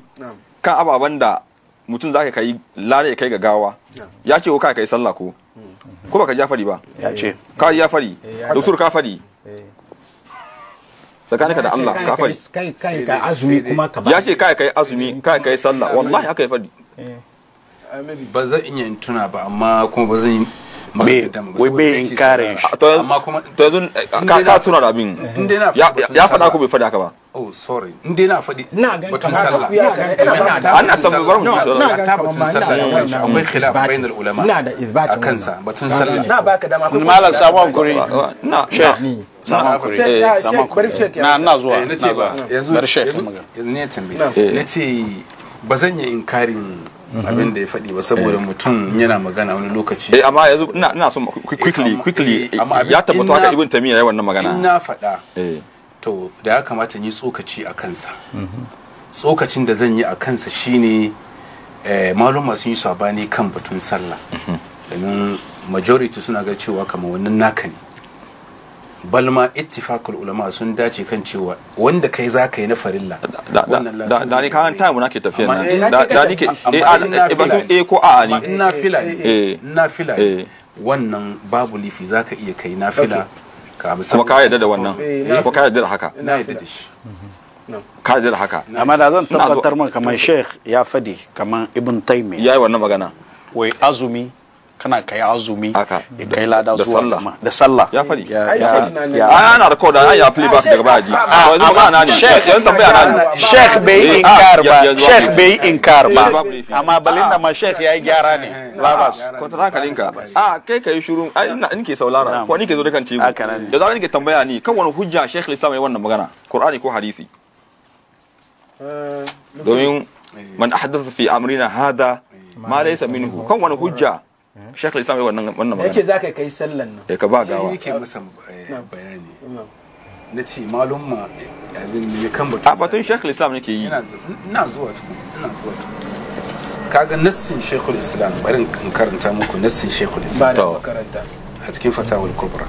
kan ababen da mutum za ka kai lare ya kai ga gawa ya ce ko ka kai sallah ko hmm. ko baka ja fari ba ya ce ka ya fari eh, eh. da sur ka fari ka da Allah ka fari kai kai ka azumi kuma ka ya ce ka kai azumi eh. ka kai sallah wallahi haka ya fari ba zan iya tuna ba amma kuma ba zan bai in kare shi eh, ka ka tuna da abin ya faɗa ko bai faɗa ka ba oh sorry in dai na faɗi na ga batun sallah ana tabbabar mu sallah ta batun sallah akwai khilaf bayin ulama ina da isbati akan sa batun sallah na baka dama akwai malam samu hankuri na shef samu hankuri samu hankuri na eh, na zuwa eh, na ba yanzu ne tambaye nace ba zan yi inkarin Mhm. abin da ya faɗi ba saboda eh. mutum yana magana wani lokaci eh amma yanzu ina ina so quickly eh, quickly eh, ya tabbata haka ibn tamiya yayin wannan magana ina faɗa to da ya kamata ni tsokaci a kansa mhm. tsokacin da zan yi a kansa shine malum masu yi sabani kan batun sallah mhm. domin majority suna ga cewa kamar wannan naka ne balma ittifakul ulama sun dace kan cewa wanda kai za ka yi na farilla da ni kawai time na ke tafiya na da ni ke eh, eh, eh, batun a ko a ne na fila na fila wannan babu lifi za ka iya kai na fila ka kuma ka yarda da wannan ko ka yarda da haka na yarda da shi ka yarda da haka amma da zan tabbatar man kamar sheikh ya fadi kamar ibn taymi yayi wannan magana wai azumi kana kai azumi ya kai lada zuwa da sallah ya fadi ya ana record ana ya play back daga baji ah, ah, yanzu ah, ba na ne yanzu tambaya na ne sheikh bai eh, inkar ba sheikh bai inkar ba amma balin da ma sheikh yayi gyara ne eh, eh, labas ko ta haka linka a kai kai shurun a ina ke saulara ko ke zo da kan cewa da zaka ke tambaya ni kan wani hujja sheikh islam ya wannan magana qur'ani ko hadisi domin man ahdatha fi amrina hada ma laysa minhu kan wani hujja shekul islam ya wannan wannan magana yace zaka kai sallan nan ya ka ba gawa yake masa bayani na ce malum ma yanzu ne kan batun a batun shekul islam ke yi ina zuwa ina zuwa kaga nassin shekul islam bari in karanta muku nassin shekul islam a cikin fatawul kubra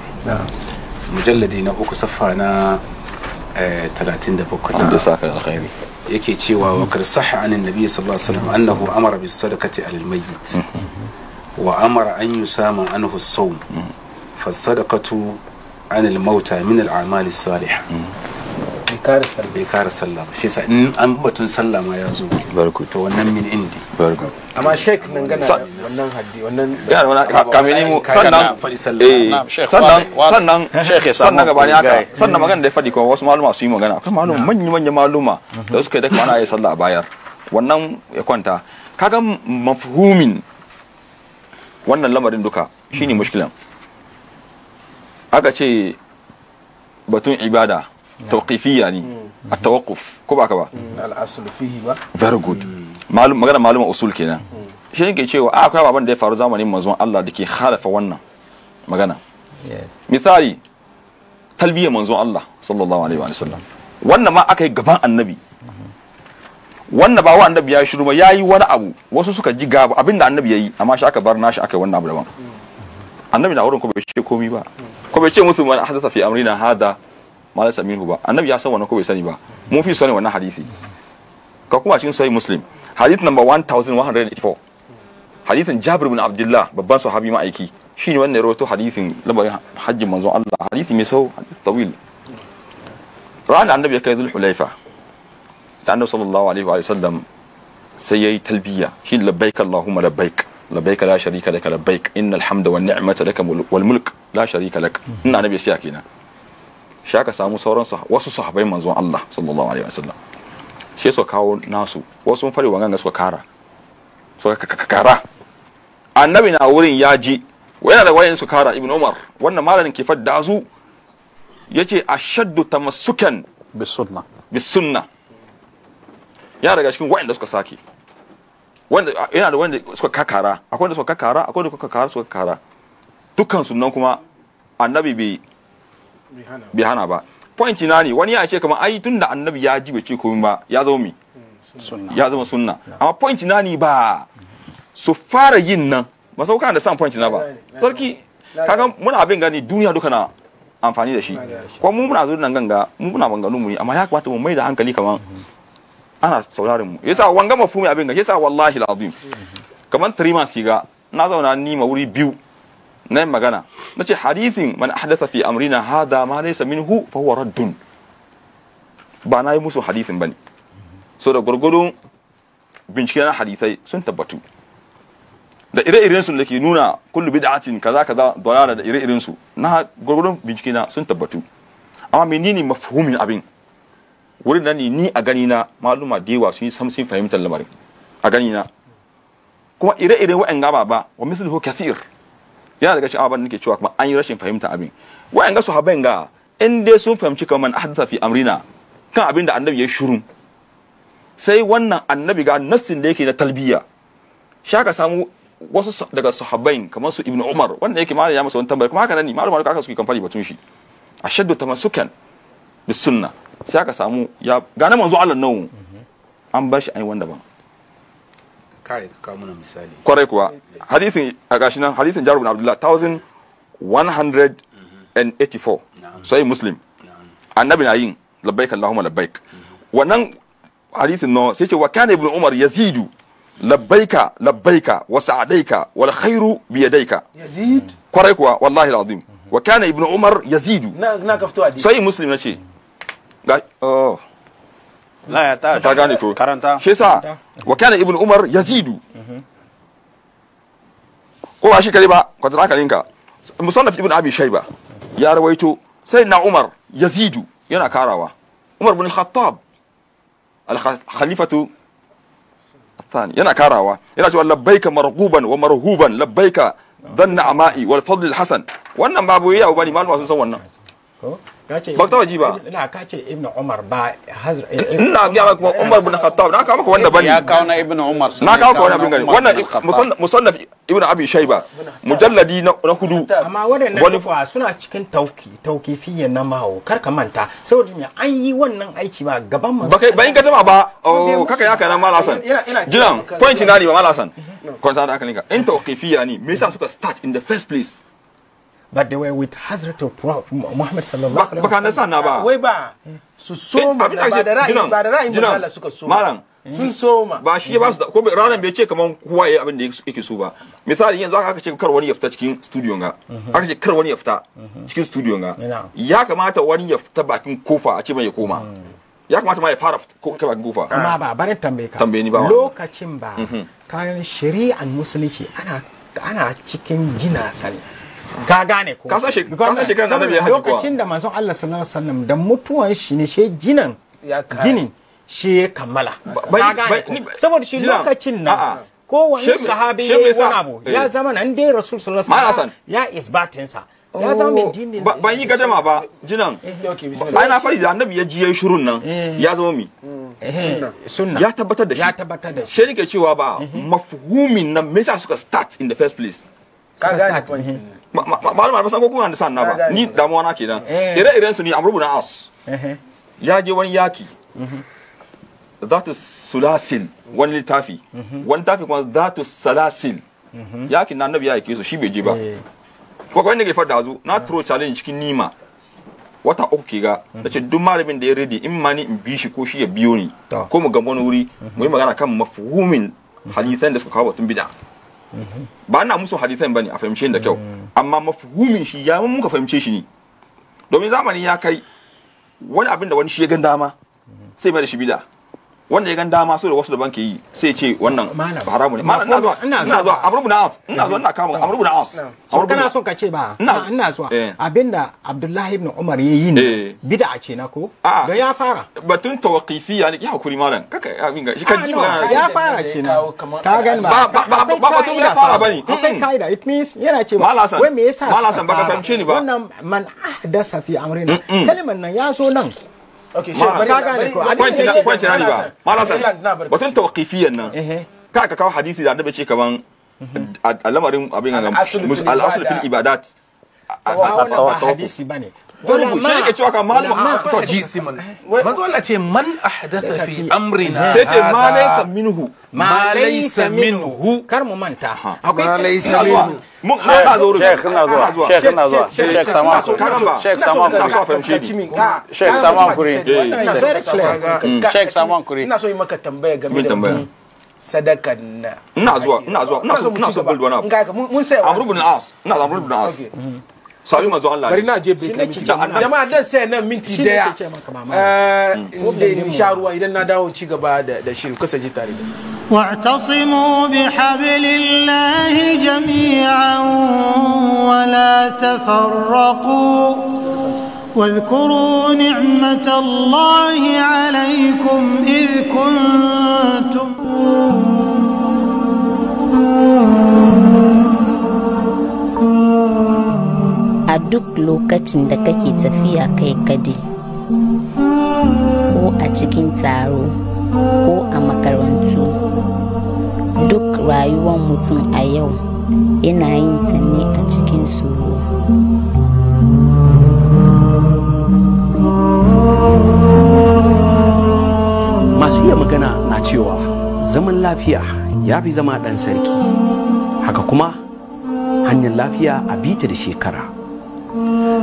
mujalladi na uku safa na 37 da saka alkhairi yake cewa wa kar sahha anin nabi sallallahu alaihi wasallam annahu amara bis sadaqati alal mayyit mm-hmm. wa amara an yi sama an hussau fasadakatu an ilmauta min al'amali saliha bai kara sallah shi sa in an batun sallah ma ya zo to wannan min indi amma shek nan gana wannan haddi wannan yana wani kamini mu sannan eh, sannan sannan shek sannan gabani aka sannan magana da ya fadi kuma wasu maluma su yi magana kuma maluma manyan manyan maluma da suka yi da kuma ana yi sallah a bayar wannan ya kwanta kaga mafhumin wannan lamarin duka shine mushkilan aka ce batun ibada tawqifiyya ne a tawakuf ko ba ka ba mm, al fihi ba very good mm. magana maluma usul kenan shi ne ke cewa a ah, akwai abin da ya faru zamanin manzon Allah da ke halafa wannan magana misali talbiyyar manzon Allah sallallahu alaihi wa sallam wannan ma aka yi gaban annabi wannan ba wa annabi ya shiru ba yayi wani abu wasu suka ji gaba abinda annabi yayi amma shi aka bar nashi aka yi wannan abu daban annabi na wurin ko bai ce komai ba ko bai ce musu man hadatha fi amrina hada ma laysa minhu ba annabi ya san wannan ko bai sani ba mun fi sani wannan hadisi ka kuma cikin sahih muslim hadith number 1184 hadithin jabir bin abdullah babban sahabi aiki shine wannan rawaito hadithin labarin hajjin manzon Allah hadithi mai sau tawil ranar annabi ya kai hulaifa ta annabi sallallahu alaihi wa sallam sai yayi talbiya shi labbaik allahumma labbaik labbaik la sharika lak labbaik innal hamda wan ni'mata lak wal mulk la sharika lak mhm. ina annabi sai yake na shi aka samu sauran sa wasu sahabbai manzo Allah sallallahu alaihi wa sallam shi so kawo nasu wasu fari wangan suka kara suka kara annabi na wurin yaji ji da wayan su kara ibn umar wannan malamin ke fadda su yace ashaddu tamassukan bisunna bisunna yana daga cikin waɗanda suka sake wanda yana da wanda suka kakara akwai wanda suka kakara akwai wanda suka kakara suka kakara dukkan sunan kuma annabi bai bai hana ba point na ne wani ya ce kamar ai tunda annabi ya ji bai ce komai ba ya zama mi ya zama sunna amma point na ne ba su fara yin nan ba sau da san point na ba sarki kaga muna abin gani duniya duka na amfani da shi kuma mu muna zo nan ganga mu muna banganu mu amma ya kamata mu mai da hankali kamar ana sauraron mu yasa wanga mafumi abin ga yasa wallahi alazim kaman 3 months kiga na zauna ni ma wuri biyu na magana nace ce hadithin man ahdatha fi amrina hada ma laysa minhu fa huwa raddun ba na yi musu hadithin bane so da gurgurun bincike na hadisai sun tabbatu da ire-iren su dake nuna kullu bid'atin kaza kaza dalala da ire-iren su na gurgurun bincike na sun tabbatu amma menene mafhumin abin wurin nan ni a gani na maluma da yawa sun yi samsin fahimtar lamarin a gani na kuma ire-iren wa'an gaba ba wa misali ho kafir yana daga shi abin nake cewa kuma an yi rashin fahimta abin wa'an ga sahabban ga in dai sun fahimci kamar ahdatha fi amrina kan abin da annabi ya shuru sai wannan annabi ga nassin da yake na talbiya shaka samu wasu daga sahabbai kamar su ibnu umar wanda yake malama ya masa wani tambaya kuma haka nan ne malama aka suke kamfani batun shi ashaddu tamassukan bis sunnah sai aka samu ya gane manzo Allah nawo an bar shi ai yi wanda ba kai ka kawo mana misali kwarai kuwa hadisin a gashi nan hadisin Jabir bin Abdullah 1184 sai muslim annabi na yin labbaik Allahumma labbaik wannan hadisin no sai ce wa kana ibn Umar yazidu labbaika labbaika wa sa'adaika wal khairu bi yadaika yazid kwarai kuwa wallahi alazim mhm. wa kana ibn Umar yazidu na na kafto hadisi sai muslim nace ga oh la ya ta ta gane ko karanta shi yasa wa kana ibnu umar yazidu ko ba shi kare ba kwatara haka ninka musannaf ibnu abi shayba ya rawaito sai na umar yazidu yana karawa umar bin khattab al-khalifatu الثاني ينا كاراوا ينا تقول لبيك مرغوبا ومرهوبا لبيك ذن عمائي والفضل الحسن وانا بابو يا وبني مال ما سنسوا bakta waji ba ina ka ce ibnu umar ba hazra eh, eh, ina ga ba kuma umar ibn khattab na ka maka wanda bani ya kawo na ibnu umar na ka maka wanda bin wannan musannaf ibn abi shayba mujalladi na hudu amma wadannan fa suna cikin tauki taukifiyyan na mawo kar ka manta saboda me an yi wannan aiki ba gaban mu ba in ka tama ba oh, kaka yaka nan mala san jiran point na ne ba mala san sa mhm. da aka ninka in taukifiyya ne me yasa suka start in the first place but they were with Hazrat of Prophet Muhammad sallallahu alaihi wasallam. Baka na ba. Wai ba. Su soma ba da ra'ayi ba da ra'ayi Allah suka so. Malam. Sun soma. Ba shi ba su ko ranan bai ce kaman kowa yayi abin da yake so ba. Misali yanzu aka ce kar wani ya fita cikin studio ga. Mhm. Aka ce kar wani ya fita mhm. cikin studio ga. Ya kamata wani ya fita bakin kofa a ce mai ya koma. Mhm. ya kamata ma ya fara ko kai bakin kofa amma ah. ba barin tambaye ka tambaye ni ba lokacin ba kan shari'an musulunci ana ana cikin jina sani ka gane ko ka shi ka shi kan lokacin da manzon Allah sallallahu alaihi wasallam da mutuwan shi ne she ginan ginin shi ya kammala ka gane saboda shi lokacin nan wani sahabi ya yi wani abu ya eh. zama nan dai rasul sallallahu alaihi wasallam ya sa. ya zama min oh, dinin ban yi gadama ba jinan eh, eh, bayan na fari da annabi ya ji yayi shirun nan ya zama mi sunna ya tabbatar da shi ya tabbatar da shi shi nake cewa ba mafhumin nan me yasa suka start in the first place ka gane malama ba san ko kun understand na ba ni damuwa na kenan ire iren su ni amru bin as ya je wani yaki zatu sulasil wani littafi wani tafi kuma zatu salasil yakin na annabi ya yake su shi bai je ba ko kawai ne ke fada zu na throw challenge cikin nima wata uku ke ga da ce duk malamin da ya rede in ma ni in bi shi ko shi ya biyo ni ko mu ga wani wuri mu yi magana kan mafhumin hadisan da suka kawo batun bid'a ba ina musu hadithan bane a fahimce da kyau amma mafhumin shi ya mun muka fahimce shi ne domin zamani ya kai wani abin da wani shi ya gan dama sai mai da shi bida wanda ya gan dama so da wasu daban ke yi sai ce wannan haramu ne malam ina zuwa ina zuwa amru bin as ina zuwa ina kama amru na as so kana son ka ce ba ina zuwa eh. abinda abdullahi ibn umar ya yi ne eh. bid'a ce na ko ah. da ya fara batun tawqifiya ne ki hakuri malam kaka abin ga shi kan jiwa ah, ya fara ce na ka gani ba ba ba batun ya fara bane akwai kaida it means yana ce ba wai me yasa malam san baka fahimce ni ba wannan man ahdasa fi amrina kalmar nan ya so nan okay shi bari batun tawqifiyan nan eh, eh. ka ka kawo hadisi da annabi ce kaman mm-hmm. al'amarin abin ga al-aslu fil ibadat ba hadisi bane فربو شركة شوكا مالي وحاطة جيسي من ما تقول لك من أحدث في أمرنا هذا ما ليس منه ما ليس منه كرم من تاها ما ليس منه شيخ نازوا شيخ نازوا شيخ سامان شيخ سامان شيخ سامان كوري شيخ سامان كوري ina so yi maka tambaya game da mutum sadakan na ina zuwa ina zuwa ina so sabi mazo Allah bari na je break na minti jama'a dan sai nan minti daya inda in sha ruwa idan na dawo ci gaba da shirin kasance tare da واعتصموا بحبل الله جميعا ولا تفرقوا واذكروا نعمة الله عليكم إذ كنتم a duk lokacin da kake tafiya kai kade ko a cikin taro ko a makarantu duk rayuwar mutum a yau yana yin ta ne a cikin tsoro masu iya magana na cewa zaman lafiya ya fi zama ɗan sarki haka kuma hanyar lafiya a bita da shekara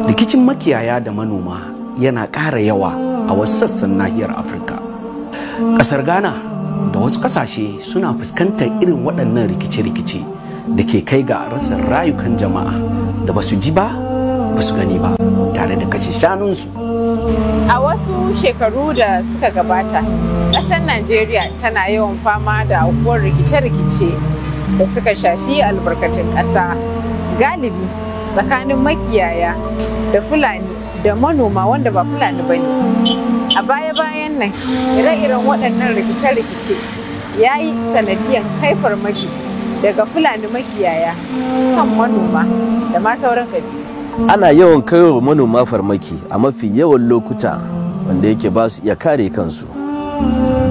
rikicin makiyaya da manoma yana ƙara yawa a wasu sassan nahiyar afirka ƙasar ghana da wasu ƙasashe suna fuskantar irin waɗannan rikice-rikice da ke kai ga rasa rayukan jama'a da basu ji ba basu gani ba tare da kashe shanunsu a wasu shekaru da suka gabata ƙasar najeriya tana yawan fama da aukuwar rikice-rikice da suka shafi albarkatun ƙasa galibi tsakanin makiyaya da fulani da manoma wanda ba fulani ba ne a baya-bayan nan ire-iren waɗannan rikice-rikice ya yi sanadiyar haifar farmaki daga fulani makiyaya kan manoma da ma sauran ana yawan kaiwa manoma farmaki a mafi yawan lokuta wanda yake ba su iya kare kansu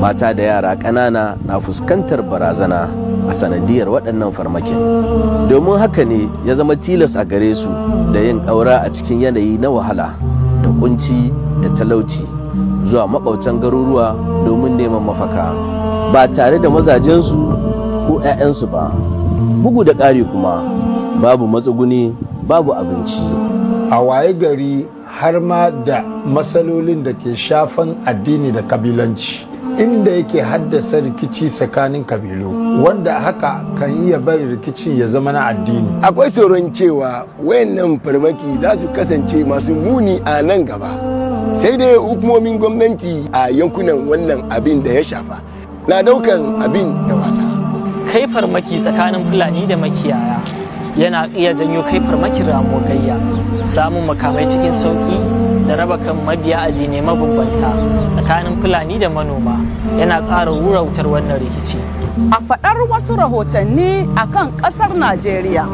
mata da yara ƙanana na fuskantar barazana a sanadiyar waɗannan farmakin domin haka ne ya zama tilas a gare su da yin ƙaura a cikin yanayi na wahala da kunci da talauci zuwa maƙwabtan garuruwa domin neman mafaka ba tare da mazajensu ko 'ya'yansu ba bugu da ƙari kuma babu matsuguni babu abinci a waye gari har ma da matsalolin da ke shafan addini da kabilanci inda yake haddasa rikici tsakanin kabilu wanda haka kan iya bari rikici ya zama na addini akwai tsoron cewa wayannan farmaki za su kasance masu muni a nan gaba sai dai hukumomin gwamnati a yankunan wannan abin da ya shafa na daukan abin da wasa kai farmaki tsakanin fulani da makiyaya yana iya janyo kai farmakin ramogayya samun makamai cikin sauki da raba kan mabiya addini mabambanta tsakanin fulani da manoma yana ƙara wurautar wannan rikici a faɗar wasu rahotanni a kan ƙasar najeriya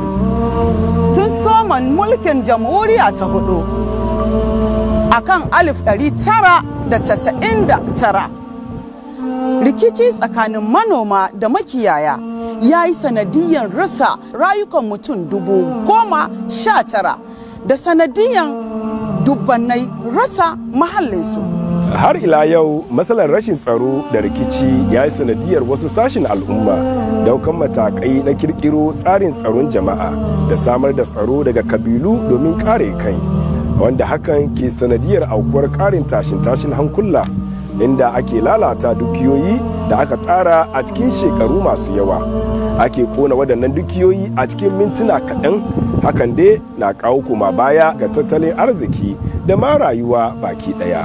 tun soman mulkin jamhuriya ta hudu a kan tara, rikici tsakanin manoma da makiyaya ya yi sanadiyan rasa rayukan mutum dubu goma sha tara da sanadiyan dubbannai rasa mahallinsu. Har ila yau matsalar rashin tsaro da rikici ya yi sanadiyar wasu sashen al'umma daukan matakai na kirkiro tsarin tsaron jama'a da samar da tsaro daga kabilu domin kare kai wanda hakan ke sanadiyar aukuwar karin tashin tashin hankula inda ake lalata dukiyoyi da aka tsara a cikin shekaru masu yawa ake kona waɗannan dukiyoyi a cikin mintuna kaɗan hakan dai na kawo kuma baya ga tattalin arziki da ma rayuwa baki ɗaya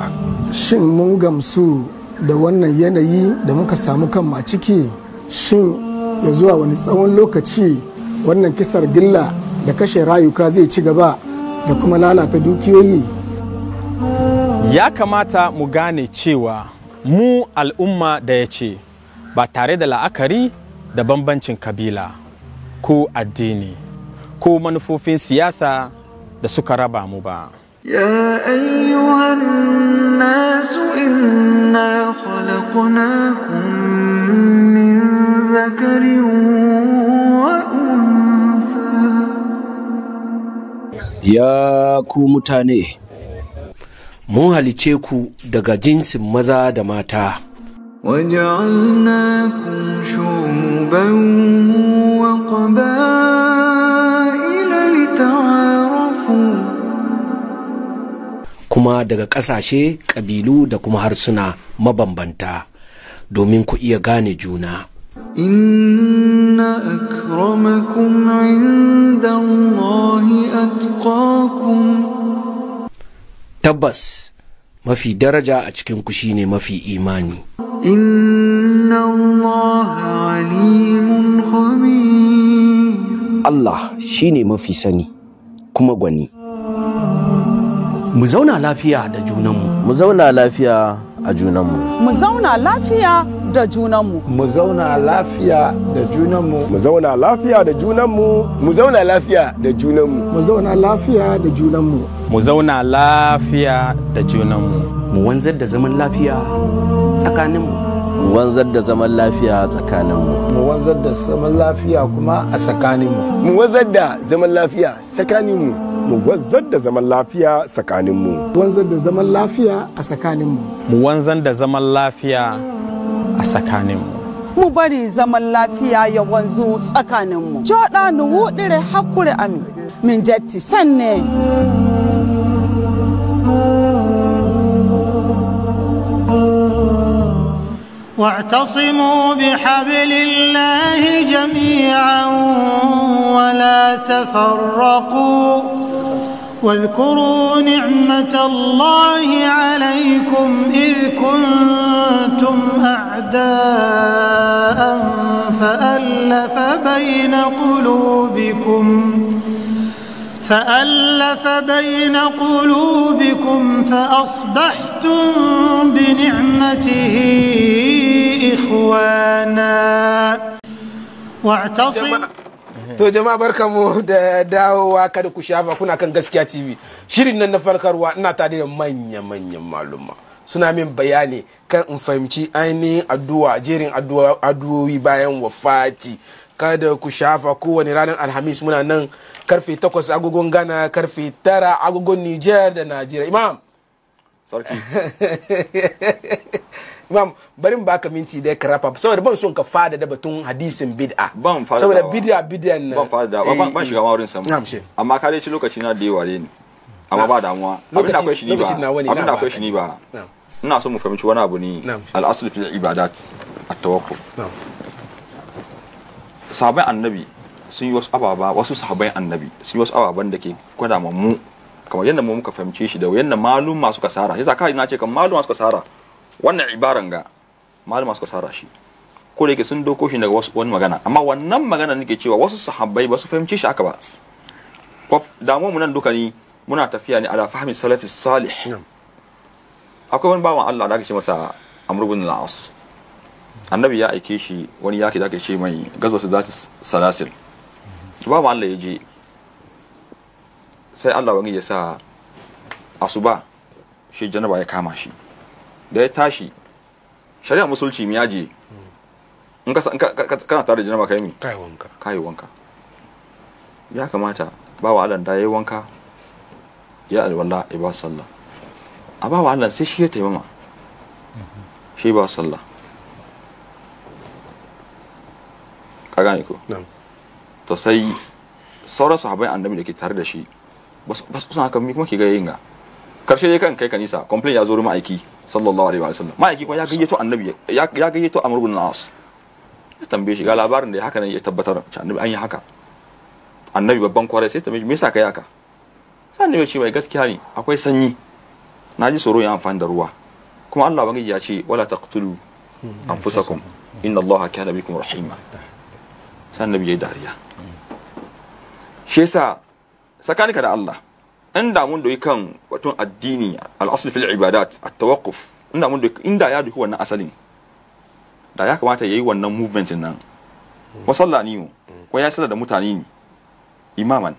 shin mun gamsu da wannan yanayi da muka samu kan a ciki shin ya zuwa wani tsawon lokaci wannan kisar gilla da kashe rayuka zai ci gaba da kuma lalata dukiyoyi ya kamata mu gane cewa mu al'umma da ya ce ba tare da la'akari da bambancin kabila ko addini ko manufofin siyasa da suka raba mu ba ya ayyuhan nasu inna khalaqnakum min zakarin wa unsa ya ku mutane mun halice ku daga jinsin maza da mata. kuma daga ƙasashe ƙabilu da kuma harsuna mabambanta domin ku iya gane juna inna akramakum inda Allahi atqakum tabbas mafi daraja a cikin ku shine mafi imani inna allaha alimun shine mafi sani kuma gwani mu zauna lafiya da junanmu mu zauna lafiya a junanmu mu zauna lafiya da junanmu mu zauna lafiya da junanmu mu zauna lafiya da junanmu mu zauna lafiya da junanmu mu zauna lafiya da junanmu mu zauna lafiya da junanmu mu wanzar da zaman lafiya tsakaninmu mu wanzar da zaman lafiya tsakaninmu mu wanzar da zaman lafiya kuma a tsakaninmu mu wanzar da zaman lafiya tsakaninmu mu wanzar da zaman lafiya tsakaninmu. Wanzar da zaman lafiya a tsakaninmu. Mu wanzar da zaman lafiya a tsakaninmu mu bari zaman lafiya ya wanzu tsakaninmu joɗa ni wuɗire hakuri ami min jetti sanne واعتصموا بحبل الله جميعا ولا تفرقوا واذكروا نعمة الله عليكم إذ كنتم أعداء فألف بين قلوبكم فألف بين قلوبكم فأصبحتم بنعمته إخوانا واعتصموا to jama'a mu da dawowa kada ku shafa kuna kan gaskiya tv shirin nan na farkarwa ina tare da manya-manyan maluma suna min bayani kan in fahimci ainihin addu'a jerin addu'o'i bayan wafati kada ku shafa kowane ranar alhamis muna nan karfe 8 agogon gana karfe 9 agogon niger da najeriya imam sarki imam bari mu baka minti dai ka wrap up saboda ban son ka fada da batun hadisin bid'a ban fada saboda bid'a bid'a na ban fada ban ban eh, shiga wurin sa amma ka dai lokaci na da yaware ne amma ba damuwa abin da akwai shi ni ba abin da akwai shi ni ba ina so mu fahimci wani abu ne al-asl fil ibadat at-tawakkul sahabai annabi sun yi wasu ababa wasu sahabai annabi sun yi wasu ababan da ke kwada mu kamar yadda mu muka fahimce shi da yadda malum masu kasara yasa kai na ce kan malum masu kasara wannan ibaran ga malama suka sara shi ko da yake sun doko shi daga wani magana amma wannan magana nake cewa wasu sahabbai ba su fahimci shi aka ba damu mu nan duka ni muna tafiya ne ala fahmi salafi salih akwai wani bawan Allah da aka ce masa Amr ibn al-As annabi ya aike shi wani yaki da aka ce mai gazo su zati salasil bawan Allah ya je sai Allah wani ya sa asuba shi janaba ya kama shi da ya tashi shari'a musulci mi yaje in ka kana tare da jinaba kai mi kai wanka kai wanka ya kamata ba wa Allah da yayi wanka ya alwala ya sallah a ba wa Allah sai shi ya ma shi ba sallah ka gane ko to sai sauran sahabbai annabi da ke tare da shi ba su haka mi kuma ke ga yayin ga karshe dai kan kai kanisa complain ya zo ruma aiki sallallahu alaihi wa sallam ma'aiki kuma ya gayyato annabi ya gayyato amr ibn al-as ya tambaye shi ga labarin da ya haka nan ya tabbatar ci annabi an yi haka annabi babban kwarai sai tambaye shi me yasa kai haka sai annabi ce mai gaskiya ne akwai sanyi na ji tsoro ya amfani da ruwa kuma Allah bangi ya ce wala taqtulu anfusakum inna Allah kana bikum rahima sai annabi ya dariya shi yasa da Allah inda mun doyi kan wato addini al-asl fil ibadat at-tawaqquf inda mun doyi inda ya doyi wannan asalin da ya kamata yayi wannan movement nan wasalla ni ko ya sallar da mutane ni imaman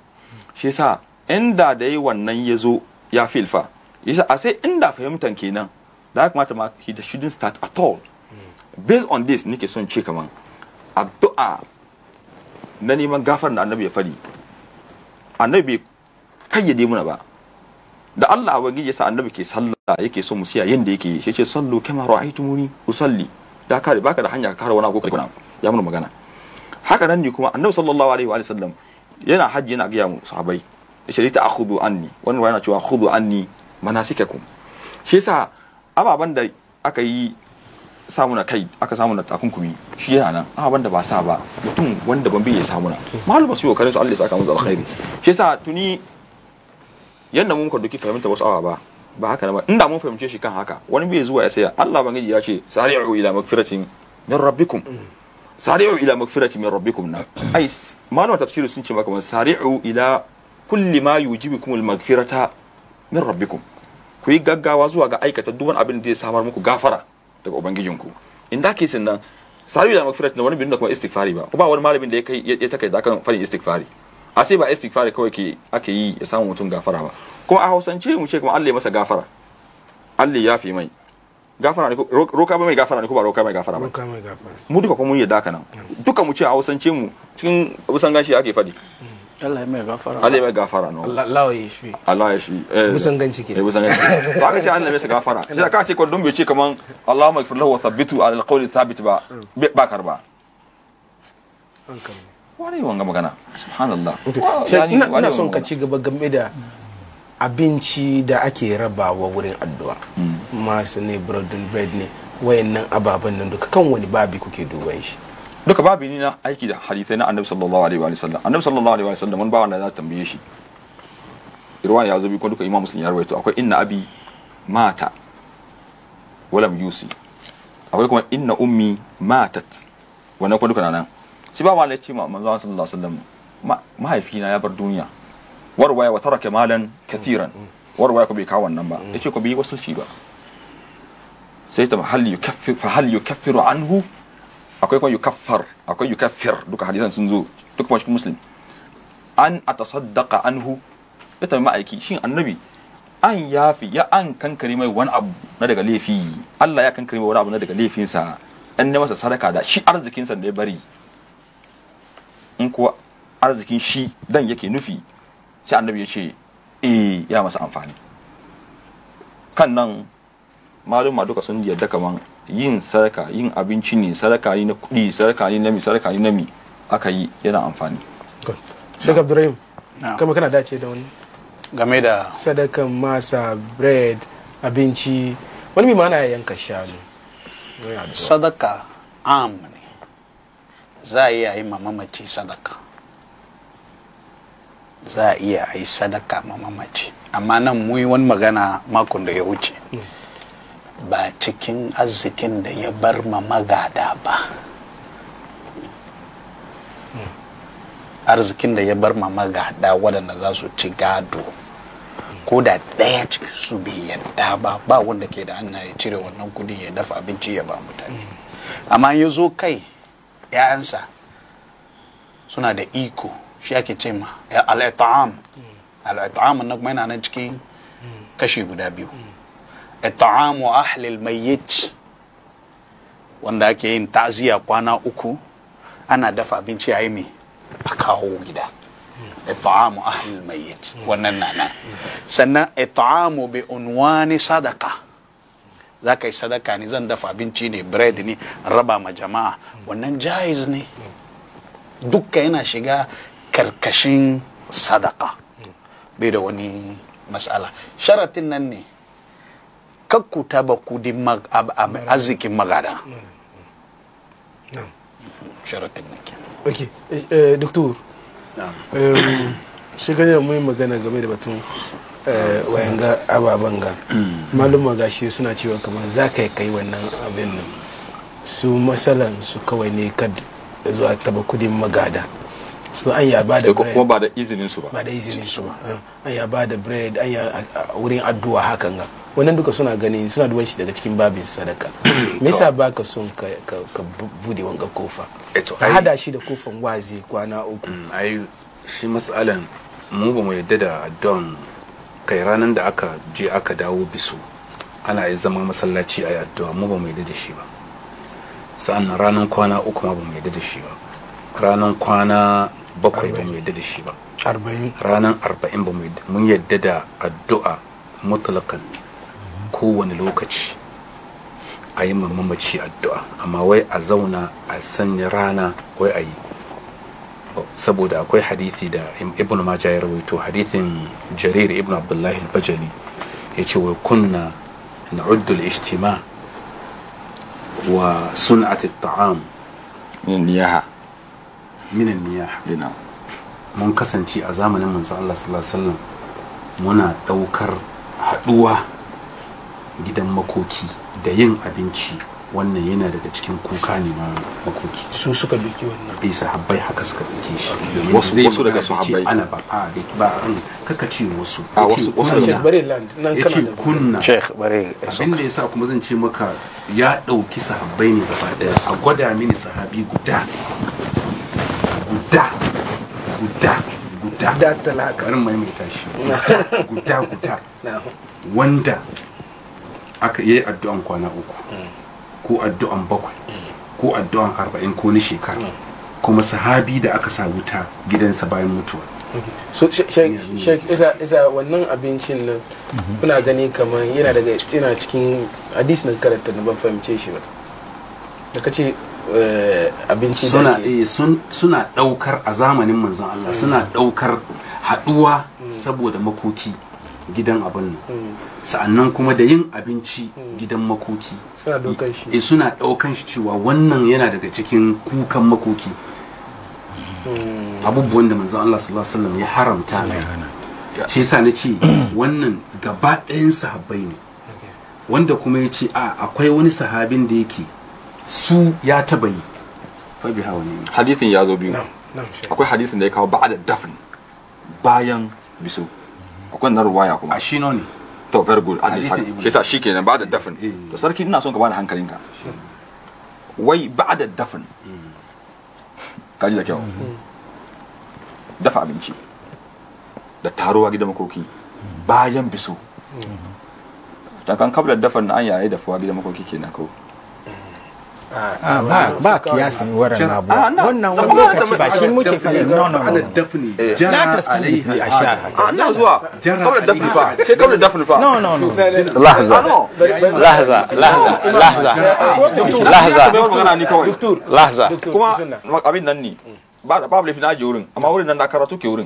shi yasa inda da yayi wannan yazo ya filfa yasa a sai inda fahimtan kenan da ya kamata ma he shouldn't start at all based on this nike son ce kaman addu'a na neman gafar da annabi ya fari annabi kayyade muna ba da Allah wa gije sa annabi ke sallah yake so mu siya yanda yake shi ce sallu kama ra'aytumuni usalli da kare baka da hanya ka kare wani kokari kuna ya mun magana haka nan ne kuma annabi sallallahu alaihi wa sallam yana hajji yana ga mu sahabbai shi ta akhudhu anni wani yana cewa khudhu anni manasikakum shi yasa ababan da aka yi samu na kai aka samu na takunkumi shi yana nan ababen da ba sa ba mutum wanda ban bi ya samu na malum su yi su Allah ya saka musu alkhairi shi yasa tuni yadda mun ka doki fahimta wasu awa ba ba haka ba inda mun fahimce shi kan haka wani bai zuwa ya saya Allah bangiji ya ce sari'u ila magfiratin min rabbikum sari'u ila magfiratin min rabbikum na ai malama tafsiri sun ce maka man sari'u ila kulli ma yujibukum al magfirata min rabbikum ku yi gaggawa zuwa ga aikata duk wani abin da zai samar muku gafara daga ubangijinku in da ke nan sari'u ila magfiratin wani bin da kuma istighfari ba ba wani malamin da ya kai ya takaita da kan fannin istighfari a sai ba istighfar kawai ke ake yi ya samu mutum gafara ba kuma a hausance mu ce kuma Allah ya masa gafara Allah ya fi mai gafara ne roka ba mai gafara ne ko ba roka mai gafara ba roka mai gafara mu duka kuma mun yadda haka nan mm. duka mu ce a hausance mu cikin busan gashi ake fadi mm. Allah ya mai gafara Allah ya mai gafara no Allah ya shi Allah ya shi eh, busan ganci ke busan eh, ganci ba ka ce Allah ya masa gafara sai ka ce kwandon bai ce kaman Allahumma ighfir lahu wa thabbitu ala alqawli thabit ba mm. ba karba an karba wani wanga magana subhanallah ina son ka ci gaba game da abinci da ake rabawa wurin addu'a hmm. masu ne bread bread ne wayannan ababen nan duka kan wani babi kuke duban shi duka babi ni na aiki da hadisai na annabi sallallahu alaihi wa sallam annabi sallallahu alaihi wa sallam wani bawan da za tambaye shi ruwan ya zo bi ko duka imam muslim ya rawaito akwai inna abi mata walam yusi akwai kuma inna ummi matat wannan ko duka nan sai ba malai ce ma manzo sallallahu alaihi wasallam mahaifina ya bar duniya warwaya wa taraka malan kathiran mm, mm, mm. warwaya ko bai kawo wannan ba yace ko bai wasu shi ba sai ta hal yukaffir fa hal yukaffiru anhu akwai kuma yukaffar akwai yukaffir duka hadisan sun zo duk kuma cikin muslim an atasaddaqa anhu ya tambayi ma'aiki shin annabi an yafi ya an kankare mai wani abu na daga laifi Allah ya kankare mai wani abu na daga laifinsa an ne masa sadaka da shi arzikinsa da ya bari in kuwa arzikin shi dan yake nufi sai annabi ya ce eh ya masa amfani kan nan malum duka sun yadda kaman yin sadaka yin abinci ne sadaka ne na kuɗi sadaka ne na mi sadaka ne na mi aka yi yana amfani Sheikh Abdurrahim kama kana dace da wani game da sadakan masa bread abinci wani mai mana ya yanka shanu sadaka am za a iya yi ma mamaci sadaka za a iya yi sadaka ma mamaci amma nan mu yi wani magana makon da ya wuce ba cikin arzikin da ya bar ma magada ba arzikin da ya bar ma magada waɗanda za su ci gado ko da ɗaya cikin su bai yadda ba ba wanda ke da hannu ya cire wannan kudin ya dafa abinci ya ba mutane amma ya zo kai 'ya'yansa suna da iko shi ake ce ma al'ita'am al'ita'am na kuma yana nan cikin kashi guda biyu ita'am wa ahlil mayyit wanda ake yin taziya kwana uku ana dafa abinci a mai a kawo gida ita'am wa ahlil mayyit wannan nana sannan ita'am bi unwani sadaka za ka yi sadaka ne zan dafa abinci ne bread ne raba ma jama'a wannan jaiz ne dukka yana shiga karkashin sadaka bai da wani matsala sharatin nan ne kakkuta ba di arzikin magada sharatin nan ke ok eh, eh, doktor shi ganyar mai magana game da batun Eh, wayan ga ababen ga maluma gashi suna cewa kamar za ka kai wannan abin nan su matsalan su kawai ne kad zuwa taba kudin magada su an ya ba da eh, kuma ba da izinin su ba ba da izinin su ba eh, ya ba bread an ya wurin addu'a hakan ga wannan duka suna gani suna duban shi daga cikin babin sadaka me yasa ba ka son ka bude wanga kofa ka hada shi da kofan wazi kwana uku mm, ai shi matsalan mu ba mu yadda da addu'an kai ranar da aka je aka dawo bisu ana ya zama masallaci a addu'a mu ba mu yadda da shi ba sa'an ranar kwana uku ma ba mu yadda da shi ba ranar kwana bakwai ba mu yadda da shi ba ranar arba'in ba mu yadda mun yadda da addu'a mutlakan kowane lokaci a yi mamaci addu'a amma wai a zauna a sanya rana wai a yi saboda akwai hadithi da ibn maja ya rawaito hadithin jarir ibn abdullahi al-bajali ya ce wai kunna na'uddu al-ijtima wa sun'at at-ta'am min niyaha min niyaha mun kasance a zamanin manzo Allah sallallahu alaihi wasallam muna daukar haduwa gidan makoki da yin abinci wannan yana daga cikin kuka ne na makoki su suka doki wannan eh sahabbai haka suka doke shi wasu wasu daga sahabbai ana ba a da ba an kaka ce wasu a wasu wasu Sheikh Bare Land nan kana da kunna Sheikh Bare abinda yasa kuma zan ce maka ya dauki sahabbai ne gaba daya a gwada mini sahabi guda guda guda guda da talaka mai maimaita shi guda guda wanda aka yi addu'an kwana uku hmm. ko addu'an bakwai ko addu'an arba'in ko na shekara kuma sahabi da aka sa wuta gidansa bayan mutuwa so isa wannan abincin nan kuna gani kamar yana daga yana cikin hadis na karanta na ban fahimce shi ba da ka ce eh, abinci da suna daukar eh, a zamanin manzon Allah suna daukar haduwa mm. saboda makoki gidan abin nan mm. sa'annan kuma da yin abinci gidan makoki e suna ɗaukan shi cewa wannan yana daga cikin kukan makoki abubuwan da manzo Allah sallallahu alaihi wasallam ya haramta shi yasa na ce wannan gaba ɗayan sahabbai ne wanda kuma ya ce a akwai wani sahabin da yake su ya taba yi hadithin ya zo biyu akwai hadithin da ya kawo ba'ada dafn bayan biso akwai na ruwaya kuma a shi ne to very good hadisi shi yasa shikenan ba da dafin to sarki ina son ka bani hankalinka wai ba da dafin kaji da kyau dafa abinci da taruwa gidan makoki bayan biso ta kan kabla dafan an yaye dafuwa gidan makoki kenan kawai ba ba kiyasin waran abu wannan wani lokaci ba shi muke fari no no ana dafni la tastani fi asha ana zuwa kabla dafni fa sai kabla dafni fa no no no lahza lahza lahza lahza lahza doktor lahza kuma abin nan ne ba ba lafi na je wurin amma wurin nan na karatu ke wurin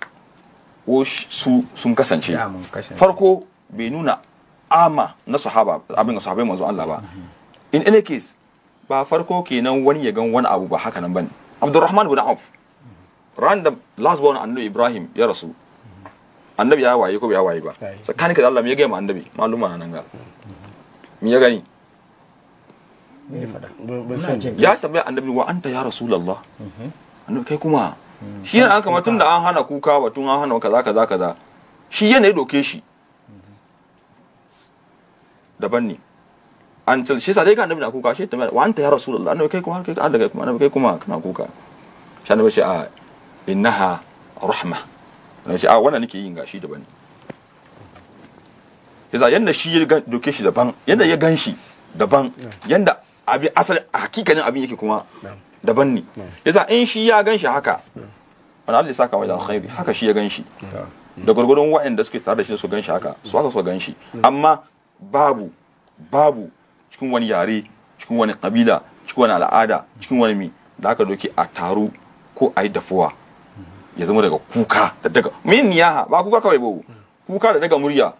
ko su sun kasance farko bai nuna ama na sahaba abin da sahabai manzo Allah ba mhm. in any case ba farko kenan wani ya gan wani abu ba haka nan bane Abdurrahman bin Auf mhm. random last born annabi Ibrahim ya rasu mhm. annabi ya waye ko ya waye ba tsakanin ka Allah me ya ga annabi maluma nan ga me ya gani ya tambaya annabi wa anta ya rasulullah annabi kai kuma shi yana an kama tun da an hana kuka ba tun an hana kaza kaza kaza shi yana ya doke shi daban ne an shi sa dai ka annabi na kuka shi tamar wa anta ya rasulullah annabi kai kuma kai Allah kai kuma annabi kai kuma kana kuka shi annabi shi a innaha rahma annabi shi a wannan nake yin gashi daban ne yasa yanda shi ya doke shi daban yanda ya gan shi daban yanda abi asali hakikanin abin yake kuma daban ne hmm. yasa in shi ya gan shi haka wani Allah ya saka mai da alkhairi haka shi ya gan shi hmm. da gurgurun waɗanda suke tare da shi su gan shi haka su haka su gan shi hmm. amma babu babu cikin wani yare cikin wani kabila cikin wani al'ada cikin wani mi da aka doke a taru ko a yi dafuwa ya zama daga kuka da daga min niyaha ba kuka kawai ba kuka da daga murya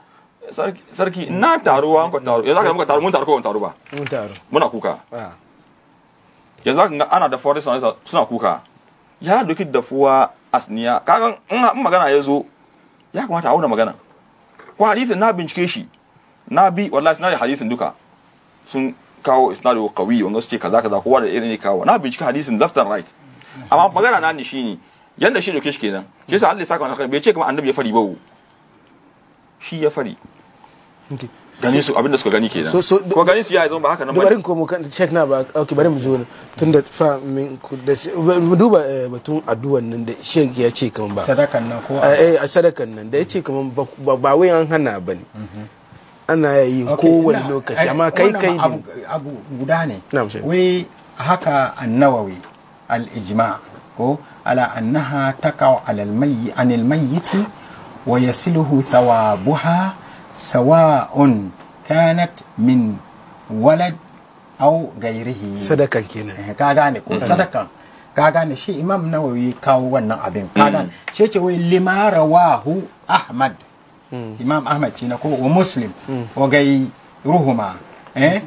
sarki na taruwa an ka taru yanzu aka muka taru mun taru ko ban taru ba mun muna kuka ah. ya za ga ana da forest suna kuka ya doki dafuwa asniya kagan in magana ya zo ya kamata a auna magana ko hadisin na bincike shi na bi wallahi sinari hadisin duka sun kawo isnadu kawi wanda su ce kaza kaza kowa da irin ne kawo na bincike hadisin left and right amma magana na ni shine yanda shi doke shi kenan shi yasa Allah ya saka wannan bai ce kuma annabi ya fari ba shi ya fari gani su abinda suka gani kenan so so gani gane su ya zama ba haka nan ba bari ko mu kan check na ba okay bari mu zo tunda fa min ku da mu duba eh, batun addu'an nan da shek ya ce kaman ba sadakan nan ko eh, eh sadakan nan da ya ce kaman ba wai an hana bane mhm. ana yi kowane lokaci eh, amma kai kai abu guda ne wai haka annawawi al-ijma ko ala annaha taqa'u ala al-mayyit anil mayyit wa yasiluhu thawabuha sawa'un kanat min walad au gairihi sadakan kenan eh, ka gane ko mm-hmm. sadakan ka gane shi imam nawawi kawo wannan abin ka gane mm-hmm. shi ce wai lima rawahu ahmad mm-hmm. imam ahmad ce ko wa muslim wa gairuhuma eh?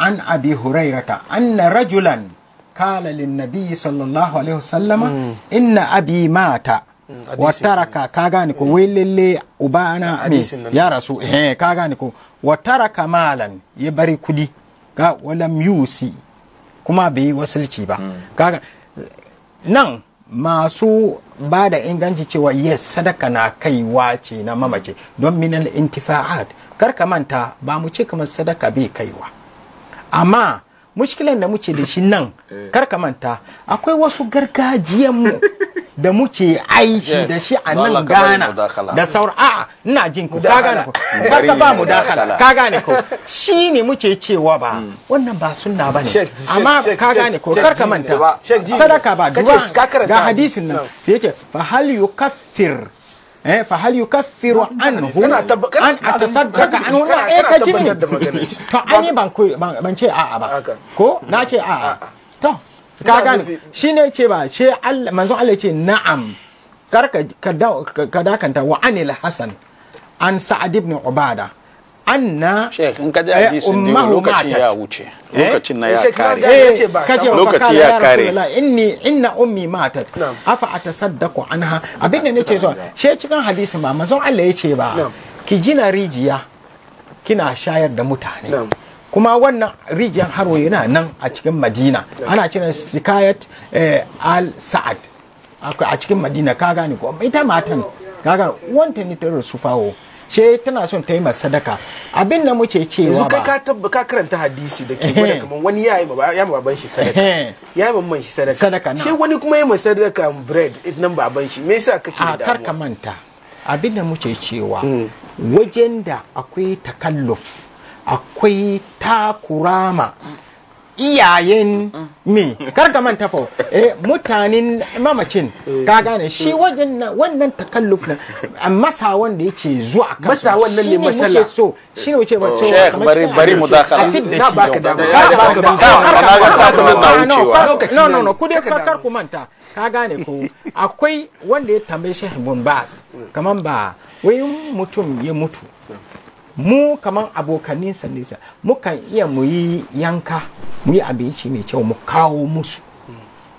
an abi hurairata anna rajulan قال للنبي صلى الله عليه وسلم إن أبي مات wa ka gane ko wai lalle uba ana me ya rasu eh ka gane ko wa malan ya bari kudi ga walam yusi kuma bai yi wasilci ba hmm. kaga nan masu ba da inganci cewa yes sadaka na kaiwa ce na mamace don minal intifa'at karka manta ba mu ce kamar sadaka bai kaiwa amma mushkilan da muke da shi nan eh. karka manta akwai wasu gargajiyan mu da muke aiki da shi a nan Ghana da saur a ina jin ku ka gane ku ka ba mu dakala ka gane ku shi ne muke cewa ba hmm. wannan ba sunna bane amma ka gane ko kar ka manta sadaka ba duwa ga hadisin nan yace fa hal yukaffir eh fa hal yukaffir anhu an atasaddaka anhu na eh ka jini to ani ban ban ce a'a ba ko na ce a'a to ka gane ne ce ba ce Allah manzon Allah ce na'am kar ka dakanta wa anil hasan an sa'ad ibn ubada anna sheikh in ka ji eh, hadisin ne lokacin ya wuce eh? lokacin na ya kare lokaci ya kare inni inna ummi matat afa atasaddaqu anha abin ne ce so she cikin hadisin ba manzon Allah ya ce ba ki jina rijiya kina shayar da mutane kuma wannan rijiyar haro yana nan a cikin madina ana kiran sikayat eh, al sa'ad a cikin madina ka gane ko ita matan kaga wanta ne ta su fawo she tana son ta yi masa sadaka abin da muke cewa yanzu kai ka tabba ka karanta hadisi da ke gwada eh. kaman wani ya yi ma ya ma baban shi sadaka eh. ya yi man shi sadaka sadaka na shi wani kuma ya masa sadaka bread nan baban shi me yasa kake da kar ka manta abin da muke cewa mm. wajen da akwai takalluf akwai takurama iyayen me karka manta fa eh mutanen mamacin ka gane shi wajen wannan takalluf na masa wanda ce zuwa kan masa wannan ne masala so ne wuce ba to bari bari mudakala na baka da baka da na ga da. na wucewa no no no ku dai kar ku manta ka gane ko akwai wanda ya tambaye shehu Ibn kaman ba wai mutum ya mutu mu kaman abokanin mu mukan iya mu yi yanka mu yi abinci mai kyau mu kawo musu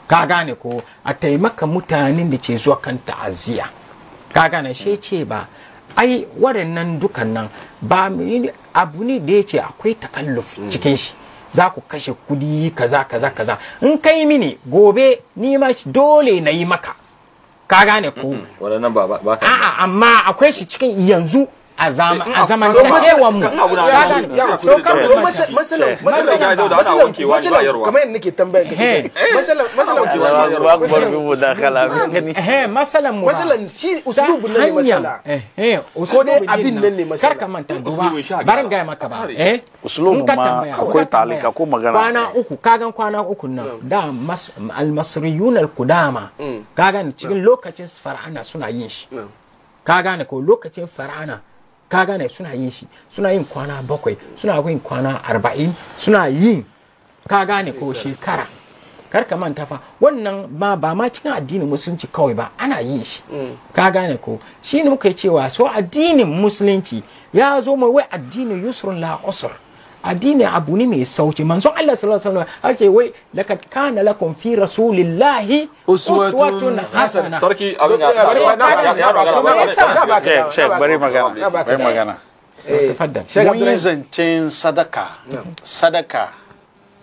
ka gane ko a taimaka mutanen da ke zuwa kan ta'aziyya ka gane shi ce ba ai waɗannan dukan nan ba abu ne da ya ce akwai takalluf mm. cikin shi za ku kashe kudi kaza kaza kaza in kai mini gobe ni ma dole na yi maka ka gane ko a'a amma akwai shi cikin yanzu a azama takewan eh, wa so masalan masalan kamar tambayar ka shi masalan masalan eh, eh, ba mu da gani ne ba ko cikin lokacin far'ana suna yin shi ka gane ko lokacin far'ana ka gane suna yin shi suna yin kwana bakwai suna yin kwana arba'in suna yin ka gane ko shekara kar ka manta fa wannan ma ba ma cikin addinin musulunci kawai ba ana yin shi mm. ka gane ko shi ne muka cewa so addinin musulunci ya zo mai wai addinin yusrun la addini abu ne mai sauki manzon Allah sallallahu alaihi wasallam ake wai laqad kana lakum fi rasulillahi uswatun hasana sarki abin ya ya bari magana bari magana eh mun zancen sadaka sadaka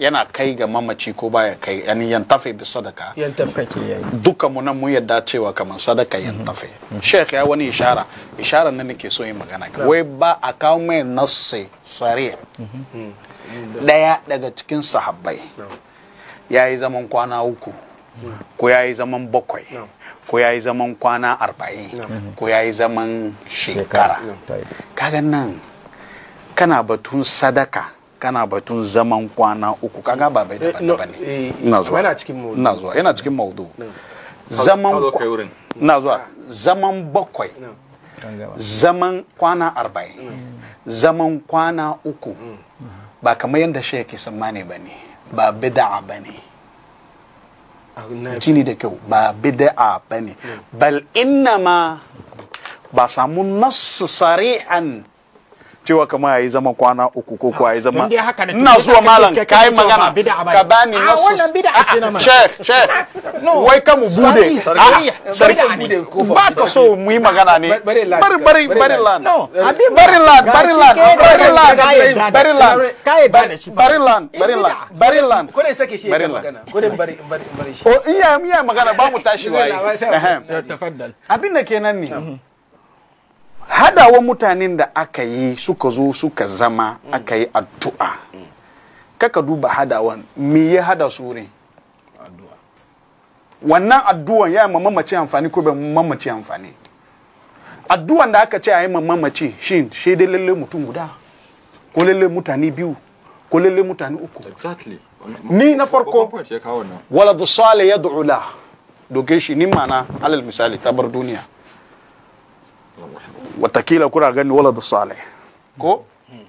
yana kai ga mamaci ko baya kai yani yantafe bi sadaka yantafe ke yayi duka mu nan mu yadda cewa kamar sadaka mhm. yantafe sheikh ya wani ishara ishara nan nake so yin magana wai ba a kawo mai nasse sare mhm. Mhm. daya daga cikin sahabbai yayi zaman kwana uku ko yayi zaman bakwai ko yayi zaman kwana arba'in ko yayi zaman shekara kaga nan kana batun sadaka kana batun zaman kwana uku kaga ba bai eh, daban ba ne eh, ina zuwa ina cikin maudu zuwa ina cikin maudu zaman ina zuwa zaman bakwai zaman kwana arba'in zaman kwana uku mm. ba kamar yadda shi yake tsammani ba ne ba bida'a ba ne ah, jini da kyau ba bida'a ba ne bal inna ma ba samu nassu sari'an cewa kama yi zama kwana uku ko ko yi zama ina zuwa malam ka yi magana ka bani ah, ni ce ah, na mana wai ka mu bude ba ka so mu yi magana ne bari bari bari land bari land bari land bari land bari land bari land bari land bari land ko sake shi magana ko bari bari shi o oh, iya iya magana ba mu tashi wai abin da kenan ne hadawa mutanen da aka yi suka zo suka zama mm. aka yi addu'a kaka duba hadawan me ya hada su ne wannan addu'an ya yi mamaci amfani ko bai mamaci amfani addu'an da aka ce a yi mamaci shi shi dai lalle mutum guda ko lalle mutane biyu ko lalle mutane uku exactly. ni na farko wala dusale ya du'ula doge shi ni mana alal misali tabar duniya watakila kuna gani wala da salih ko hmm.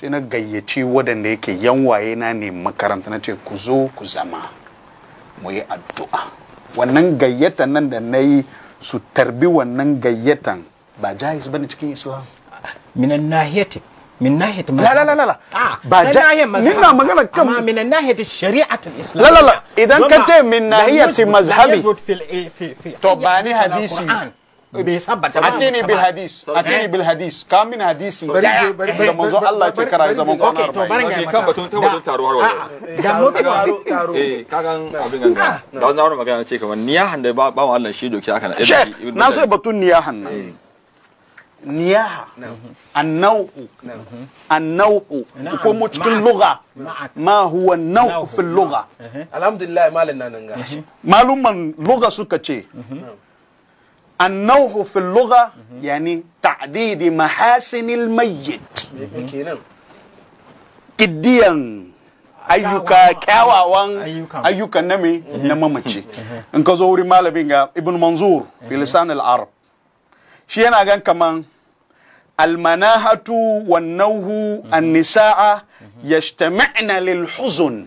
shi na gayyaci waɗanda yake waye na ne makaranta na ce ku zo ku zama mu yi addu'a wannan gayyatan nan da na yi su tarbi wannan gayyatan ba jahis bane cikin islam minan nahiyati min nahiyati la la la la ah, ba nahiyat mazhab ina magana kan amma min nahiyati shari'at al-islam la la la idan ka ce min nahiyati mazhabi to ba ni hadisi bai sabbata ba atini bil hadis atini bil hadis hadisi da manzo Allah ya kara zaman to kan batun taro taro eh kagan abin da wannan magana ce niyahan ba ba Allah shi doki haka na so batun niyahan nan niyaha annau'u ko mu lugha ma huwa nau'u fil lugha eh, eh. alhamdulillah malan nan ga malumman lugha suka ce النوح في اللغة يعني تعديد محاسن الميت كديا أيوكا كاوا وان أيوكا نمي نمامتشي إنك زوري مالا ابن منظور في لسان العرب شينا أغان كمان المناهة والنوه النساء يجتمعن للحزن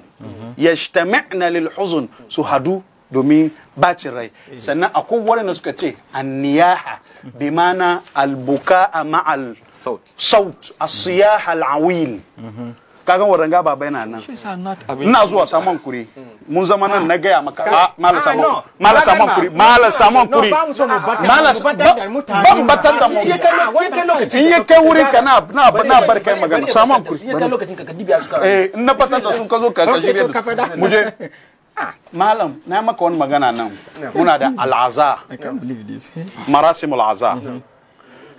يجتمعن للحزن سو هادو دومين bacin rai sannan akwai waɗanda suka ce anniyaha bi mana albuka a ma'al saut asiyaha al'awil kagan waranga ba bai nan ina zuwa saman kuri mun zama nan na gaya maka ah, mala saman mala saman kuri mala saman kuri mala ban batar da mu in ya kai wuri ka na na bar kai magana saman kuri eh na batar da sun ka zo ka shirya mu je malam na maka wani magana nan muna da al'aza marasimul aza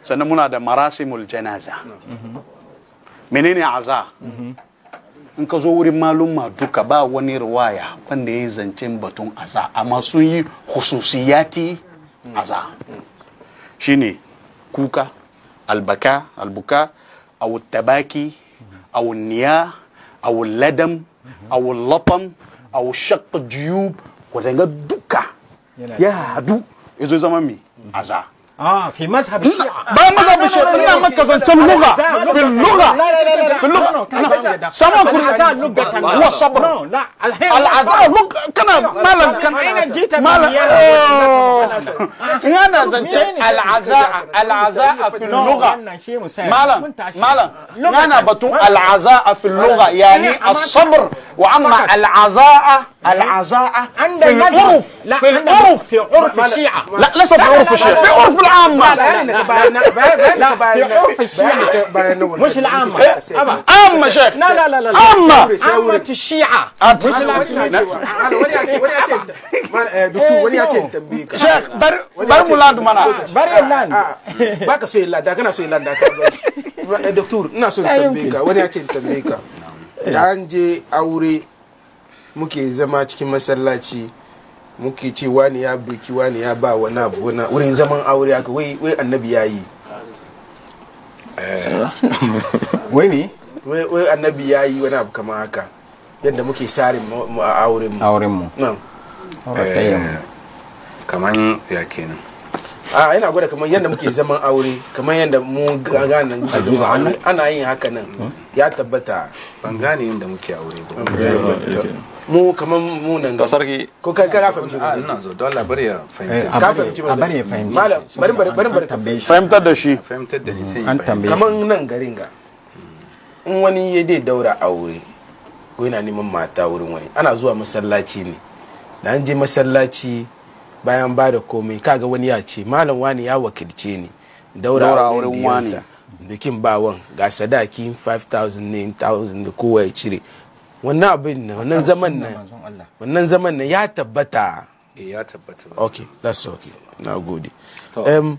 sannan muna da marasimul janaza mm-hmm. menene aza mm-hmm. in ka zo wurin malumma duka ba wani riwaya wanda ya zancen batun aza amma sun yi hususiyati aza mm-hmm. shine kuka albaka albuka awul tabaki awul niya awul ladam awul latam aw shaqqa juyub wadanga duka ya hadu yazo zama mai mm. aza اه في مذهب الشيعة بقى مذهب الشيعة انا ما كذبت اللغة في اللغة في اللغة سماك العزاء لغة هو الصبر لا العزاء لغة كان مالا كان اين جيت مالا انا زنت العزاء العزاء في اللغة مالا مالا انا بتو العزاء في اللغة يعني الصبر واما العزاء العزاء في العرف في العرف في عرف الشيعة لا ليس في عرف الشيعة في عرف العامة مش العامة عامة شيخ لا لا لا لا عامة عامة الشيعة مش دكتور wani ya ce tambayeka shek bar bar mu land da an je aure muke zama cikin masallaci muke ce wani ya doki wani ya ba wani abu wani wurin zaman aure haka wai wai annabi ya yi wai ne wai annabi ya yi wani abu kama haka yadda muke sarin mu a auren mu auren mu eh, kaman ya kenan a yana gwada kaman yadda muke zaman aure kaman yadda mu gane a zaman ana yin haka nan hmm? ya tabbata ban gane yadda muke aure ba mu kamar mu nan ga sarki ko kai ka fahimci ba ah, ina zo dole bari ya fahimci eh, ka fahimci ba bari ya fahimci malam bari bari bari bari tambaye shi fahimtar da shi fahimtar da ni sai an tambaye kamar nan garin ga in wani ya dai daura aure ko yana neman mata wurin wani ana zuwa masallaci ne da an je masallaci bayan ba da komai kaga wani ya ce malam wani ya wakilce ni daura aure wani bikin bawan ga sadaki 5000 ne 1000 da kowa ya cire wannan abin nan wannan zaman nan wannan zaman nan ya tabbata eh, ya tabbata okay that's okay na gode um,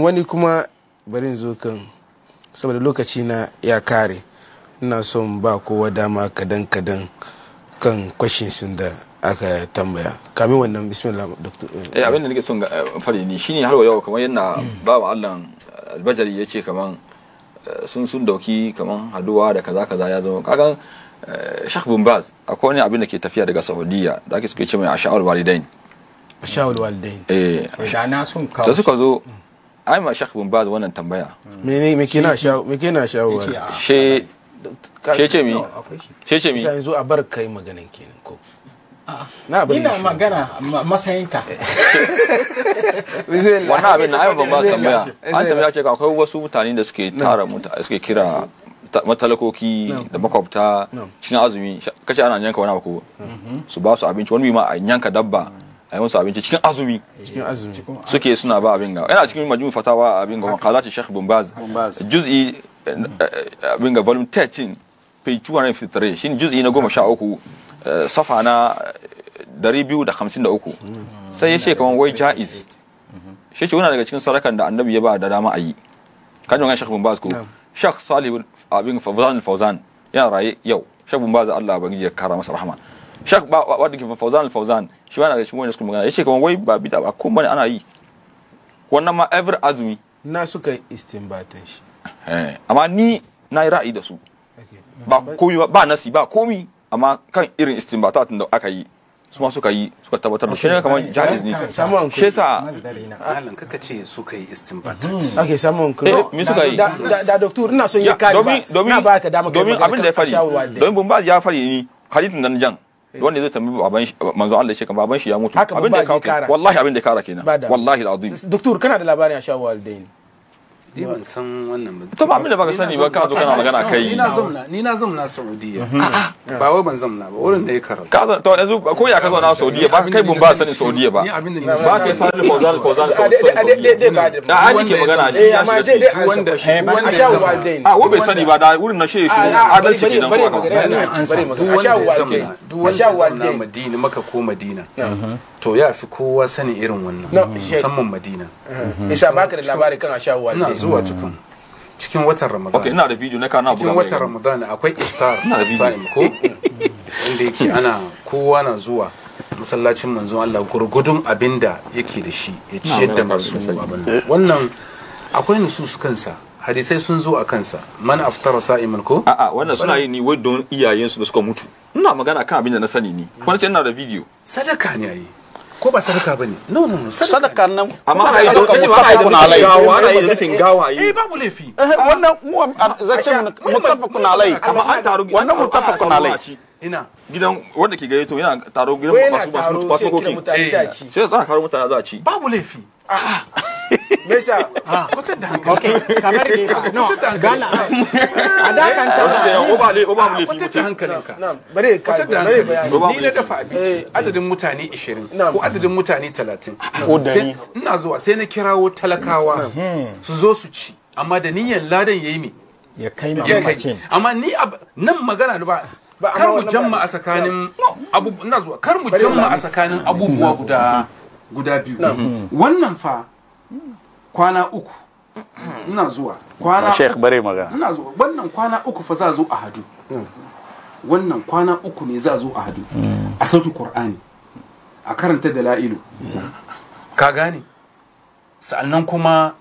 wani kuma bari zo kan saboda lokaci na ya kare ina son ba kowa dama kadan kadan kan questions da aka tambaya kamin wannan bismillah doctor eh, eh abin da nake son eh, fari ni shine har yau kamar yana ba wa Allah albajari yace kaman Eh, sun sun dauki kaman haduwa da kaza kaza ya zama kagan eh, Sheikh Bin Baz akwai wani abin da ke tafiya daga Saudiya da ake suke ce mai Asha'ul Walidain Asha'ul Walidain eh shana sun kawo da suka zo ai ma Sheikh Bin Baz wannan tambaya me ne me kina Asha'u me kina Asha'u she she ce mi she ce mi sai yanzu a bar kai maganin kenan ko ina magana masayinka wani abin na ban ba tambaya an tambaya ce akwai wasu mutane da suke tara suke kira matalakoki da makwabta cikin azumi kace ana yanka wani abu mm-hmm. su ba su abinci wani ma a yanka dabba a yi musu abinci cikin azumi suke suna ba abin ga yana cikin majmu fatawa abin ga kalati shekh bumbaz juz'i eh, eh, abin ga volume 13 page 253 shine juz'i na goma sha uku Eh, safa na 253 sai ya ce kamar wai ja'iz shi ce wuna daga cikin sarakan da annabi ya ba da dama a yi kan yi shakh ba su ko shakh salih abin fawzan fawzan ya raye yau shakh ba za Allah ba ya kara masa rahama shakh ba wadda ke fawzan fawzan shi wani daga cikin wani suka magana ya ce kamar wai ba bid'a ba kun bane ana yi wannan ma ever azumi na suka istinbatin shi eh, amma ni na yi ra'ayi da su ba komi ba nasi ba komi amma kan irin istinbatatin da aka yi su ma suka yi suka tabbatar da shi ne kamar jahiz ne shi yasa malam kaka ce suka yi istinbatat mhm. ake samun kuma eh, mi suka yi da doktor ina son ya kare ba na ba ka dama domin abin da ya fari domin bumba ya fari ni hadithin nan jan eh. wanda zai tambayi baban shi manzo Allah shi kan baban shi ya mutu abin da ya kawo wallahi abin da ya kara kenan wallahi alazim doktor kana da labarin ashawal shawal dain ni ban san wannan ba to ba mu da baka sani ba ka zo kana magana kai ni na zamna ni na zamna saudiya ba wai ban zamna ba wurin da ya karanta ka to yanzu ko ya ka zauna saudiya ba kai bun ba sani saudiya ba ba kai sani fauzan fauzan saudiya da an ke magana shi ya shi wanda shi wanda a wo bai sani ba da wurin na shi shi adalci kenan ko ba bare magana bare magana asha waldain duk wanda ya zamna madina maka ko madina to ya fi kowa sani irin wannan mm. musamman madina mm-hmm. isa baka da labari kan wa ne zuwa mm. cikin cikin watan ramadan okay ina da video na kana cikin watan ramadan akwai iftar sa'im ko inda yake ana kowa na zuwa masallacin manzon Allah gurgudun abinda yake da shi ya ci yadda masu abin wannan akwai nusus kansa hadisai sun zo a kansa man aftara sa'iman ko a'a wannan suna yi ni wai don iyayensu da suka mutu ina magana kan abin da na sani ni wani ce ina da video sadaka ne ayi ko ba sadaka bane no no no sadaka nan amma ai don kace ba ai kuna alai gawa ana yin nufin gawa yi eh babu laifi eh, wannan mu zace mu mutafakun alai amma an taru wannan mutafakun alai ina gidan wanda ke gayyato yana taro gidan masu masu masu koki sai za a eh, karo mutane za a ci babu laifi me sa ah, kwatar da hankali okay kamar ne ka no gana a kan ta ba le ba mu laifi ah, kwatar hankalin ka bare ka bare ni na dafa abinci eh. adadin mutane 20 ko adadin mutane 30 ina zuwa sai na kirawo talakawa su zo su ci amma da niyyar ladan yayi me ya kai mamacin amma ni nan magana ba kar mu jamma a tsakanin ina kar mu jamma a tsakanin abubuwa guda guda biyu wannan fa kwana uku ina zuwa kwana Sheikh bare magana ina zuwa wannan kwana uku fa za zo a hadu wannan kwana uku ne za zo a hadu mm. a sauki Qur'ani a karanta dala'ilu ka gane sa'annan kuma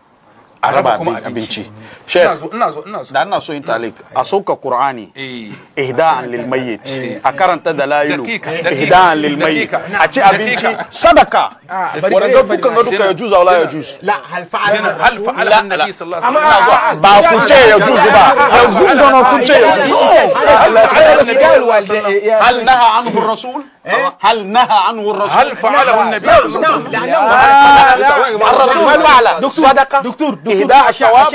a raba kuma abinci شيخ نعزو نعزو نعزو انت عليك اسوق قراني اهداء للميت اكرن تدلايل اهداء للميت اتي ابيكي صدقه ورندو فك ندوك يجوز او لا يجوز لا هل فعل هل فعل النبي صلى الله عليه وسلم با كنتي يجوز با يجوز دون كنتي هل نهى عنه الرسول هل نهى عنه الرسول هل فعله النبي صلى الله عليه وسلم لا لا الرسول فعل صدقه دكتور دكتور اهداء الشواب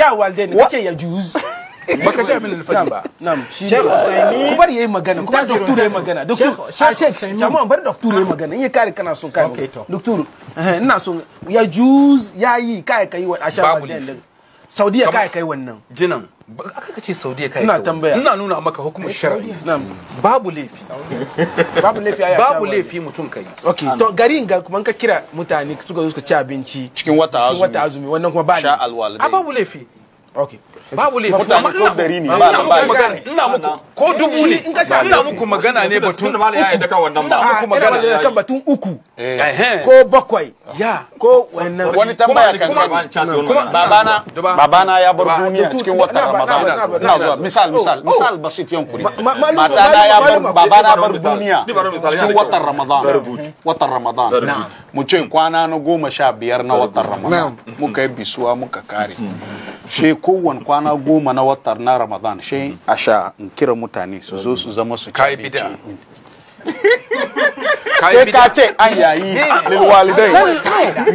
ce ya juz baka ce min alfadi ba na'am shi ne yayi magana kuma ah, yayi magana shek jama'a yayi magana in ya kare kana son kai eh, ina son ya juz yayi kai kai wa asha babu saudiya kai kai wannan jinan aka saudiya kai ina tambaya ina nuna maka hukumar eh, babu laifi babu laifi babu laifi mutum kai okay to ga kuma ka kira mutane suka zo suka ci abinci cikin wata azumi wannan kuma ba ni sha alwalidai ah, babu laifi Okay. babu le ko dari ne ba ba magana ina muku ko dubu ne ina muku magana ne batun malam ya yadda kan wannan ba muku ah, magana ne kan batun uku eh. ko bakwai ya ko wannan wani tambaya kan kuma babana babana ya bar duniya cikin watan ramadan ina zuwa misal misal misal basit yankuri matana ya bar babana bar duniya cikin watan ramadan watan ramadan mu ce kwana na goma sha biyar na watan ramadan muka yi bisuwa muka kare she kowane kwana kwana goma na watar na ramadan shi a sha in kira mutane su zo su zama su kai bida kai ka ce an yayi lil walidai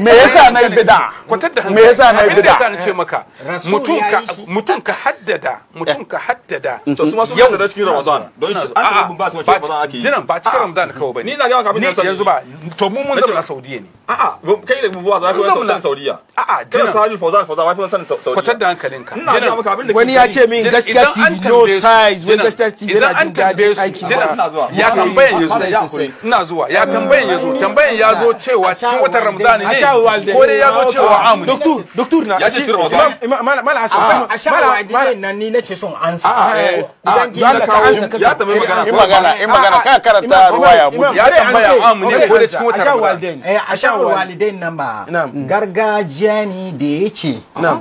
me yasa na bid'a kwatar da me yasa bid'a yasa na ce maka mutum ka mutum ka haddada mutum ka haddada to su ma su haddada cikin ramadan don shi a ba su cikin ramadan ake jiran ba cikin ramadan kawai bane ni na ga maka da yanzu ba to mu mun saudiya ne kai da za ka saudiya jiran saudiya kwatar da jiran maka abin da wani ya ce min gaskiya tv no size gaskiya tv yana jin dadin aiki ya ina zuwa ya tambayan yazo tambayan yazo cewa cikin watan ramadan ne ko dai yazo cewa amu ne doctor doktor na ya ce Ramadan mala hasan mala ah. mala nan ni nace son ansa dan ah, eh, eh, ah, ka ansa eh, ya tambayi magana in magana in magana ka karanta ruwaya mu ya tambaya amu ne ko dai cikin watan ramadan eh asha walidain nan ba gargajiya ne da yake na'am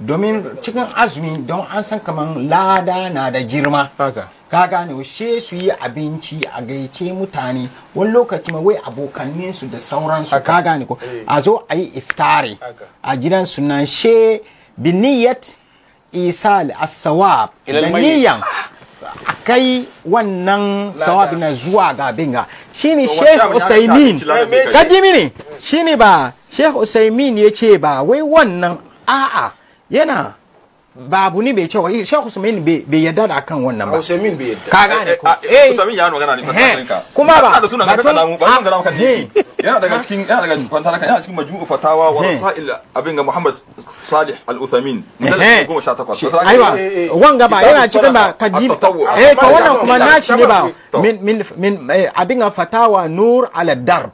domin cikin azumi don an san kaman lada na da girma ka gane she su yi abinci a gaice mutane wani lokaci wai abokannin su da sauransu ka gane ko eh. a zo a yi iftari a gidan sunan she biniyat isal as-sawab da a kai wannan sawabi na zuwa ga binga shine sheikh usaimin ka ji mini shine ba sheikh usaimin ya ce ba wai wannan a'a yana ba abu ne mai kyau eh Sheikh Usman bai bai yarda da akan wannan ba Usman bai yadda. ka gane ko eh, eh, eh, eh Usman ya magana ne fasarin ka kuma ba da sunan ka kada mu ba mun ka maka yana daga cikin yana daga cikin kwantara yana cikin majmu'u fatawa wa rasail abin ga Muhammad Salih Al-Uthamin mujallad 18 aiwa wanga ba yana cikin ba kadim eh to wannan kuma nashi ne ba min min min abin ga fatawa nur ala darb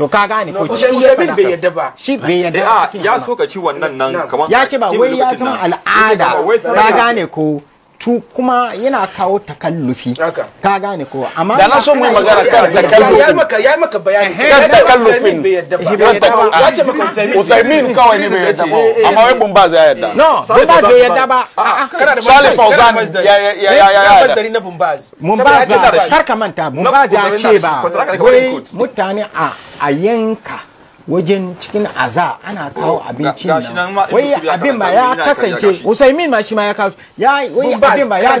to ka gane ko Usman bai yadda ba shi bai yadda. Ah, ya so ka ci wannan nan kamar ya ke ba wai ya zama al'ada da ka gane ko tu kuma yana kawo takallufi ka gane ko amma da na so mu magana kan takallufi ya maka ya maka bayani kan takallufi eh, bai yadda ba ya ce maka Uthaymin kawai ne bai yadda ba eh, eh, amma wai Bumbaz ya yadda no Bumbaz bai yadda ba ah, ah, ah. kana da Sale Fauzan ya ya ya ya ya masdari na Bumbaz Bumbaz kar ka manta Bumbaz ya ce ba wai mutane a a yanka wajen cikin aza ana kawo abinci nan wai abin ba ya kasance usaimin ma shi ma ya kawo ya wai abin ba ya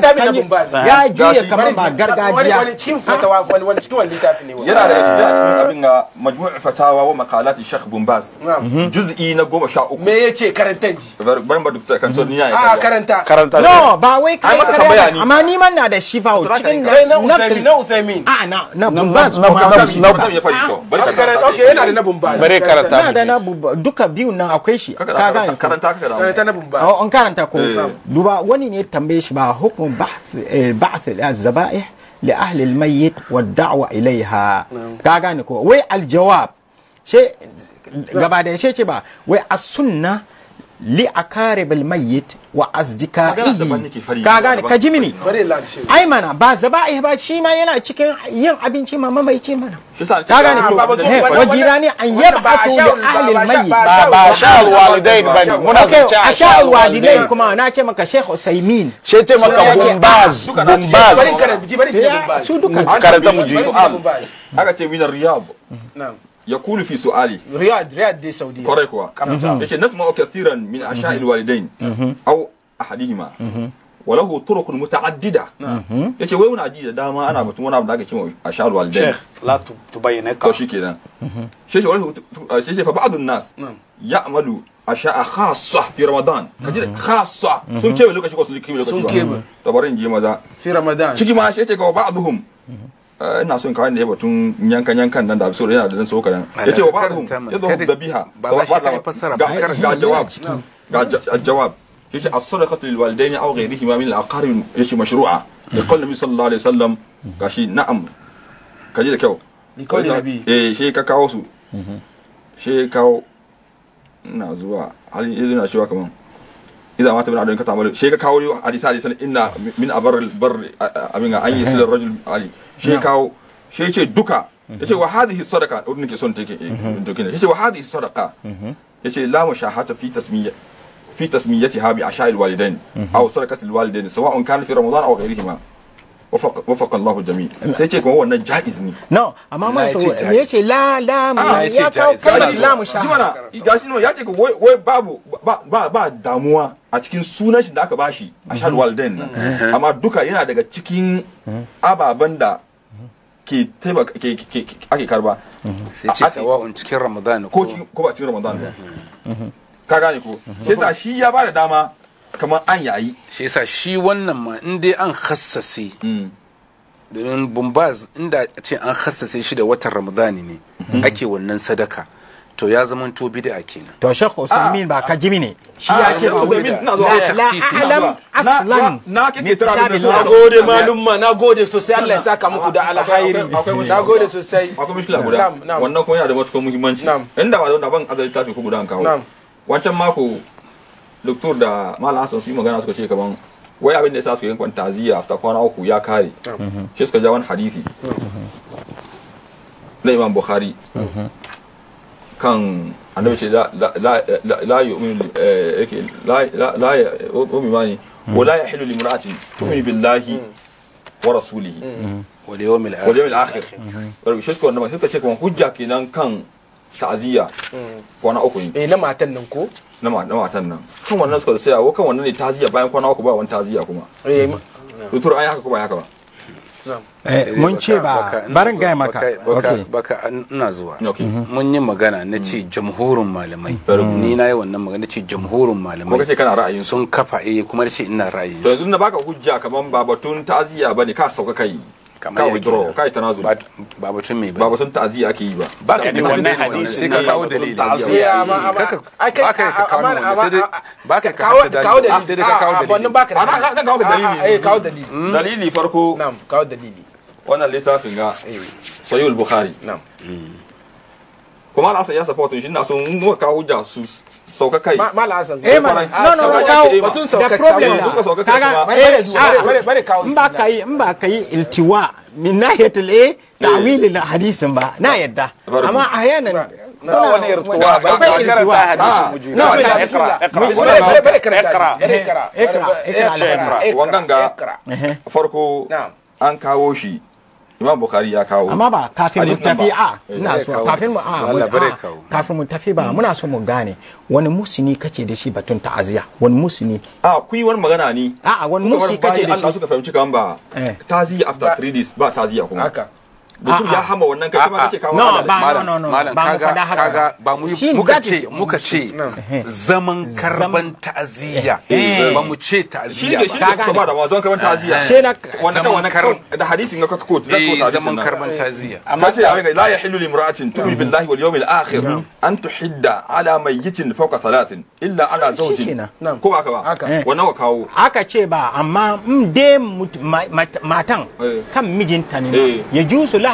ya juya kamar ba gargajiya wani cikin fatawa wani wani cikin wani tafi ne yana da ya cikin abin ga majmu'u fatawa wa maqalati Sheikh Bumbas mhm. juz'i na 13 me yace karantan ji bari ba dukta kan so ni ya ah, a karanta karanta no ba wai kai karanta amma ni man na da shifa cikin nafsin na usaimin a na na Bumbas na Bumbas na Bumbas ya fadi to bari ah, karanta okay yana da na Bumbas sai karanta na da na bubba duka biyu nan akwai shi ka gane karanta ka da karanta na bubba oh, an karanta ko eh. duba wani ne tambaye shi ba hukumin ba'th eh, ba'th az-zaba'ih li ahli al-mayyit wa da'wa ilaiha ka gane ko wai al-jawab she gaba da she ce ba wai as-sunnah li akaribal mayit wa azdikaihi ka gane ka ji mini ai mana ba zaba ai ba shi ma yana cikin yin abinci ma mamaici mana ka gane to wa jirani an yabatu li ahli al mayyit ba ba sha'al walidain bane muna zance a sha'al walidain kuma na ce maka Sheikh Usaimin she ce maka Bumbaz Bumbaz bari ka bari ka Bumbaz su duka karanta mu ji su'al aka ce min riyab na'am ya kulu fi su'ali riyad riyad dai saudiya kwarai kuwa yace nasma'u kathiran min asha'il walidain aw ahadihima walahu turukun muta'addida yace wai muna ji da dama ana batun wani abu da aka ce a sharu al sheikh la tu bayyana sheikh walahu sheikh fa ba'd nas ya'malu asha'a khassa fi ramadan kaji khassa sun kebe lokaci ko sun kebe lokaci sun in je maza fi ramadan ciki ma sheikh ce ga Eh, ina son kawai ne batun yankan yankan nan da so yana da nan so ya ce wa ba'dhum da dabiha ba shi kai fassara ba ga jawab ga jawab yace as-sadaqatu lil walidaini aw ghayrihima min al-aqarib yace mashru'a da qala nabi sallallahu alaihi wasallam gashi na'am kaji da kyau eh shi ka kawo su mhm. shi kawo ina zuwa yanzu cewa kaman إذا مات ابن عدن كتعمل شيء كاولي حديث علي سنة إن من أبر البر أبن أي سيد الرجل علي shi ya kawo shi ya ce duka ya ce mm-hmm. wa hadhihi sadaqa wurin ke son take dokina eh, mm-hmm. ya ce wa hadhihi sadaqa mm-hmm. ya ce la mushahata fi tasmiya fi tasmiyatiha bi asha'il walidain aw sadaqatil walidain sawa'un kana fi ramadan aw ghayrihima wafaka Allahu jami sai ce kuma wannan ja'iz ne no amma ma so ya ce la la ah, ya kawo kalmar la mu sha jimana gashi no ya ce wai babu ba ba damuwa a cikin sunan shi da aka bashi a shal walden amma duka yana daga cikin ababen da ke taimaka ake karba sai ce un cikin ramadan ko ko ba cikin ramadan ba mhm. Mhm. ka gane ko mhm. sai sa shi ya bada dama kamar an yayi sai sa shi wannan ma in dai an hassase mm. domin bumbaz inda ce an hassase shi da watan ramadani ne ake wannan sadaka to ya zama to bid'a kenan to shekhu usaimin ba ah, ah. ka jimi ne shi ah, ya ce ba wuri la alam aslan na kike tara da na gode malumma na gode sosai Allah ya saka muku da alkhairi na gode sosai akwai mushkila guda wannan kuma yana da matukar muhimmanci inda ba da ban azali tafi ku guda an kawo wancan mako doktor da malam Hassan su yi magana suka ce kaman wai abin da yasa suka yin kwantaziya after kwana uku ya kare shi suka ja wani hadisi na Imam Bukhari mhm. kan annabi ce la yu'minu yake la ya umimani wa la yahillu limra'atin tu'minu billahi wa rasulihi wal yawmil akhir wal shi ko annabi suka ce kuma hujja kenan kan ta'ziya kwana uku ne eh na matan nan ko na matan nan kan wannan suka sai wa kan wannan ne ta'ziya bayan kwana uku ba wani ta'ziya kuma eh tutur ai haka ko ba Eh, mun ce ba barin gaya maka baka ina zuwa mhm. mun yi magana na ce jamhurin malamai ni na yi wannan magana na ce jamhurin malamai sun kafa eh kuma na ce ina ra'ayin to yanzu na baka hujja kamar ba batun taziya bane ka sauka kai kawai draw kai tanazul ba batun me ba batun ake yi ba ba ka da wannan sai ka kawo dalili ma ah, ah, ba ka ah, kawo dalili ba ka kawo dalili ka kawo dalili ba ka kawo dalili eh kawo dalili hmm? dalili farko na'am kawo dalili wannan littafin ga eh. sahih al-bukhari na'am hmm. kuma asa ya safa tun shi na sun muka kawo hujja su sauka kai mala san eh mana no no ka kawo batun sauka da problem da kaga bare eh, bare ah, kawo in ba kai in ba kai iltiwa min nahiyatul eh ta'wilil hadisin ba na yadda amma ahyanan wani an kawo shi Imam Bukhari ya kawo. Amma ba kafin mu tafi a ah, eh, ina so kafin mu ah, a ah, kafin mu tafi ba muna so mu gane wani musini kace da shi batun ta'aziya wani musini. A ku yi wani magana ni. A wani musi kace da shi. Allah suka fahimci kan ba. Eh. Ta'aziya after 3 days ba ta'aziya kuma. Haka. mutum ya hama wannan kai kuma kake kawo no ba no no no ba mu fada haka ba mu muka ce muka ce eh. zaman karban ta'aziyya eh. Eh. ba mu ce ta'aziyya kaga ba da zaman karban ta'aziyya she na wannan wannan da hadisin ga kaka ko da ko zaman karban ta'aziyya amma ce abin la yahillu limra'atin tu'minu billahi wal yawmil akhir an tuhidda ala mayyitin fawqa thalathin illa ala zawjin ko ba ka ba wannan wa kawo aka ce ba amma in dai matan kan mijinta ne ya jusu la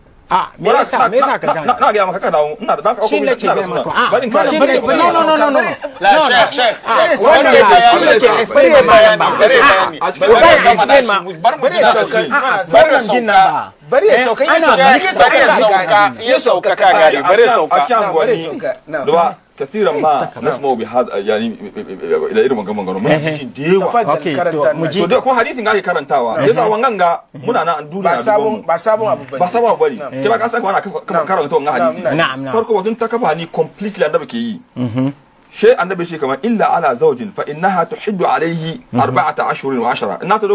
a me yasa me yasa ka gane na ga maka ka dawo ina da baka shi ne ke ga maka a bari ka shi ne no no no no no la shek shek wannan ya shi ne ke explain ma bayan ba bari ka explain ma bari ya sauka bari ya sauka bari ya sauka ya sauka ya sauka ya sauka ka gane bari ya sauka bari ya sauka كثيرا ما نسمع بهذا يعني الى irin magan maganganu muna cikin da yawa okay to mu ji karantawa yasa wannan ga muna nan duniya ba sabon ba sabon abu bane ba ka karanta wannan hadisi na'am na'am farko batun ta kafa ni completely annabi ke yi she annabi shi kamar illa ala zawjin fa innaha tuhiddu alayhi arba'ata ashhurin wa ashara ina ta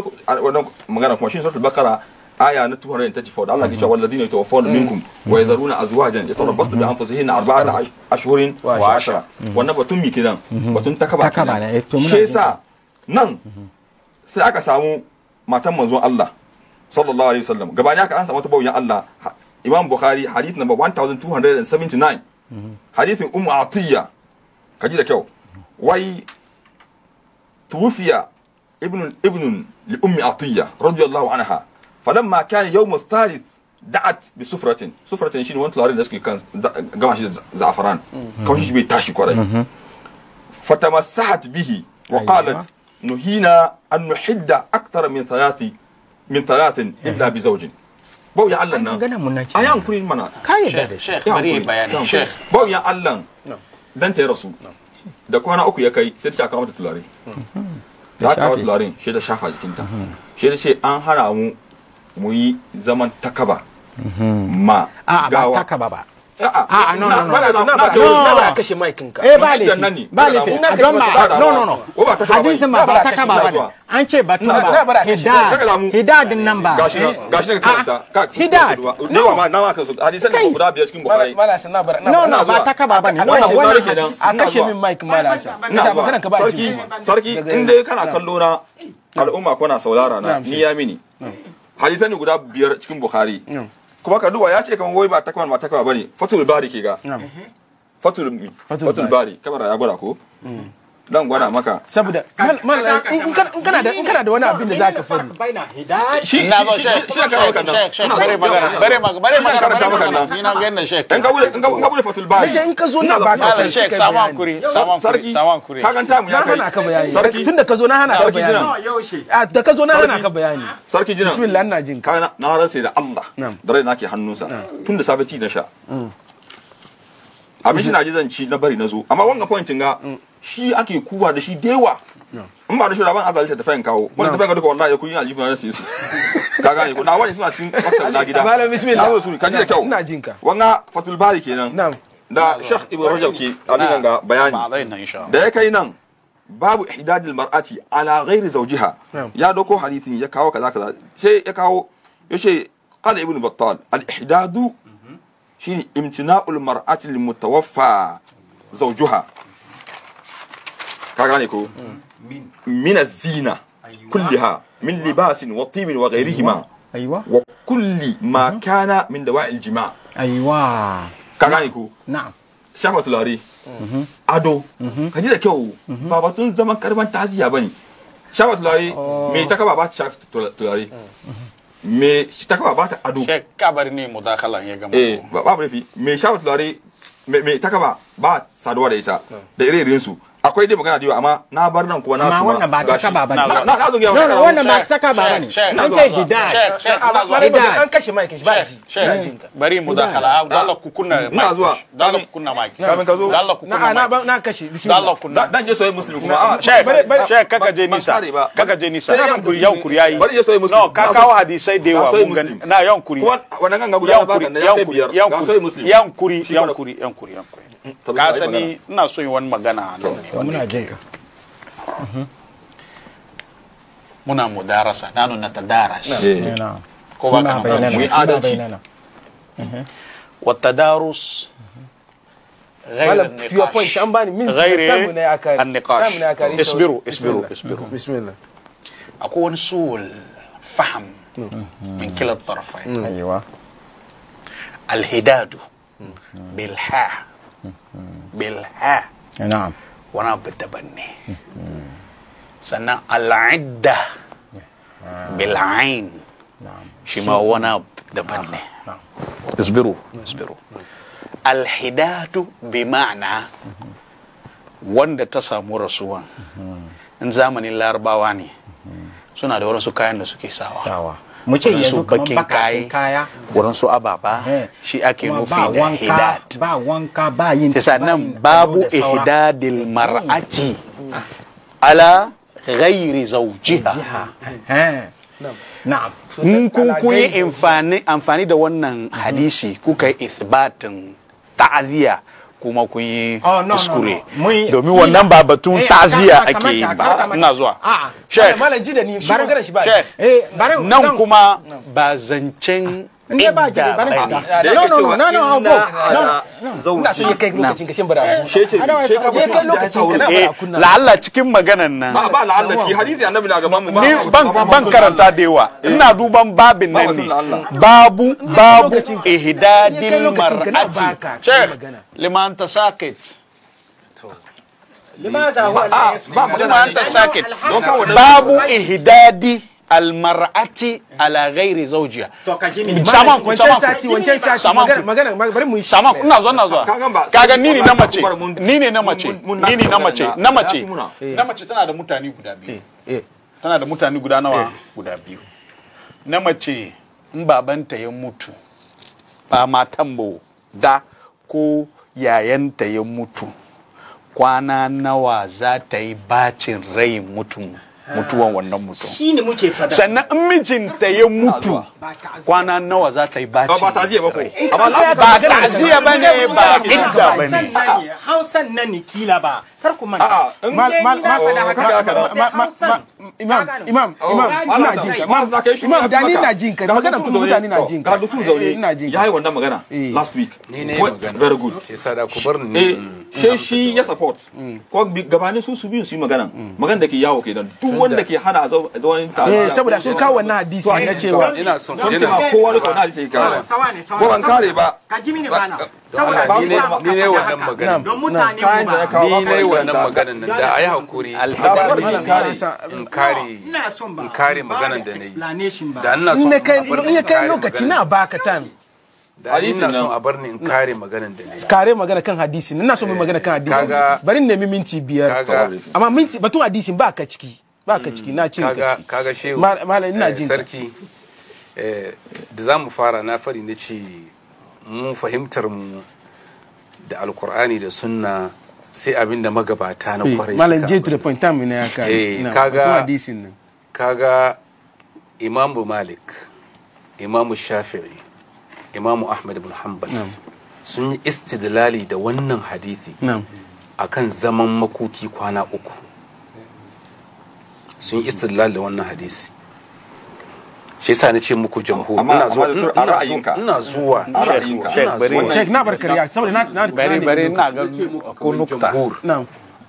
wannan magana kuma shi suratul baqara aya na 234 da Allah ke cewa walladina yatawaffawna minkum wa yadharuna azwajan yatarabbasna bi anfusihinna arba'ata ashhurin wa ashra wannan batun mi kidan batun takaba kenan shi yasa nan sai aka samu matan manzon Allah sallallahu alaihi wasallam gabani aka an samu ta bauyan Allah Imam Bukhari hadith number 1279 hadithin Ummu Atiyya kaji da kyau wai tuwfiya ibn ibn li Ummi Atiyya radiyallahu anha falamma yau mu tsari da'at bi sufratin sufratin shine wani tularin da suke kan gama shi da za'afaran kawai shi bai tashi kwarai fatamassahat bihi wa qalat nuhina an nuhidda akthar min thalathi min thalathin illa bi zawjin bau ya Allah nan gana mun nace ayan kurin mana kai da sheikh bari bayani sheikh bau ya Allah dan ta rasu da kwana uku ya kai sai ta kawo mata tulare ta kawo tularin shi ta shafa jikinta shi ta ce an hana mu mu yi zaman takaba mhm. ma gawa takaba ba a'a eh, no no no no no no no no no ba no ba no don ba no no no ma ba takaba ba an ce ba tuba hidad hidad nan ba hidad no na ma da guda no no ba takaba ba ne no a kashe min maik malasa na ba kana ka ba sarki in dai kana kallo na al'umma kuna saurara na ni ya mini hadisan guda biyar cikin bukhari kuma ka duba ya ce kamar wai ba takwa ba takwa bane fatul bari ke ga fatul fatul bari kamar ya gwada ko mm. dan gwada maka saboda in da in kana da wani abin da zaka fadi shi na ba shi shi bare magana bare magana bare magana ka maka nan ni na ga nan shek in ka bude in ka bude fatul bai in ka zo na ba ka shek samu hankuri samu hankuri samu ka ganta mu ya kai ka bayani sarki tunda ka zo na hana ka bayani a ah, da ka zo na hana ka bayani sarki jina bismillah ina jin ka na da Allah dare nake hannunsa tunda safe ci na sha mm. abinci na ji zan ci na bari na zo amma wannan point ga mm. shi ake kuwa da shi da yawa in ba da shi ban azalta da fayin kawo wani da fayin duka wallahi ya kunya aljifu na sai su ka gane ko na wani suna cikin maktab na gida malam bismillah azo su ka ji da kyau ina jin ka fatul bari kenan da shekh ibn rajab ke abin ga bayani da ya kai nan babu ihdadil mar'ati ala ghairi zawjiha ya dauko hadithin ya kawo kaza kaza sai ya kawo yace qala ibn battal al ihdadu mhm. shine imtina'ul mar'ati lil mutawaffa zawjuha ka gane ko min zina kulliha min libasin wa tibin wa ghairihima aiwa wa kulli ma mhm. kana min dawa'il jima aiwa ka gane ko na'am shafa tulare mhm. ado mhm. ka ji da kyau ba batun zaman karban taziya bane shafa tulare oh. me ta kaba ba ta shafa tulare mm. mm-hmm. me ta kaba ba ta ado shek kabar ne mudakhala ya gama eh ba ba fi me shafa tulare me ta kaba ba saduwa da ita mm. da ire su. akwai dai magana da yawa amma na bar nan kuma na amma wannan ba ta baba ne na na zo ga wannan wannan ba ta baba ne an ce hidda hidaya an kashe mai kashe ba ji bari mu dakala dalla ku kunna mai ah, na zuwa dalla ku kunna mai kamin ka zo dalla ku kunna na na kashe dalla ku kunna dan je soyayya musulmi kuma shek ah, shek kaka je nisa kaka je nisa na ku yau kuri yayi bari je soyayya musulmi no ka kawo hadisai da yawa mun gani na yan kuri wannan ganga guda ba kan yan kuri yan kuri yan kuri yan kuri yan kuri ka sani ina so yin wani magana nan ne أنا je أنا mudarasa أنا natadaras ko ba kana mu adalci غير النقاش غير النقاش اصبروا اصبروا اصبروا بسم الله اكون سوء الفهم من كلا الطرفين ايوه الهداد بالحاء بالحاء نعم wani abu daban ne sannan al'adda bil'ain shi ma wani abu daban ne isbiru isbiru alhidatu bi ma'ana wanda ta samu rasuwan mhm. in zamanin larabawa ne suna da su kayan da suke sawa mu ce yanzu bakin kaya wurin su ababa eh, shi ake nufi da hidad ba wanka ba yin ta nan babu ihdadil hmm. mar'ati hmm. ala ghairi zawjiha na'am in kun yi amfani da wannan hadisi kuka yi ithbatin ta'aziya kuma kun yi oh, kuskure domin wannan ba batun eh, taziya ake yi ba ina zuwa shek eh, nan kuma ba zancen in dai ba gyare ba na shiga no no no no no no na kunna ban karanta da yawa ina duban babin nan ne babu babu ihdadil mar'ati liman tasakit limaza huwa al-yasma liman babu ihdadi almar'ati ala ghairi zawjiha to ka ji ni wancan sati wancan sati magana magana bari mu shaman ina zo ina zo kaga ni ne na mace ni ne na mace ni ne na mace na mace eh. na mace tana da mutane guda biyu eh, eh. tana da mutane guda nawa guda biyu na mace in babanta ya mutu ba matan ba da ko yayanta ya mutu kwana nawa za ta yi bacin rai mutum mutuwan wannan mutum shine muke fada sannan in mijinta ya mutu kwana nawa za ta yi baci ba taziya ba ko eh, ba taziya bane ba inda bane hausan nan ni kila ba kar ku manta ma mal mal imam imam oh, imam ina jin ka mal da kai imam da ni na jin ka kuma mutane na jin ka zaure eh, ina jin ka yayi magana eh. last week ne ne very good shi sa da ku bar ni eh, mm. she shi ya support mm. ko gabanin su su yi magana mm. magana da ke yawo duk wanda ke hana a ta eh saboda sun kawo wannan hadisi na cewa ina son ina kowa da wannan hadisi ka ba saboda ba ni ne wannan magana don mutane ba ni ne wannan magana nan da ayi hakuri alhamdulillah in kare ina son ba in kare magana da nayi da ina son in ya kai lokaci na baka time da ina son a bar ni in kare maganar da nayi kare magana kan hadisi ina son mai eh, magana kan hadisi bari in nemi minti biyar amma minti batun hadisin ba ka ciki ba ka ciki na cin ka ciki kaga shehu malam ina eh, jin sarki eh, da mu fara na fari na ce mu fahimtar mu da alkur'ani da sunna sai abin da magabata na kwarai malam je to the point time ne aka eh, kaga kaga imamu malik imamu shafi'i imamu ahmad bin hanbal sun yi istidlali da wannan hadithi akan zaman makoki kwana uku sun yi istidlal da wannan hadisi shi yasa na ce muku jamhur ina zuwa a ra'ayinka ina zuwa shek bari shek na bar kariya saboda na na bari bari ina ga ko nukta na'am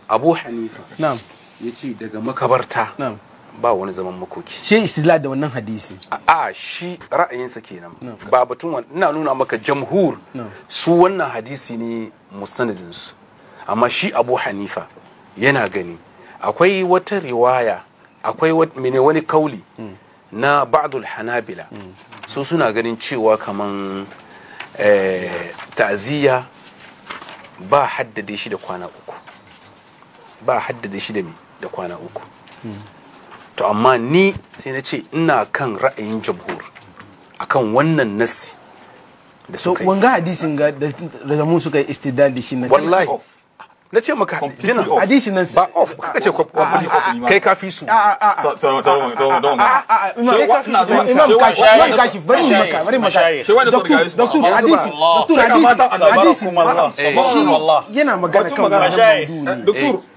abu hanifa na'am yace daga makabarta na'am ba wani zaman makoki shi istidlal da wannan hadisi a shi ra'ayinsa kenan ba batun ina nuna maka jamhur su wannan hadisi ne mustanadin su amma shi abu hanifa yana gani akwai wata riwaya akwai wani kauli hmm. na ba'dul hanabila su suna ganin cewa kaman eh, ta'ziya ba haddade shi da kwana uku ba haddade shi da da kwana uku to amma ni sai na ce ina kan ra'ayin jabhur akan wannan nasi da so wanga hadisin ga da mun suka yi da shi na wallahi na ce maka dinan hadisi nan ba off kaka ce completely off kai ka fi su imam kashi kashi bari mu maka bari doctor doctor hadisi doctor hadisi hadisi yana magana kan doctor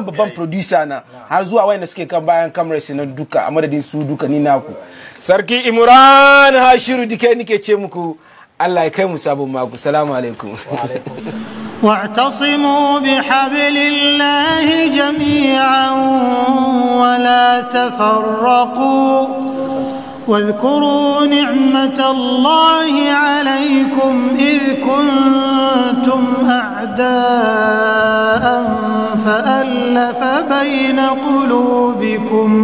kan babban producer na har zuwa wayanda suke kan bayan cameras na duka a madadin su duka ni naku sarki imran hashiru dike nike ce muku Allah ya kai mu sabon mako salamu alaikum واعتصموا بحبل الله جميعا ولا تفرقوا واذكروا نعمة الله عليكم إذ كنتم أعداء فألف بين قلوبكم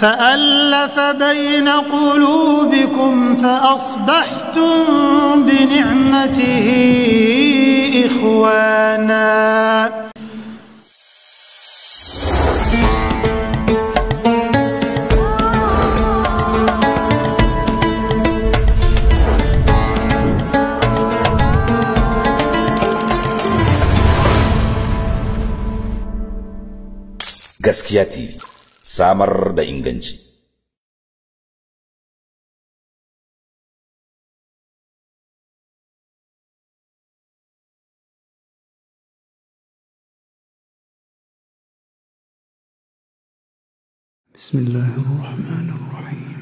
فألف بين قلوبكم فأصبحتم بنعمته إخواناً Gaskiya TV samar da inganci. بسم الله الرحمن الرحيم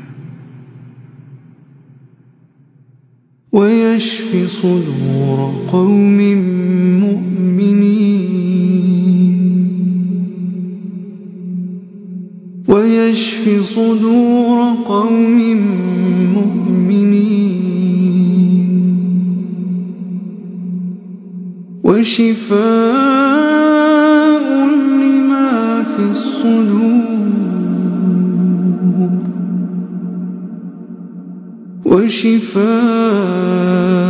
ويشفي صدور قوم يشفي صدور قوم مؤمنين وشفاء لما في الصدور وشفاء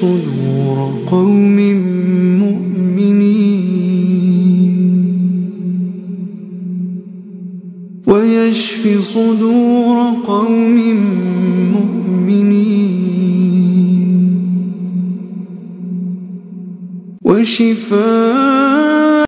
صدور قوم مؤمنين ويشفي صدور قوم مؤمنين وشفاء